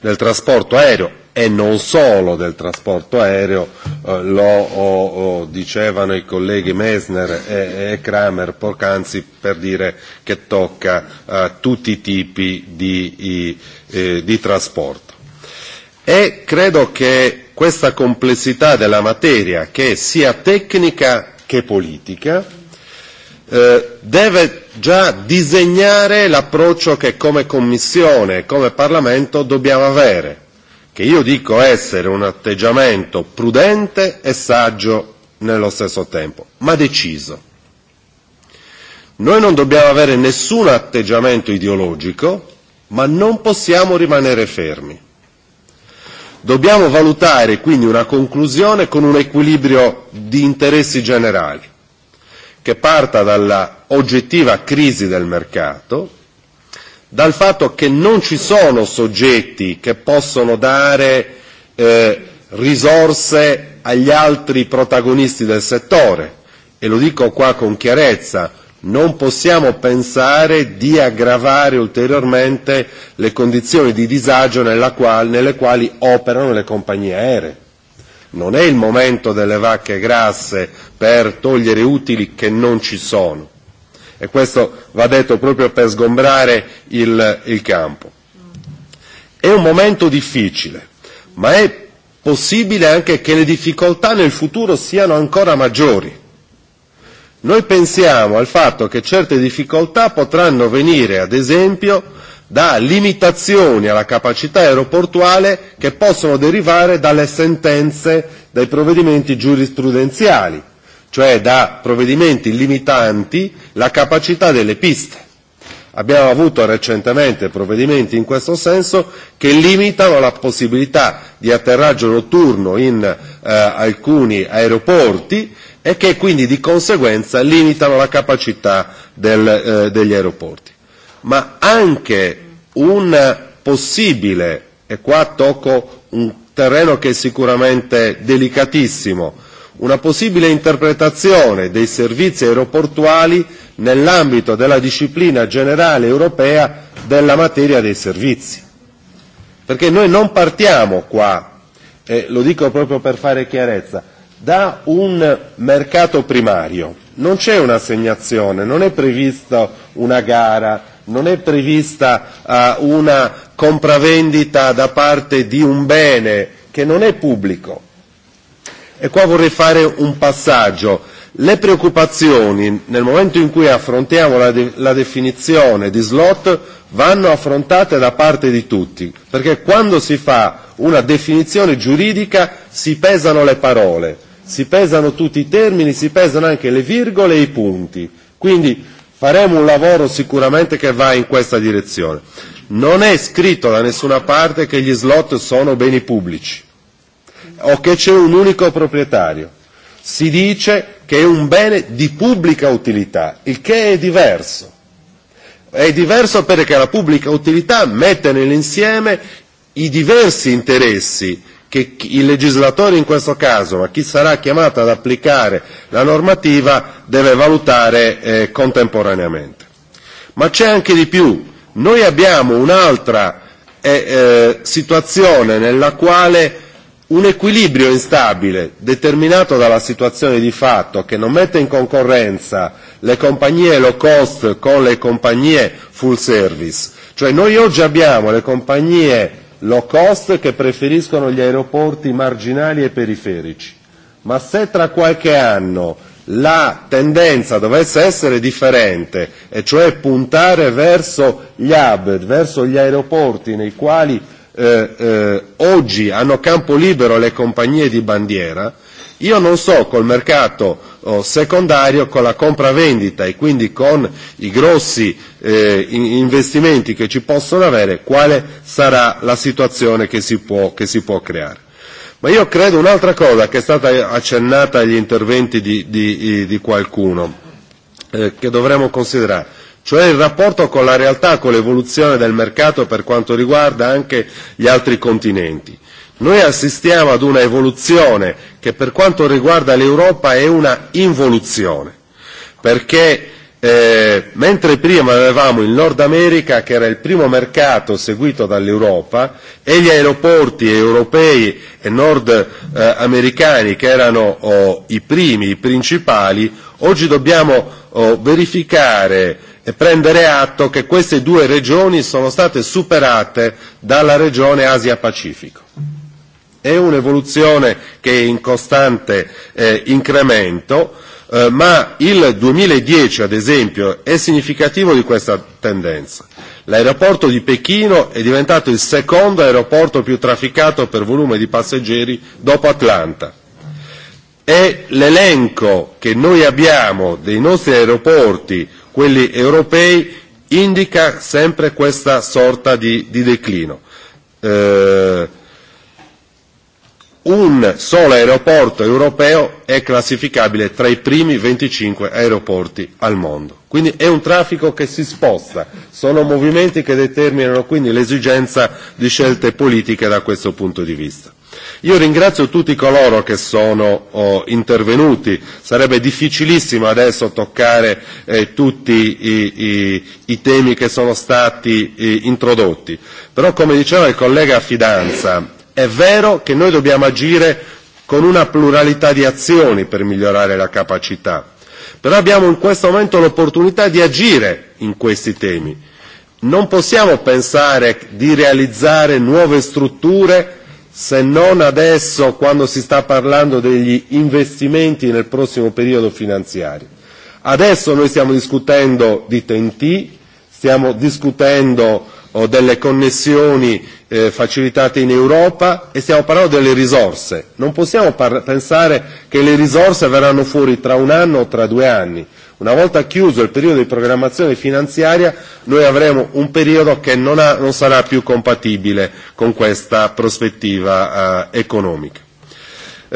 del trasporto aereo e non solo del trasporto aereo, eh, lo o, o dicevano i colleghi Messner e, e Kramer poc'anzi per dire che tocca eh, tutti i tipi di, i, eh, di trasporto. E credo che questa complessità della materia, che è sia tecnica che politica, eh, deve già disegnare l'approccio che come Commissione, come Parlamento dobbiamo avere, che io dico essere un atteggiamento prudente e saggio nello stesso tempo, ma deciso. Noi non dobbiamo avere nessun atteggiamento ideologico, ma non possiamo rimanere fermi dobbiamo valutare quindi una conclusione con un equilibrio di interessi generali, che parta dalla oggettiva crisi del mercato, dal fatto che non ci sono soggetti che possono dare eh, risorse agli altri protagonisti del settore, e lo dico qua con chiarezza, non possiamo pensare di aggravare ulteriormente le condizioni di disagio nella quale, nelle quali operano le compagnie aeree. Non è il momento delle vacche grasse per togliere utili che non ci sono. E questo va detto proprio per sgombrare il, il campo. È un momento difficile, ma è possibile anche che le difficoltà nel futuro siano ancora maggiori noi pensiamo al fatto che certe difficoltà potranno venire, ad esempio, da limitazioni alla capacità aeroportuale che possono derivare dalle sentenze, dai provvedimenti giurisprudenziali, cioè da provvedimenti limitanti la capacità delle piste. Abbiamo avuto recentemente provvedimenti in questo senso che limitano la possibilità di atterraggio notturno in eh, alcuni aeroporti e che quindi di conseguenza limitano la capacità del, eh, degli aeroporti. Ma anche un possibile, e qua tocco un terreno che è sicuramente delicatissimo, una possibile interpretazione dei servizi aeroportuali nell'ambito della disciplina generale europea della materia dei servizi. Perché noi non partiamo qua, e lo dico proprio per fare chiarezza, da un mercato primario. Non c'è un'assegnazione, non è prevista una gara, non è prevista uh, una compravendita da parte di un bene che non è pubblico. E qua vorrei fare un passaggio. Le preoccupazioni nel momento in cui affrontiamo la, de- la definizione di slot vanno affrontate da parte di tutti, perché quando si fa una definizione giuridica si pesano le parole si pesano tutti i termini, si pesano anche le virgole e i punti. Quindi faremo un lavoro sicuramente che va in questa direzione. Non è scritto da nessuna parte che gli slot sono beni pubblici o che c'è un unico proprietario. Si dice che è un bene di pubblica utilità, il che è diverso. È diverso perché la pubblica utilità mette nell'insieme i diversi interessi che il legislatore in questo caso, ma chi sarà chiamato ad applicare la normativa, deve valutare eh, contemporaneamente. Ma c'è anche di più, noi abbiamo un'altra eh, eh, situazione nella quale un equilibrio instabile determinato dalla situazione di fatto che non mette in concorrenza le compagnie low cost con le compagnie full service, cioè noi oggi abbiamo le compagnie low cost che preferiscono gli aeroporti marginali e periferici. Ma se tra qualche anno la tendenza dovesse essere differente, e cioè puntare verso gli hub, verso gli aeroporti nei quali eh, eh, oggi hanno campo libero le compagnie di bandiera, io non so col mercato secondario con la compravendita e quindi con i grossi eh, investimenti che ci possono avere, quale sarà la situazione che si, può, che si può creare. Ma io credo un'altra cosa che è stata accennata agli interventi di, di, di qualcuno eh, che dovremmo considerare. Cioè il rapporto con la realtà, con l'evoluzione del mercato per quanto riguarda anche gli altri continenti noi assistiamo ad una evoluzione che per quanto riguarda l'Europa è una involuzione, perché eh, mentre prima avevamo il Nord America che era il primo mercato seguito dall'Europa e gli aeroporti europei e nordamericani eh, che erano oh, i primi, i principali, oggi dobbiamo oh, verificare e prendere atto che queste due regioni sono state superate dalla regione Asia-Pacifico è un'evoluzione che è in costante eh, incremento, eh, ma il 2010 ad esempio è significativo di questa tendenza. L'aeroporto di Pechino è diventato il secondo aeroporto più trafficato per volume di passeggeri dopo Atlanta. E l'elenco che noi abbiamo dei nostri aeroporti, quelli europei, indica sempre questa sorta di, di declino. Eh, un solo aeroporto europeo è classificabile tra i primi 25 aeroporti al mondo. Quindi è un traffico che si sposta, sono movimenti che determinano quindi l'esigenza di scelte politiche da questo punto di vista. Io ringrazio tutti coloro che sono oh, intervenuti, sarebbe difficilissimo adesso toccare eh, tutti i, i, i temi che sono stati eh, introdotti, però come diceva il collega Fidanza, È vero che noi dobbiamo agire con una pluralità di azioni per migliorare la capacità, però abbiamo in questo momento l'opportunità di agire in questi temi. Non possiamo pensare di realizzare nuove strutture se non adesso quando si sta parlando degli investimenti nel prossimo periodo finanziario. Adesso noi stiamo discutendo di TNT, stiamo discutendo o delle connessioni eh, facilitate in Europa e stiamo parlando delle risorse. Non possiamo par- pensare che le risorse verranno fuori tra un anno o tra due anni. Una volta chiuso il periodo di programmazione finanziaria noi avremo un periodo che non, ha, non sarà più compatibile con questa prospettiva eh, economica.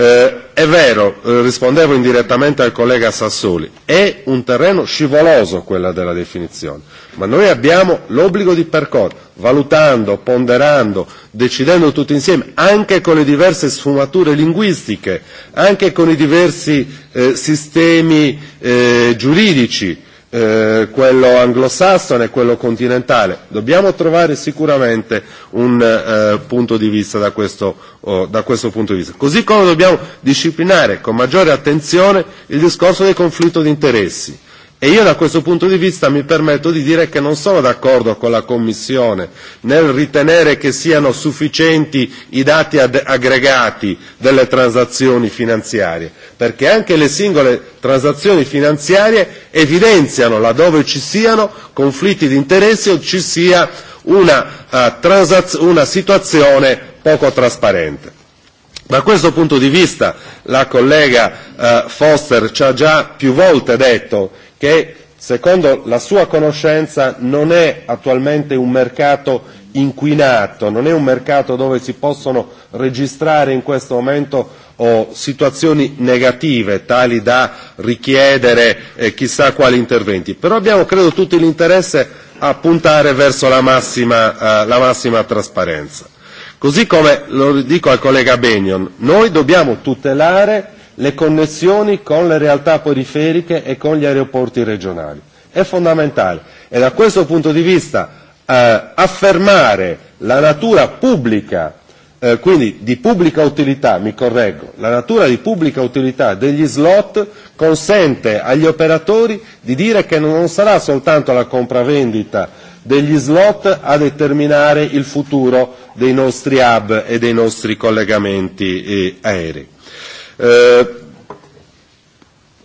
Eh, è vero, eh, rispondevo indirettamente al collega Sassoli, è un terreno scivoloso quella della definizione, ma noi abbiamo l'obbligo di percorrere, valutando, ponderando, decidendo tutti insieme, anche con le diverse sfumature linguistiche, anche con i diversi eh, sistemi eh, giuridici, eh, eh, quello anglosassone e quello continentale. Dobbiamo trovare sicuramente un eh, punto di vista da questo, oh, da questo punto di vista. Così come dobbiamo disciplinare con maggiore attenzione il discorso del conflitto di interessi. E io da questo punto di vista mi permetto di dire che non sono d'accordo con la Commissione nel ritenere che siano sufficienti i dati ad- aggregati delle transazioni finanziarie, perché anche le singole transazioni finanziarie evidenziano laddove ci siano conflitti di interessi o ci sia una, uh, transaz- una situazione poco trasparente. Da questo punto di vista la collega uh, Foster ci ha già più volte detto che secondo la sua conoscenza non è attualmente un mercato inquinato, non è un mercato dove si possono registrare in questo momento o oh, situazioni negative tali da richiedere eh, chissà quali interventi. Però abbiamo credo tutti l'interesse a puntare verso la massima, eh, la massima trasparenza. Così come lo dico al collega Benion, noi dobbiamo tutelare eh, le connessioni con le realtà periferiche e con gli aeroporti regionali. È fondamentale e da questo punto di vista eh, affermare la natura pubblica, eh, quindi di pubblica utilità, mi correggo, la natura di pubblica utilità degli slot consente agli operatori di dire che non sarà soltanto la compravendita degli slot a determinare il futuro dei nostri hub e dei nostri collegamenti eh, aerei. Eh,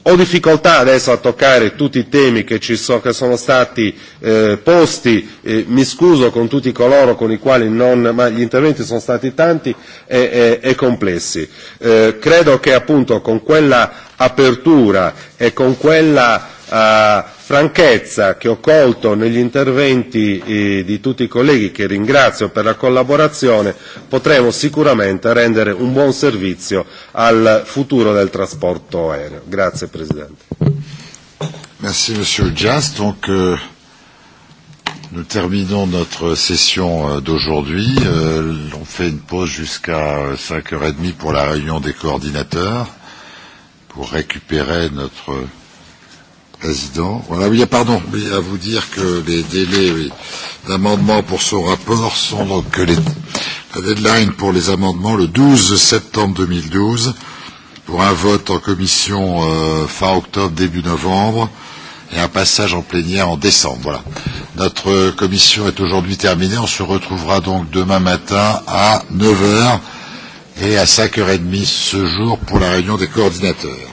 ho difficoltà adesso a toccare tutti i temi che, ci so, che sono stati eh, posti, eh, mi scuso con tutti coloro con i quali non, ma gli interventi sono stati tanti e, e, e complessi. Eh, credo che appunto con quella apertura e con quella eh, franchezza che ho colto negli interventi eh, di tutti i colleghi, che ringrazio per la collaborazione, potremo sicuramente rendere un buon servizio al futuro del trasporto aereo. Grazie Presidente. Merci Monsieur Jazz. Donc, euh, nous terminons notre session euh, d'aujourd'hui. Euh, on fait une pause jusqu'à euh, 5h30 pour la réunion des coordinateurs pour récupérer notre... Euh, président. Voilà, oui, pardon, mais à vous dire que les délais oui, d'amendement pour son rapport sont donc que les, la deadline pour les amendements le 12 septembre 2012 pour un vote en commission euh, fin octobre, début novembre et un passage en plénière en décembre. Voilà. Notre commission est aujourd'hui terminée. On se retrouvera donc demain matin à 9h et à 5h30 ce jour pour la réunion des coordinateurs.